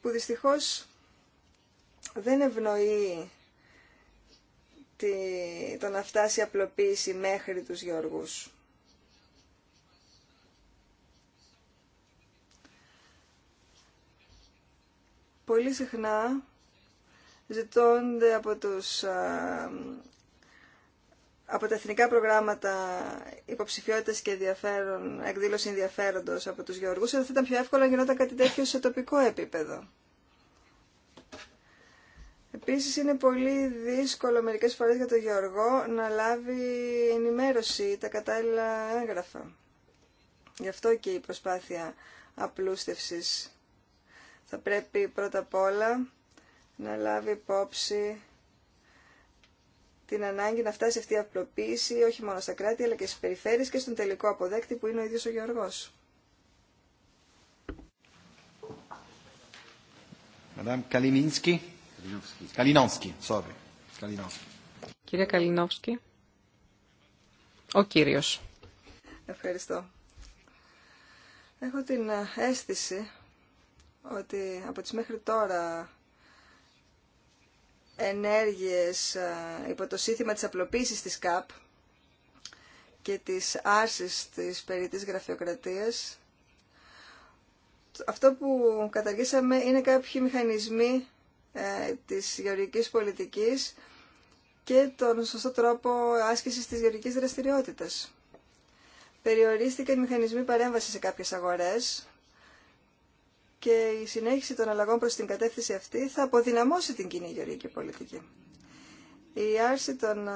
που δυστυχώς δεν ευνοεί τη, το να φτάσει η απλοποίηση μέχρι τους Γιώργους. Πολύ συχνά ζητώνται από, τους, από τα εθνικά προγράμματα υποψηφιότητα και ενδιαφέρον, εκδήλωση ενδιαφέροντο από τους γεωργούς, θα ήταν πιο εύκολο να γινόταν κάτι τέτοιο σε τοπικό επίπεδο. Επίσης είναι πολύ δύσκολο μερικές φορές για τον Γεωργό να λάβει ενημέρωση τα κατάλληλα έγγραφα. Γι' αυτό και η προσπάθεια απλούστευσης. Θα πρέπει πρώτα απ' όλα να λάβει υπόψη την ανάγκη να φτάσει αυτή η απλοποίηση όχι μόνο στα κράτη αλλά και στις περιφέρειες και στον τελικό αποδέκτη που είναι ο ίδιος ο Γεωργός. Κύριε Καλινόφσκι, ο κύριος. Ευχαριστώ. Έχω την αίσθηση ότι από τις μέχρι τώρα ενέργειες υπό το σύνθημα της απλοποίησης της ΚΑΠ και της άρσης της περιττής γραφειοκρατίας, αυτό που καταργήσαμε είναι κάποιοι μηχανισμοί ε, της γεωργικής πολιτικής και τον σωστό τρόπο άσκησης της γεωργικής δραστηριότητας. Περιορίστηκαν οι μηχανισμοί παρέμβασης σε κάποιες αγορές, και η συνέχιση των αλλαγών προς την κατεύθυνση αυτή θα αποδυναμώσει την κοινή γεωργική πολιτική. Η άρση των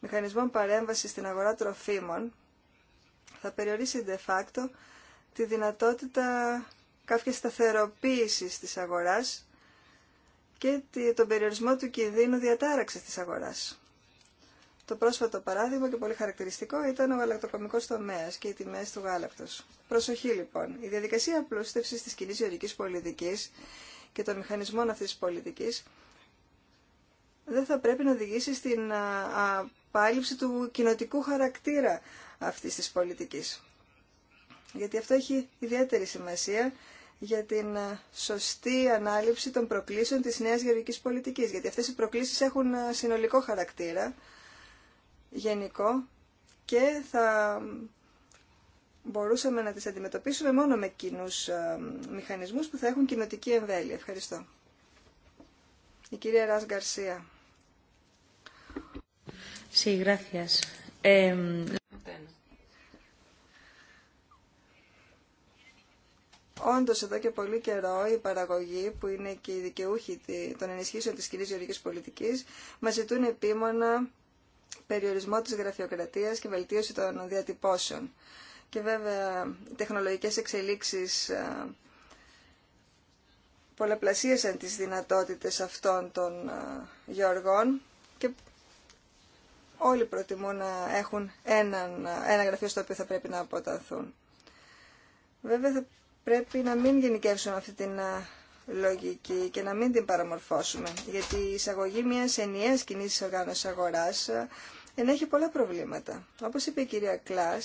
μηχανισμών παρέμβασης στην αγορά τροφίμων θα περιορίσει de facto τη δυνατότητα κάποια σταθεροποίησης της αγοράς και τον περιορισμό του κινδύνου διατάραξης της αγοράς. Το πρόσφατο παράδειγμα και πολύ χαρακτηριστικό ήταν ο γαλακτοκομικό τομέα και οι τιμέ του γάλακτο. Προσοχή λοιπόν. Η διαδικασία απλούστευση τη κοινή γεωργικής πολιτική και των μηχανισμών αυτή τη πολιτική δεν θα πρέπει να οδηγήσει στην απάλληψη του κοινοτικού χαρακτήρα αυτής της πολιτικής. Γιατί αυτό έχει ιδιαίτερη σημασία για την σωστή ανάληψη των προκλήσεων της νέας γεωργικής πολιτικής. Γιατί αυτές οι προκλήσεις έχουν συνολικό χαρακτήρα γενικό και θα μπορούσαμε να τις αντιμετωπίσουμε μόνο με κοινού ε, μηχανισμούς που θα έχουν κοινοτική εμβέλεια. Ευχαριστώ. Η κυρία Ράς Γκαρσία. Όντω, εδώ και πολύ καιρό η παραγωγή, που είναι και οι δικαιούχοι των ενισχύσεων τη κοινή γεωργική πολιτική, μα ζητούν επίμονα περιορισμό της γραφειοκρατίας και βελτίωση των διατυπώσεων. Και βέβαια οι τεχνολογικές εξελίξεις ε, πολλαπλασίασαν τις δυνατότητες αυτών των ε, γεωργών και όλοι προτιμούν να έχουν έναν, ε, ένα γραφείο στο οποίο θα πρέπει να αποταθούν. Βέβαια πρέπει να μην γενικεύσουμε αυτή την λογική και να μην την παραμορφώσουμε. Γιατί η εισαγωγή μιας ενιαία κοινή οργάνωση αγοράς ε, ενέχει πολλά προβλήματα. Όπως είπε η κυρία Κλά,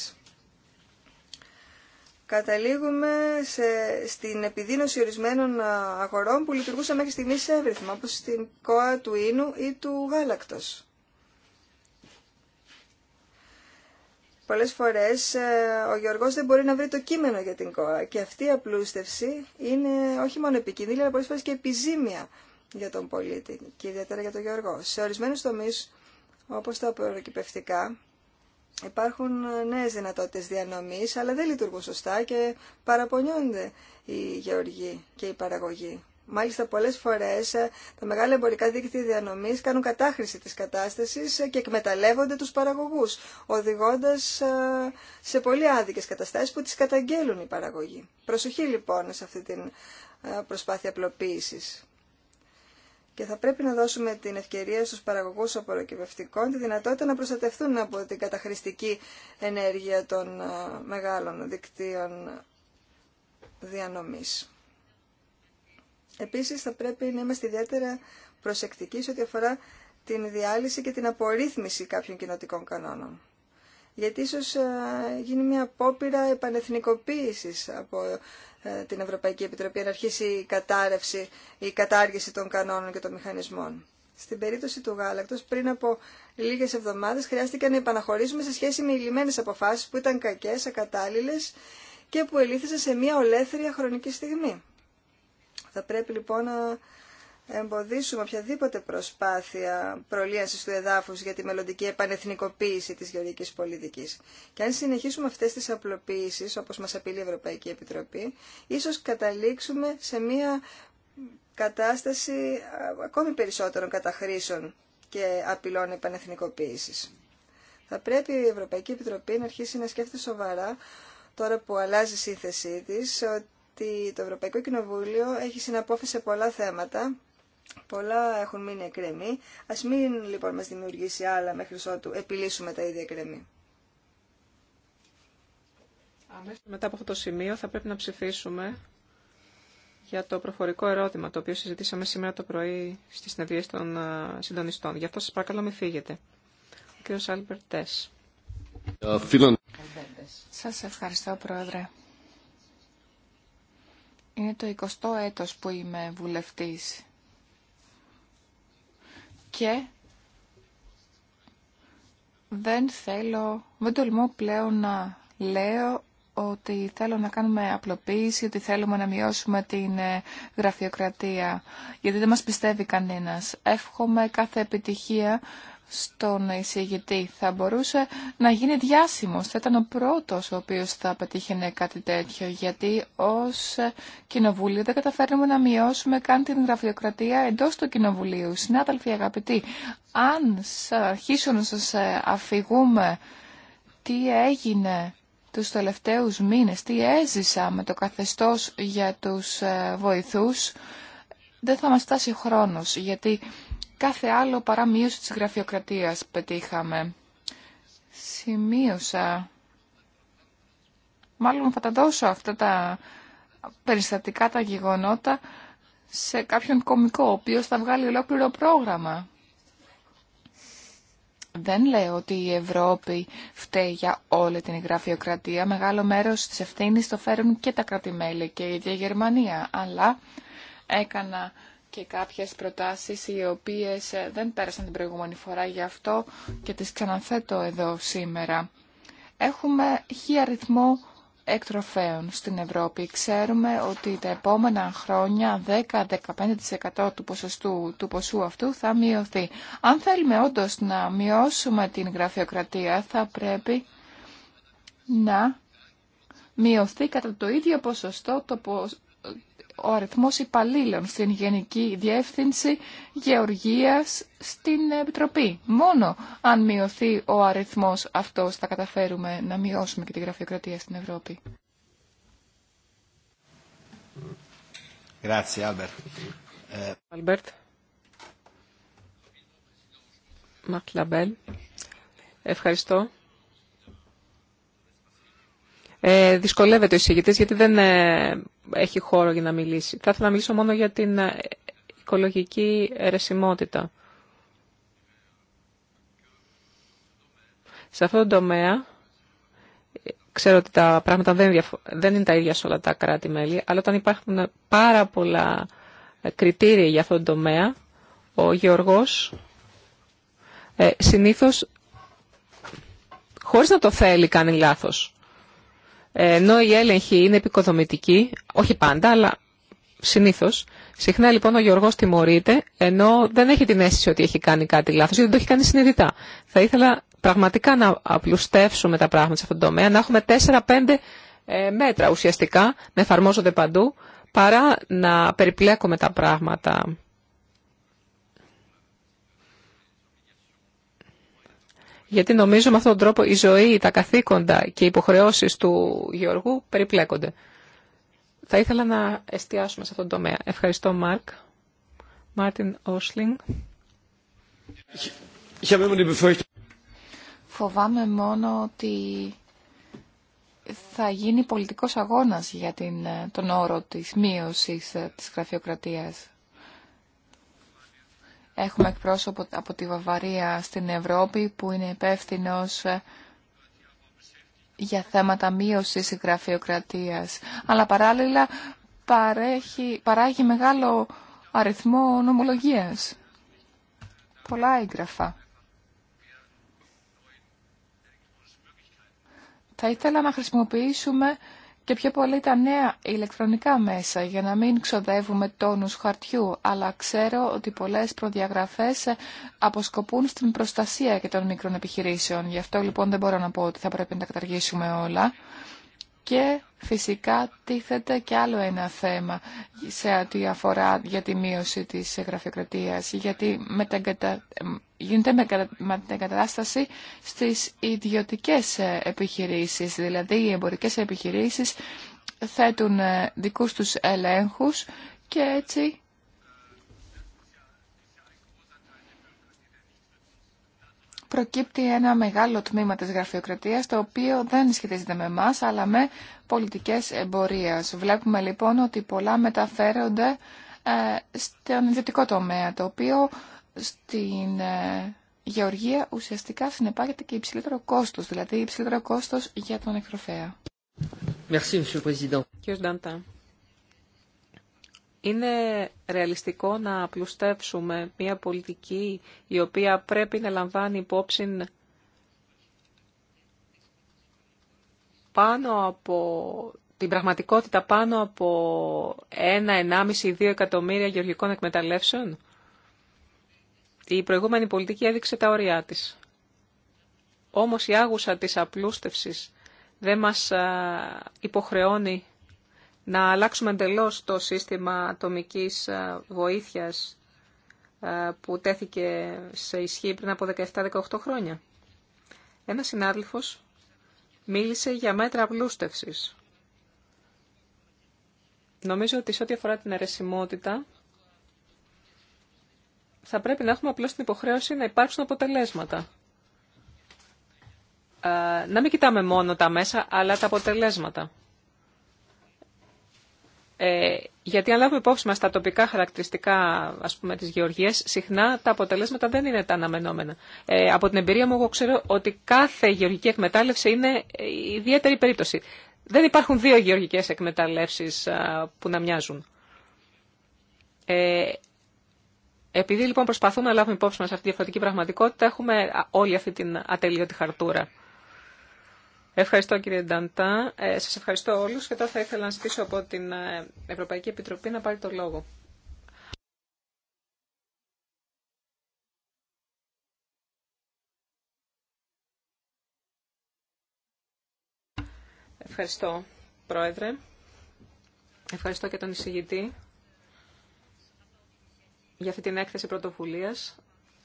καταλήγουμε σε, στην επιδείνωση ορισμένων ε, αγορών που λειτουργούσαν μέχρι στιγμής έβριθμα, όπως στην κόα του ίνου ή του γάλακτος. πολλές φορές ε, ο Γεωργός δεν μπορεί να βρει το κείμενο για την ΚΟΑ και αυτή η απλούστευση είναι όχι μόνο επικίνδυνη αλλά πολλές φορές και επιζήμια για τον πολίτη και ιδιαίτερα για τον Γεωργό. Σε ορισμένους τομείς όπως τα προκυπευτικά υπάρχουν ε, νέες δυνατότητες διανομής αλλά δεν λειτουργούν σωστά και παραπονιούνται οι γεωργοί και οι παραγωγή. Μάλιστα, πολλέ φορέ ε, τα μεγάλα εμπορικά δίκτυα διανομή κάνουν κατάχρηση τη κατάσταση ε, και εκμεταλλεύονται του παραγωγού, οδηγώντα ε, σε πολύ άδικε καταστάσει που τι καταγγέλουν οι παραγωγοί. Προσοχή λοιπόν σε αυτή την προσπάθεια απλοποίηση. Και θα πρέπει να δώσουμε την ευκαιρία στους παραγωγούς απορροκυβευτικών τη δυνατότητα να προστατευτούν από την καταχρηστική ενέργεια των μεγάλων δικτύων διανομής. Επίσης θα πρέπει να είμαστε ιδιαίτερα προσεκτικοί σε ό,τι αφορά την διάλυση και την απορρίθμιση κάποιων κοινοτικών κανόνων. Γιατί ίσως ε, γίνει μια απόπειρα επανεθνικοποίησης από ε, την Ευρωπαϊκή Επιτροπή να αρχίσει η κατάρρευση, η κατάργηση των κανόνων και των μηχανισμών. Στην περίπτωση του γάλακτος, πριν από λίγες εβδομάδες χρειάστηκε να επαναχωρήσουμε σε σχέση με ηλιμένες αποφάσεις που ήταν κακές, ακατάλληλες και που ελήφθησαν σε μια ολέθρια χρονική στιγμή. Θα πρέπει λοιπόν να εμποδίσουμε οποιαδήποτε προσπάθεια προλίαση του εδάφους για τη μελλοντική επανεθνικοποίηση τη γεωργικής πολιτική. Και αν συνεχίσουμε αυτές τις απλοποίησεις, όπως μας απειλεί η Ευρωπαϊκή Επιτροπή, ίσως καταλήξουμε σε μια κατάσταση ακόμη περισσότερων καταχρήσεων και απειλών επανεθνικοποίησης. Θα πρέπει η Ευρωπαϊκή Επιτροπή να αρχίσει να σκέφτεται σοβαρά, τώρα που αλλάζει η σύνθεσή της, ότι το Ευρωπαϊκό Κοινοβούλιο έχει συναπόφευση πολλά θέματα. Πολλά έχουν μείνει εκκρεμή. Ας μην λοιπόν μας δημιουργήσει άλλα μέχρι ότου επιλύσουμε τα ίδια εκκρεμή. Μετά από αυτό το σημείο θα πρέπει να ψηφίσουμε για το προφορικό ερώτημα το οποίο συζητήσαμε σήμερα το πρωί στις συνεδρίες των συντονιστών. Γι' αυτό σας παρακαλώ μην φύγετε. Ο κ. Άλμπερτ ε, Σας ευχαριστώ, Πρόεδρε. Είναι το 20ο έτος που είμαι βουλευτής. Και δεν θέλω, δεν τολμώ πλέον να λέω ότι θέλω να κάνουμε απλοποίηση, ότι θέλουμε να μειώσουμε την ε, γραφειοκρατία, γιατί δεν μας πιστεύει κανένας. Εύχομαι κάθε επιτυχία στον εισηγητή. Θα μπορούσε να γίνει διάσημος. Θα ήταν ο πρώτος ο οποίος θα πετύχαινε κάτι τέτοιο. Γιατί ως κοινοβούλιο δεν καταφέρνουμε να μειώσουμε καν την γραφειοκρατία εντός του κοινοβουλίου. Συνάδελφοι αγαπητοί, αν αρχίσουν να σας ε, αφηγούμε τι έγινε τους τελευταίους μήνες, τι έζησα με το καθεστώς για τους ε, βοηθούς, δεν θα μας χρόνος, γιατί Κάθε άλλο παρά μείωση της γραφειοκρατίας πετύχαμε. Σημείωσα. Μάλλον θα τα δώσω αυτά τα περιστατικά, τα γεγονότα σε κάποιον κομικό, ο οποίος θα βγάλει ολόκληρο πρόγραμμα. Δεν λέω ότι η Ευρώπη φταίει για όλη την γραφειοκρατία. Μεγάλο μέρος της ευθύνης το φέρουν και τα κρατημέλη και η ίδια Γερμανία. Αλλά έκανα και κάποιες προτάσεις οι οποίες ε, δεν πέρασαν την προηγούμενη φορά γι' αυτό και τις ξαναθέτω εδώ σήμερα. Έχουμε χι αριθμό εκτροφέων στην Ευρώπη. Ξέρουμε ότι τα επόμενα χρόνια 10-15% του, ποσοστού, του ποσού αυτού θα μειωθεί. Αν θέλουμε όντως να μειώσουμε την γραφειοκρατία θα πρέπει να μειωθεί κατά το ίδιο ποσοστό το, ο αριθμός υπαλλήλων στην Γενική Διεύθυνση Γεωργίας στην Επιτροπή. Μόνο αν μειωθεί ο αριθμός αυτός θα καταφέρουμε να μειώσουμε και τη γραφειοκρατία στην Ευρώπη. Ε, Ευχαριστώ. Ε, δυσκολεύεται ο εισηγητής γιατί δεν ε, έχει χώρο για να μιλήσει. Θα ήθελα να μιλήσω μόνο για την ε, οικολογική αιρεσιμότητα. Σε αυτό το τομέα, ξέρω ότι τα πράγματα δεν είναι τα ίδια σε όλα τα κράτη-μέλη, αλλά όταν υπάρχουν πάρα πολλά ε, κριτήρια για αυτό τον τομέα, ο Γεωργός ε, συνήθως, χωρίς να το θέλει, κάνει λάθος. Ε, ενώ η έλεγχη είναι επικοδομητική, όχι πάντα, αλλά συνήθω. Συχνά λοιπόν ο Γιώργο τιμωρείται, ενώ δεν έχει την αίσθηση ότι έχει κάνει κάτι λάθο, γιατί δεν το έχει κάνει συνειδητά. Θα ήθελα πραγματικά να απλουστεύσουμε τα πράγματα σε αυτόν τον τομέα, να έχουμε 4-5 ε, μέτρα ουσιαστικά να εφαρμόζονται παντού, παρά να περιπλέκουμε τα πράγματα γιατί νομίζω με αυτόν τον τρόπο η ζωή, τα καθήκοντα και οι υποχρεώσει του Γεωργού περιπλέκονται. Θα ήθελα να εστιάσουμε σε αυτόν τον τομέα. Ευχαριστώ, Μάρκ. Μάρτιν Όσλινγκ. Φοβάμαι μόνο ότι θα γίνει πολιτικός αγώνας για την, τον όρο της μείωσης ε, της γραφειοκρατίας. Έχουμε εκπρόσωπο από τη Βαβαρία στην Ευρώπη που είναι υπεύθυνο για θέματα μείωσης γραφειοκρατίας. Αλλά παράλληλα παρέχει, παράγει μεγάλο αριθμό νομολογίας. Πολλά έγγραφα. Θα ήθελα να χρησιμοποιήσουμε και πιο πολύ τα νέα ηλεκτρονικά μέσα για να μην ξοδεύουμε τόνους χαρτιού, αλλά ξέρω ότι πολλές προδιαγραφές αποσκοπούν στην προστασία και των μικρών επιχειρήσεων. Γι' αυτό λοιπόν δεν μπορώ να πω ότι θα πρέπει να τα καταργήσουμε όλα. Και φυσικά τίθεται και άλλο ένα θέμα σε ό,τι αφορά για τη μείωση της γραφειοκρατίας, γιατί με γίνεται μετεγκατάσταση στις ιδιωτικές ε, επιχειρήσεις, δηλαδή οι εμπορικές επιχειρήσεις θέτουν ε, δικούς τους ελέγχους και έτσι προκύπτει ένα μεγάλο τμήμα της γραφειοκρατίας, το οποίο δεν σχετίζεται με εμά, αλλά με πολιτικές εμπορίες. Βλέπουμε λοιπόν ότι πολλά μεταφέρονται ε, στον ιδιωτικό τομέα, το οποίο στην ε, γεωργία ουσιαστικά συνεπάγεται και υψηλότερο κόστος, δηλαδή υψηλότερο κόστος για τον εκτροφέα. Merci, είναι ρεαλιστικό να πλουστεύσουμε μια πολιτική η οποία πρέπει να λαμβάνει υπόψη πάνω από την πραγματικότητα πάνω ένα, από δύο εκατομμύρια γεωργικών εκμεταλλεύσεων. Η προηγούμενη πολιτική έδειξε τα όρια της. Όμως η άγουσα της απλούστευσης δεν μας υποχρεώνει να αλλάξουμε εντελώ το σύστημα ατομικής ε, βοήθειας ε, που τέθηκε σε ισχύ πριν από 17-18 χρόνια. Ένας συνάδελφος μίλησε για μέτρα απλούστευσης. Νομίζω ότι σε ό,τι αφορά την αρεσιμότητα, θα πρέπει να έχουμε απλώς την υποχρέωση να υπάρξουν αποτελέσματα. Ε, να μην κοιτάμε μόνο τα μέσα, αλλά τα αποτελέσματα. Ε, γιατί αν λάβουμε υπόψη μας τα τοπικά χαρακτηριστικά ας πούμε, της γεωργίας, συχνά τα αποτελέσματα δεν είναι τα αναμενόμενα. Ε, από την εμπειρία μου εγώ ξέρω ότι κάθε γεωργική εκμετάλλευση είναι ιδιαίτερη περίπτωση. Δεν υπάρχουν δύο γεωργικές εκμεταλλεύσεις που να μοιάζουν. Ε, επειδή λοιπόν προσπαθούμε να λάβουμε υπόψη μας αυτή τη διαφορετική πραγματικότητα, έχουμε όλη αυτή την ατελείωτη χαρτούρα. Ευχαριστώ κύριε Νταντά. Ε, σας ευχαριστώ όλους και τώρα θα ήθελα να ζητήσω από την ε, Ευρωπαϊκή Επιτροπή να πάρει το λόγο. Ευχαριστώ, Πρόεδρε. Ευχαριστώ και τον εισηγητή για αυτή την έκθεση πρωτοβουλίας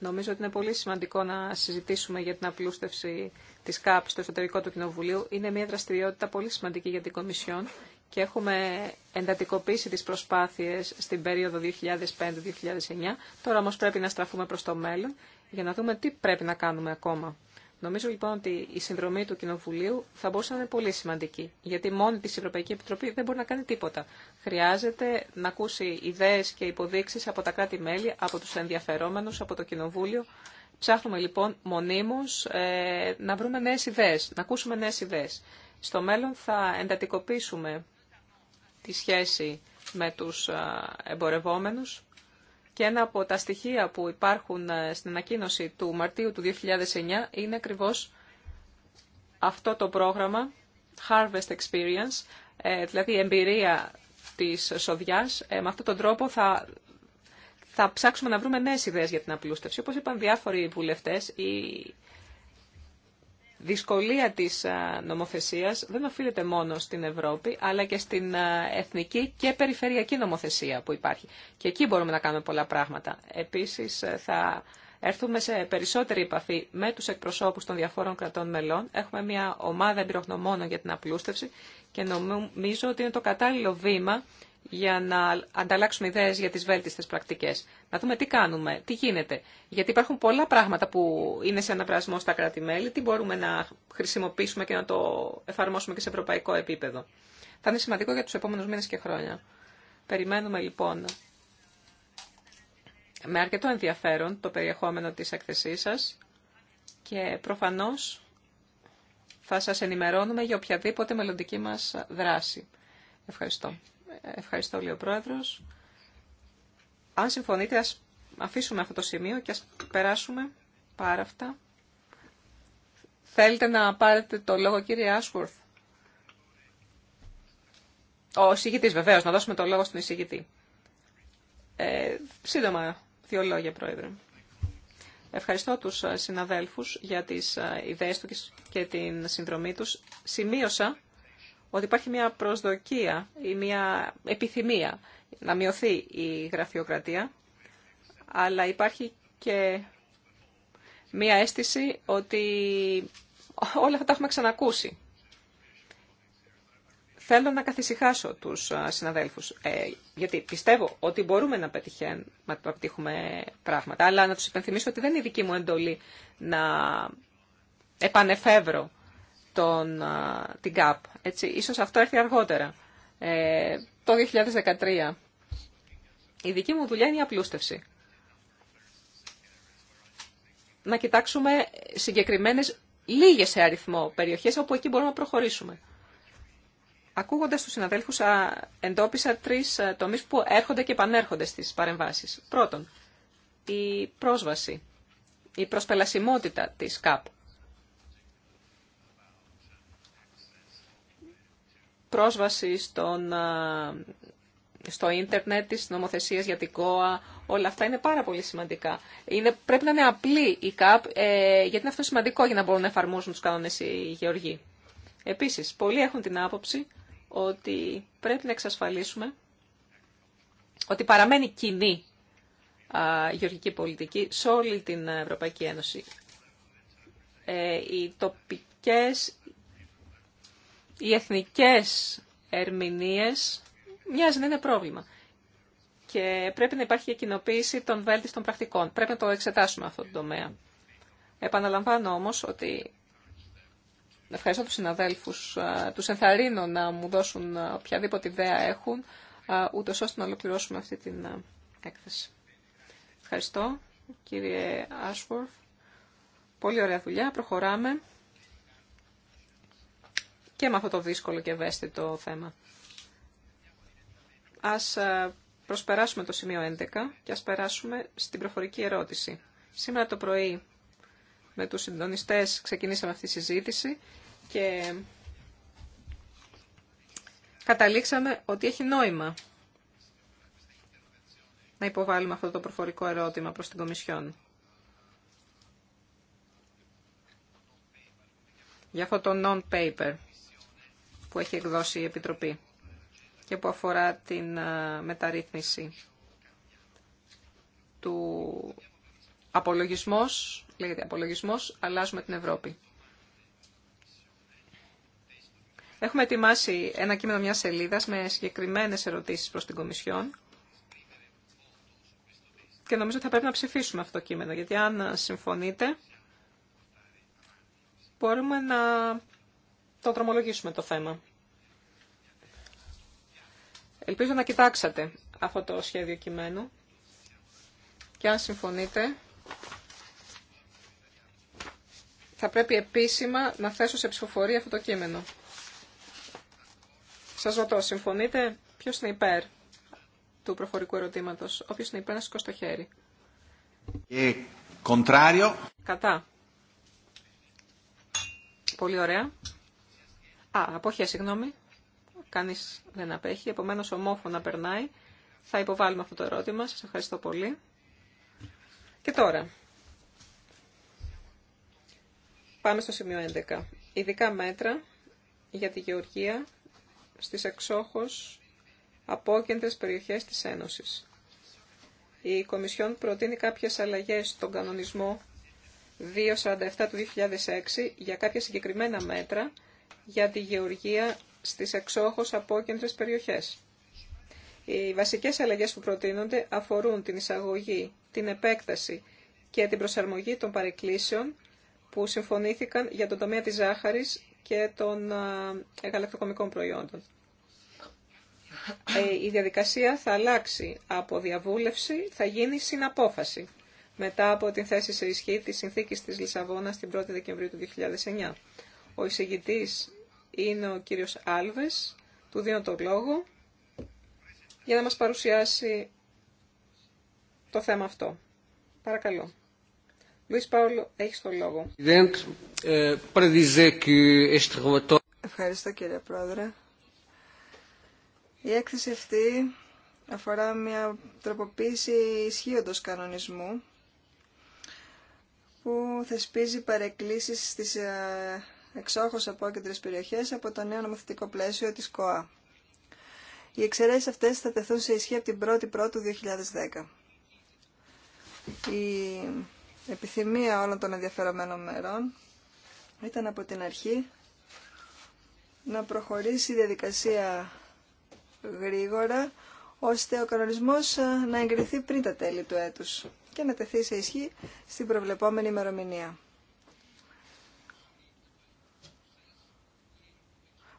Νομίζω ότι είναι πολύ σημαντικό να συζητήσουμε για την απλούστευση τη ΚΑΠ στο εσωτερικό του Κοινοβουλίου. Είναι μια δραστηριότητα πολύ σημαντική για την Κομισιόν και έχουμε εντατικοποιήσει τις προσπάθειες στην περίοδο 2005-2009. Τώρα όμως πρέπει να στραφούμε προς το μέλλον για να δούμε τι πρέπει να κάνουμε ακόμα. Νομίζω λοιπόν ότι η συνδρομή του Κοινοβουλίου θα μπορούσε να είναι πολύ σημαντική, γιατί μόνη τη Ευρωπαϊκή Επιτροπή δεν μπορεί να κάνει τίποτα. Χρειάζεται να ακούσει ιδέε και υποδείξει από τα κράτη-μέλη, από του ενδιαφερόμενους, από το Κοινοβούλιο. Ψάχνουμε λοιπόν μονίμως ε, να βρούμε νέε ιδέε, να ακούσουμε νέε ιδέε. Στο μέλλον θα εντατικοποιήσουμε τη σχέση με τους ε, εμπορευόμενους και ένα από τα στοιχεία που υπάρχουν ε, στην ανακοίνωση του Μαρτίου του 2009 είναι ακριβώς αυτό το πρόγραμμα Harvest Experience, ε, δηλαδή εμπειρία της σοδιάς. Ε, με αυτόν τον τρόπο θα, θα ψάξουμε να βρούμε νέες ιδέες για την απλούστευση. Όπως είπαν διάφοροι βουλευτές, δυσκολία της νομοθεσίας δεν οφείλεται μόνο στην Ευρώπη, αλλά και στην εθνική και περιφερειακή νομοθεσία που υπάρχει. Και εκεί μπορούμε να κάνουμε πολλά πράγματα. Επίσης, θα έρθουμε σε περισσότερη επαφή με τους εκπροσώπους των διαφόρων κρατών μελών. Έχουμε μια ομάδα εμπειρογνωμόνων για την απλούστευση και νομίζω ότι είναι το κατάλληλο βήμα για να ανταλλάξουμε ιδέε για τι βέλτιστες πρακτικέ. Να δούμε τι κάνουμε, τι γίνεται. Γιατί υπάρχουν πολλά πράγματα που είναι σε αναβρασμό στα κράτη-μέλη, τι μπορούμε να χρησιμοποιήσουμε και να το εφαρμόσουμε και σε ευρωπαϊκό επίπεδο. Θα είναι σημαντικό για του επόμενου μήνε και χρόνια. Περιμένουμε λοιπόν με αρκετό ενδιαφέρον το περιεχόμενο της εκθεσής σας και προφανώς θα σας ενημερώνουμε για οποιαδήποτε μελλοντική μας δράση. Ευχαριστώ. Ευχαριστώ, λέει ο Πρόεδρος. Αν συμφωνείτε, ας αφήσουμε αυτό το σημείο και ας περάσουμε πάρα αυτά. Θέλετε να πάρετε το λόγο, κύριε Άσχουρθ. Ο εισηγητής, βεβαίως, να δώσουμε το λόγο στον εισηγητή. Ε, σύντομα, δύο λόγια, Πρόεδρε. Ευχαριστώ τους συναδέλφους για τις ε, ιδέες του και την συνδρομή τους. Σημείωσα ότι υπάρχει μια προσδοκία ή μια επιθυμία να μειωθεί η γραφειοκρατία, αλλά υπάρχει και μια αίσθηση ότι όλα αυτά τα έχουμε ξανακούσει. Θέλω να καθησυχάσω τους συναδέλφους, ε, γιατί πιστεύω ότι μπορούμε να, να πετύχουμε πράγματα, αλλά να τους υπενθυμίσω ότι δεν είναι η δική μου εντολή να επανεφεύρω τον, την ΚΑΠ. Έτσι. Ίσως αυτό έρθει αργότερα, ε, το 2013. Η δική μου δουλειά είναι η απλούστευση. Να κοιτάξουμε συγκεκριμένες λίγες σε αριθμό περιοχές όπου εκεί μπορούμε να προχωρήσουμε. Ακούγοντας τους συναδέλφου, εντόπισα τρεις τομεί που έρχονται και επανέρχονται στις παρεμβάσεις. Πρώτον, η πρόσβαση, η προσπελασιμότητα της ΚΑΠ. πρόσβαση στον, στο ίντερνετ, τις νομοθεσίες για την ΚΟΑ, όλα αυτά είναι πάρα πολύ σημαντικά. Είναι, πρέπει να είναι απλή η ΚΑΠ, ε, γιατί είναι αυτό σημαντικό για να μπορούν να εφαρμόσουν τους κανόνες οι γεωργοί. Επίσης, πολλοί έχουν την άποψη ότι πρέπει να εξασφαλίσουμε ότι παραμένει κοινή α, γεωργική πολιτική σε όλη την Ευρωπαϊκή Ένωση. Ε, οι τοπικές οι εθνικές ερμηνείες μοιάζει να είναι πρόβλημα. Και πρέπει να υπάρχει κοινοποίηση των βέλτιστων πρακτικών. Πρέπει να το εξετάσουμε αυτό το τομέα. Επαναλαμβάνω όμως ότι ευχαριστώ τους συναδέλφους, τους ενθαρρύνω να μου δώσουν οποιαδήποτε ιδέα έχουν, ούτω ώστε να ολοκληρώσουμε αυτή την έκθεση. Ευχαριστώ, κύριε Ashworth. Πολύ ωραία δουλειά. Προχωράμε και με αυτό το δύσκολο και ευαίσθητο θέμα. Ας ε, προσπεράσουμε το σημείο 11 και ας περάσουμε στην προφορική ερώτηση. Σήμερα το πρωί με τους συντονιστές ξεκινήσαμε αυτή τη συζήτηση και καταλήξαμε ότι έχει νόημα να υποβάλουμε αυτό το προφορικό ερώτημα προς την Κομισιόν. Για αυτό το non-paper που έχει εκδώσει η Επιτροπή και που αφορά την ε, μεταρρύθμιση του απολογισμός, λέγεται απολογισμός, αλλάζουμε την Ευρώπη. Έχουμε ετοιμάσει ένα κείμενο μιας σελίδας με συγκεκριμένες ερωτήσεις προς την Κομισιόν και νομίζω ότι θα πρέπει να ψηφίσουμε αυτό το κείμενο, γιατί αν ε, συμφωνείτε μπορούμε να το δρομολογήσουμε το θέμα. Ελπίζω να κοιτάξατε αυτό το σχέδιο κειμένου και αν συμφωνείτε θα πρέπει επίσημα να θέσω σε ψηφοφορία αυτό το κείμενο. Σας ρωτώ, συμφωνείτε ποιος είναι υπέρ του προφορικού ερωτήματος. Όποιος είναι υπέρ να σηκώσει το χέρι. Ε, Κατά. Πολύ ωραία. Α, απόχεια, συγγνώμη. Κανείς δεν απέχει, επομένω ομόφωνα περνάει. Θα υποβάλουμε αυτό το ερώτημα. Σας ευχαριστώ πολύ. Και τώρα, πάμε στο σημείο 11. Ειδικά μέτρα για τη γεωργία στις εξόχως απόκεντρες περιοχές της Ένωσης. Η Κομισιόν προτείνει κάποιες αλλαγές στον κανονισμό 247 του 2006 για κάποια συγκεκριμένα μέτρα για τη γεωργία στις εξόχως απόκεντρες περιοχές. Οι βασικές αλλαγές που προτείνονται αφορούν την εισαγωγή, την επέκταση και την προσαρμογή των παρεκκλήσεων που συμφωνήθηκαν για τον τομέα της ζάχαρης και των γαλακτοκομικών προϊόντων. Ε, η διαδικασία θα αλλάξει από διαβούλευση, θα γίνει συναπόφαση μετά από την θέση σε ισχύ της συνθήκης της Λισαβόνας την 1η Δεκεμβρίου του 2009. Ο εισηγητής είναι ο κύριος Άλβες, του δίνω το λόγο, για να μας παρουσιάσει το θέμα αυτό. Παρακαλώ. Λουίς Παόλου, έχεις το λόγο. Ευχαριστώ κύριε Πρόεδρε. Η έκθεση αυτή αφορά μια τροποποίηση ισχύοντο κανονισμού που θεσπίζει παρεκκλήσεις στις ε, εξόχως απόκεντρες περιοχές από το νέο νομοθετικό πλαίσιο της ΚΟΑ. Οι εξαιρέσεις αυτές θα τεθούν σε ισχύ από την 1η Πρώτου 2010. Η επιθυμία όλων των ενδιαφερομένων μερών ήταν από την αρχή να προχωρήσει η διαδικασία γρήγορα, ώστε ο κανονισμός να εγκριθεί πριν τα τέλη του έτους και να τεθεί σε ισχύ στην προβλεπόμενη ημερομηνία.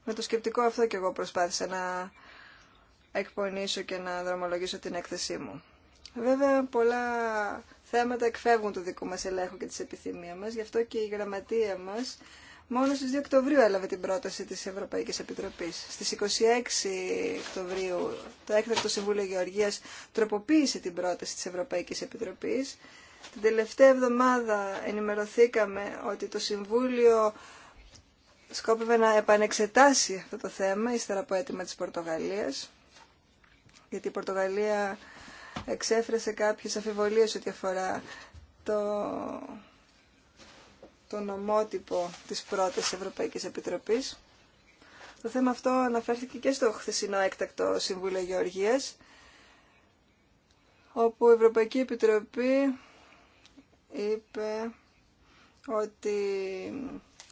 Με το σκεπτικό αυτό και εγώ προσπάθησα να εκπονήσω και να δρομολογήσω την έκθεσή μου. Βέβαια, πολλά θέματα εκφεύγουν του δικού μας ελέγχου και της επιθυμία μας, γι' αυτό και η γραμματεία μας μόνο στις 2 Οκτωβρίου έλαβε την πρόταση της Ευρωπαϊκής Επιτροπής. Στις 26 Οκτωβρίου το έκτακτο Συμβούλιο Γεωργίας τροποποίησε την πρόταση της Ευρωπαϊκής Επιτροπής. Την τελευταία εβδομάδα ενημερωθήκαμε ότι το Συμβούλιο σκόπευε να επανεξετάσει αυτό το θέμα ύστερα από αίτημα της Πορτογαλίας γιατί η Πορτογαλία εξέφρασε κάποιες αφιβολίες ότι αφορά το, το νομότυπο της πρώτης Ευρωπαϊκής Επιτροπής. Το θέμα αυτό αναφέρθηκε και στο χθεσινό έκτακτο Συμβούλιο Γεωργίας όπου η Ευρωπαϊκή Επιτροπή είπε ότι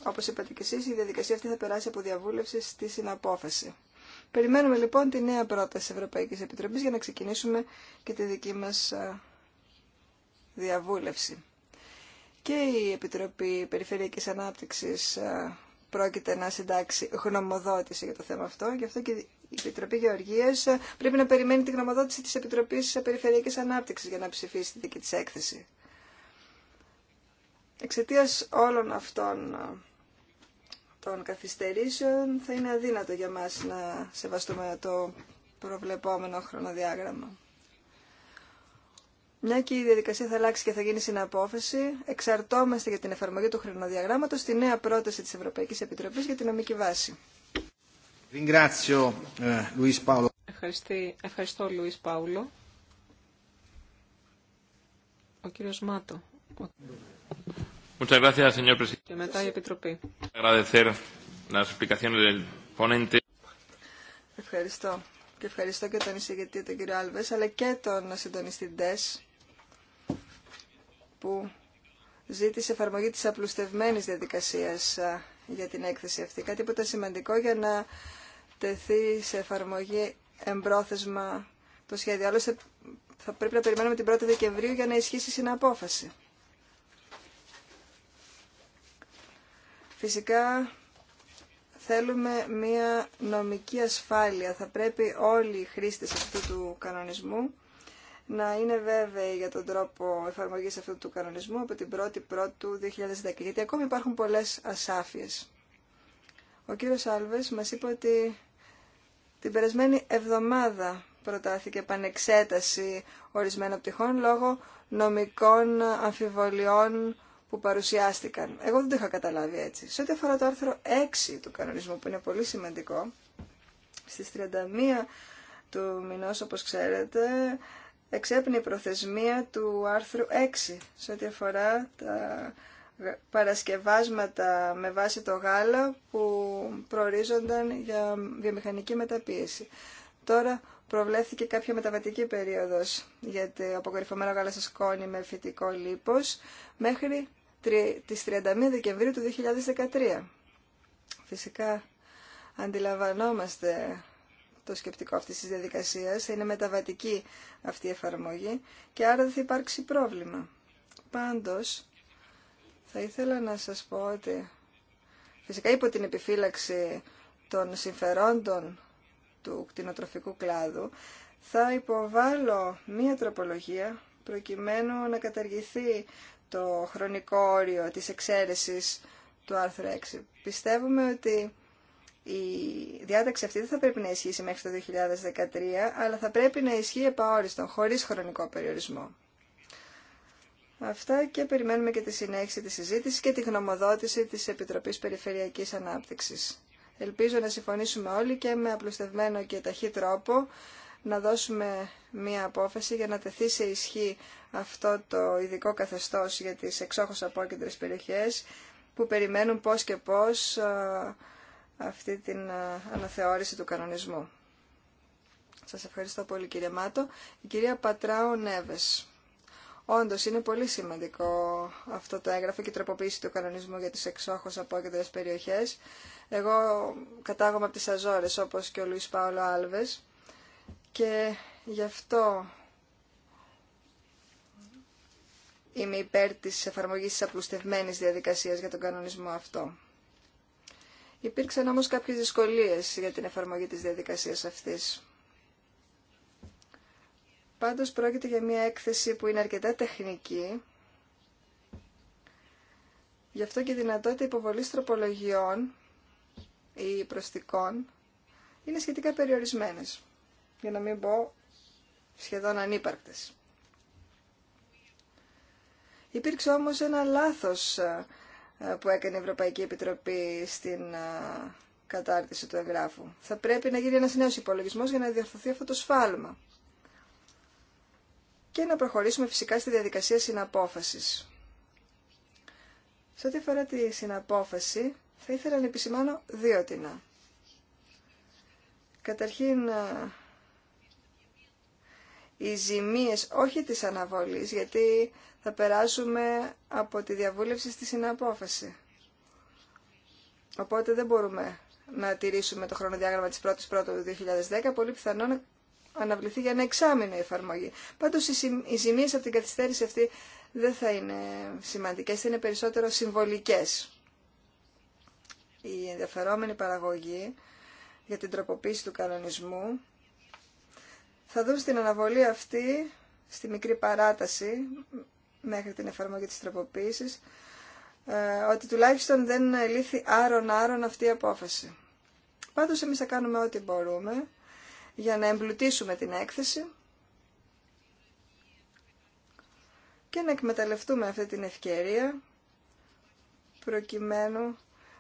Όπω είπατε και εσεί, η διαδικασία αυτή θα περάσει από διαβούλευση στη συναπόφαση. Περιμένουμε λοιπόν τη νέα πρόταση Ευρωπαϊκή Επιτροπή για να ξεκινήσουμε και τη δική μα ε, διαβούλευση. Και η Επιτροπή Περιφερειακής Ανάπτυξης ε, πρόκειται να συντάξει γνωμοδότηση για το θέμα αυτό. Γι' αυτό και η Επιτροπή Γεωργίας ε, πρέπει να περιμένει τη γνωμοδότηση της Επιτροπής Περιφερειακής Ανάπτυξης για να ψηφίσει τη δική τη έκθεση. Εξαιτία όλων αυτών των καθυστερήσεων θα είναι αδύνατο για μας να σεβαστούμε το προβλεπόμενο χρονοδιάγραμμα. Μια και η διαδικασία θα αλλάξει και θα γίνει συναπόφαση, εξαρτώμαστε για την εφαρμογή του χρονοδιαγράμματος στη νέα πρόταση της Ευρωπαϊκής Επιτροπής για την νομική βάση. Ε, ευχαριστώ, Λουίς Πάουλο. Ο κύριος Μάτο. Ευχαριστώ. Και ευχαριστώ και τον εισηγητή, τον κύριο Άλβες, αλλά και τον συντονιστή ΔΕΣ, που ζήτησε εφαρμογή της απλουστευμένης διαδικασίας για την έκθεση αυτή. Κάτι που ήταν σημαντικό για να τεθεί σε εφαρμογή εμπρόθεσμα το σχέδιο. Άλλωστε θα πρέπει να περιμένουμε την 1η Δεκεμβρίου για να ισχύσει η συναπόφαση. Φυσικά θέλουμε μία νομική ασφάλεια. Θα πρέπει όλοι οι χρήστες αυτού του κανονισμού να είναι βέβαιοι για τον τρόπο εφαρμογής αυτού του κανονισμού από την 1η Πρώτου 2010, γιατί ακόμη υπάρχουν πολλές ασάφειες. Ο κύριος Άλβες μας είπε ότι την περασμένη εβδομάδα προτάθηκε επανεξέταση ορισμένων πτυχών λόγω νομικών αμφιβολιών που παρουσιάστηκαν. Εγώ δεν το είχα καταλάβει έτσι. Σε ό,τι αφορά το άρθρο 6 του κανονισμού, που είναι πολύ σημαντικό, στις 31 του μηνός, όπως ξέρετε, εξέπνει η προθεσμία του άρθρου 6, σε ό,τι αφορά τα παρασκευάσματα με βάση το γάλα που προορίζονταν για βιομηχανική μεταπίεση. Τώρα προβλέφθηκε κάποια μεταβατική περίοδος γιατί το αποκορυφωμένο γάλα σε σκόνη με φυτικό λίπος μέχρι Τη 31 Δεκεμβρίου του 2013. Φυσικά αντιλαμβανόμαστε το σκεπτικό αυτής της διαδικασία. είναι μεταβατική αυτή η εφαρμογή και άρα δεν θα υπάρξει πρόβλημα. Πάντως, θα ήθελα να σας πω ότι φυσικά υπό την επιφύλαξη των συμφερόντων του κτηνοτροφικού κλάδου, θα υποβάλω μία τροπολογία προκειμένου να καταργηθεί το χρονικό όριο της εξαίρεσης του άρθρου 6. Πιστεύουμε ότι η διάταξη αυτή δεν θα πρέπει να ισχύσει μέχρι το 2013, αλλά θα πρέπει να ισχύει επαόριστον, χωρίς χρονικό περιορισμό. Αυτά και περιμένουμε και τη συνέχιση της συζήτησης και τη γνωμοδότηση της Επιτροπής Περιφερειακής Ανάπτυξης. Ελπίζω να συμφωνήσουμε όλοι και με απλουστευμένο και ταχύ τρόπο να δώσουμε μία απόφαση για να τεθεί σε ισχύ αυτό το ειδικό καθεστώς για τις εξόχως απόκεντρες περιοχές που περιμένουν πώς και πώς αυτή την αναθεώρηση του κανονισμού. Σας ευχαριστώ πολύ κύριε Μάτο. Η κυρία Πατράου Νέβες. Όντως είναι πολύ σημαντικό αυτό το έγγραφο και η τροποποίηση του κανονισμού για τις εξόχως απόκεντρες περιοχές. Εγώ κατάγομαι από τις Αζόρες όπως και ο Λουίς Πάολο Άλβες και γι' αυτό είμαι υπέρ της εφαρμογής της απλουστευμένης διαδικασίας για τον κανονισμό αυτό. Υπήρξαν όμως κάποιες δυσκολίες για την εφαρμογή της διαδικασίας αυτής. Πάντως πρόκειται για μια έκθεση που είναι αρκετά τεχνική. Γι' αυτό και η δυνατότητα υποβολής τροπολογιών ή προστικών είναι σχετικά περιορισμένες για να μην πω σχεδόν ανύπαρκτες. Υπήρξε όμως ένα λάθος ε, ε, που έκανε η Ευρωπαϊκή Επιτροπή στην ε, κατάρτιση του εγγράφου. Θα πρέπει να γίνει ένας νέος υπολογισμός για να διορθωθεί αυτό το σφάλμα. Και να προχωρήσουμε φυσικά στη διαδικασία συναπόφασης. Σε ό,τι αφορά τη συναπόφαση, θα ήθελα να επισημάνω δύο τινά. Καταρχήν, οι ζημίες, όχι της αναβολής, γιατί θα περάσουμε από τη διαβούλευση στη συναπόφαση. Οπότε δεν μπορούμε να τηρήσουμε το χρονοδιάγραμμα της 1ης του 2010, πολύ πιθανό να αναβληθεί για ένα εξάμεινο η εφαρμογή. Πάντως οι ζημίες από την καθυστέρηση αυτή δεν θα είναι σημαντικές, θα είναι περισσότερο συμβολικές. Η ενδιαφερόμενη παραγωγή για την τροποποίηση του κανονισμού θα δούμε στην αναβολή αυτή, στη μικρή παράταση, μέχρι την εφαρμογή της τροποποίησης, ε, ότι τουλάχιστον δεν λύθη άρον-άρον αυτή η απόφαση. Πάντως εμείς θα κάνουμε ό,τι μπορούμε για να εμπλουτίσουμε την έκθεση και να εκμεταλλευτούμε αυτή την ευκαιρία προκειμένου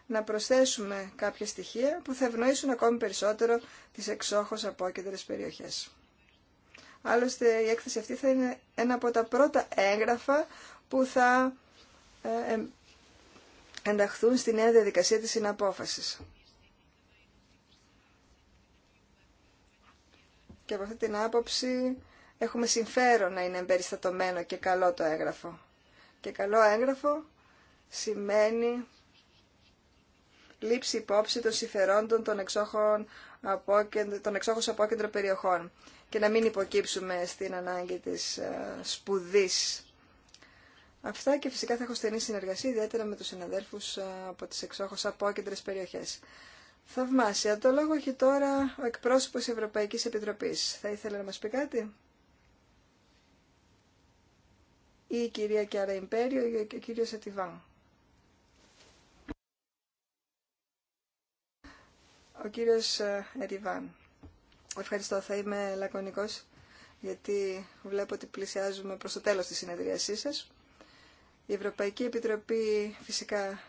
να προσθέσουμε κάποια στοιχεία που θα ευνοήσουν ακόμη περισσότερο τις εξόχως απόκεντρες περιοχές. Άλλωστε η έκθεση αυτή θα είναι ένα από τα πρώτα έγγραφα που θα ε, ενταχθούν στη νέα διαδικασία της συναπόφασης. Και από αυτή την άποψη έχουμε συμφέρον να είναι εμπεριστατωμένο και καλό το έγγραφο. Και καλό έγγραφο σημαίνει λήψη υπόψη των συμφερόντων των εξόχων απόκεντρο, των εξόχως απόκεντρων περιοχών και να μην υποκύψουμε στην ανάγκη της ε, σπουδής. Αυτά και φυσικά θα έχω στενή συνεργασία ιδιαίτερα με τους συναδέλφους ε, από τις εξόχως απόκεντρες περιοχές. Θαυμάσια. Το λόγο έχει τώρα ο εκπρόσωπος Ευρωπαϊκής Επιτροπής. Θα ήθελε να μας πει κάτι. Ή η κυρία Κιάρα Ιμπέριο ή ο κύριος Ατιβάμ. Ο κύριος Εριβάν. Ευχαριστώ, θα είμαι λακωνικός, γιατί βλέπω ότι πλησιάζουμε προς το τέλος της συνεδρίασής σας. Η Ευρωπαϊκή Επιτροπή φυσικά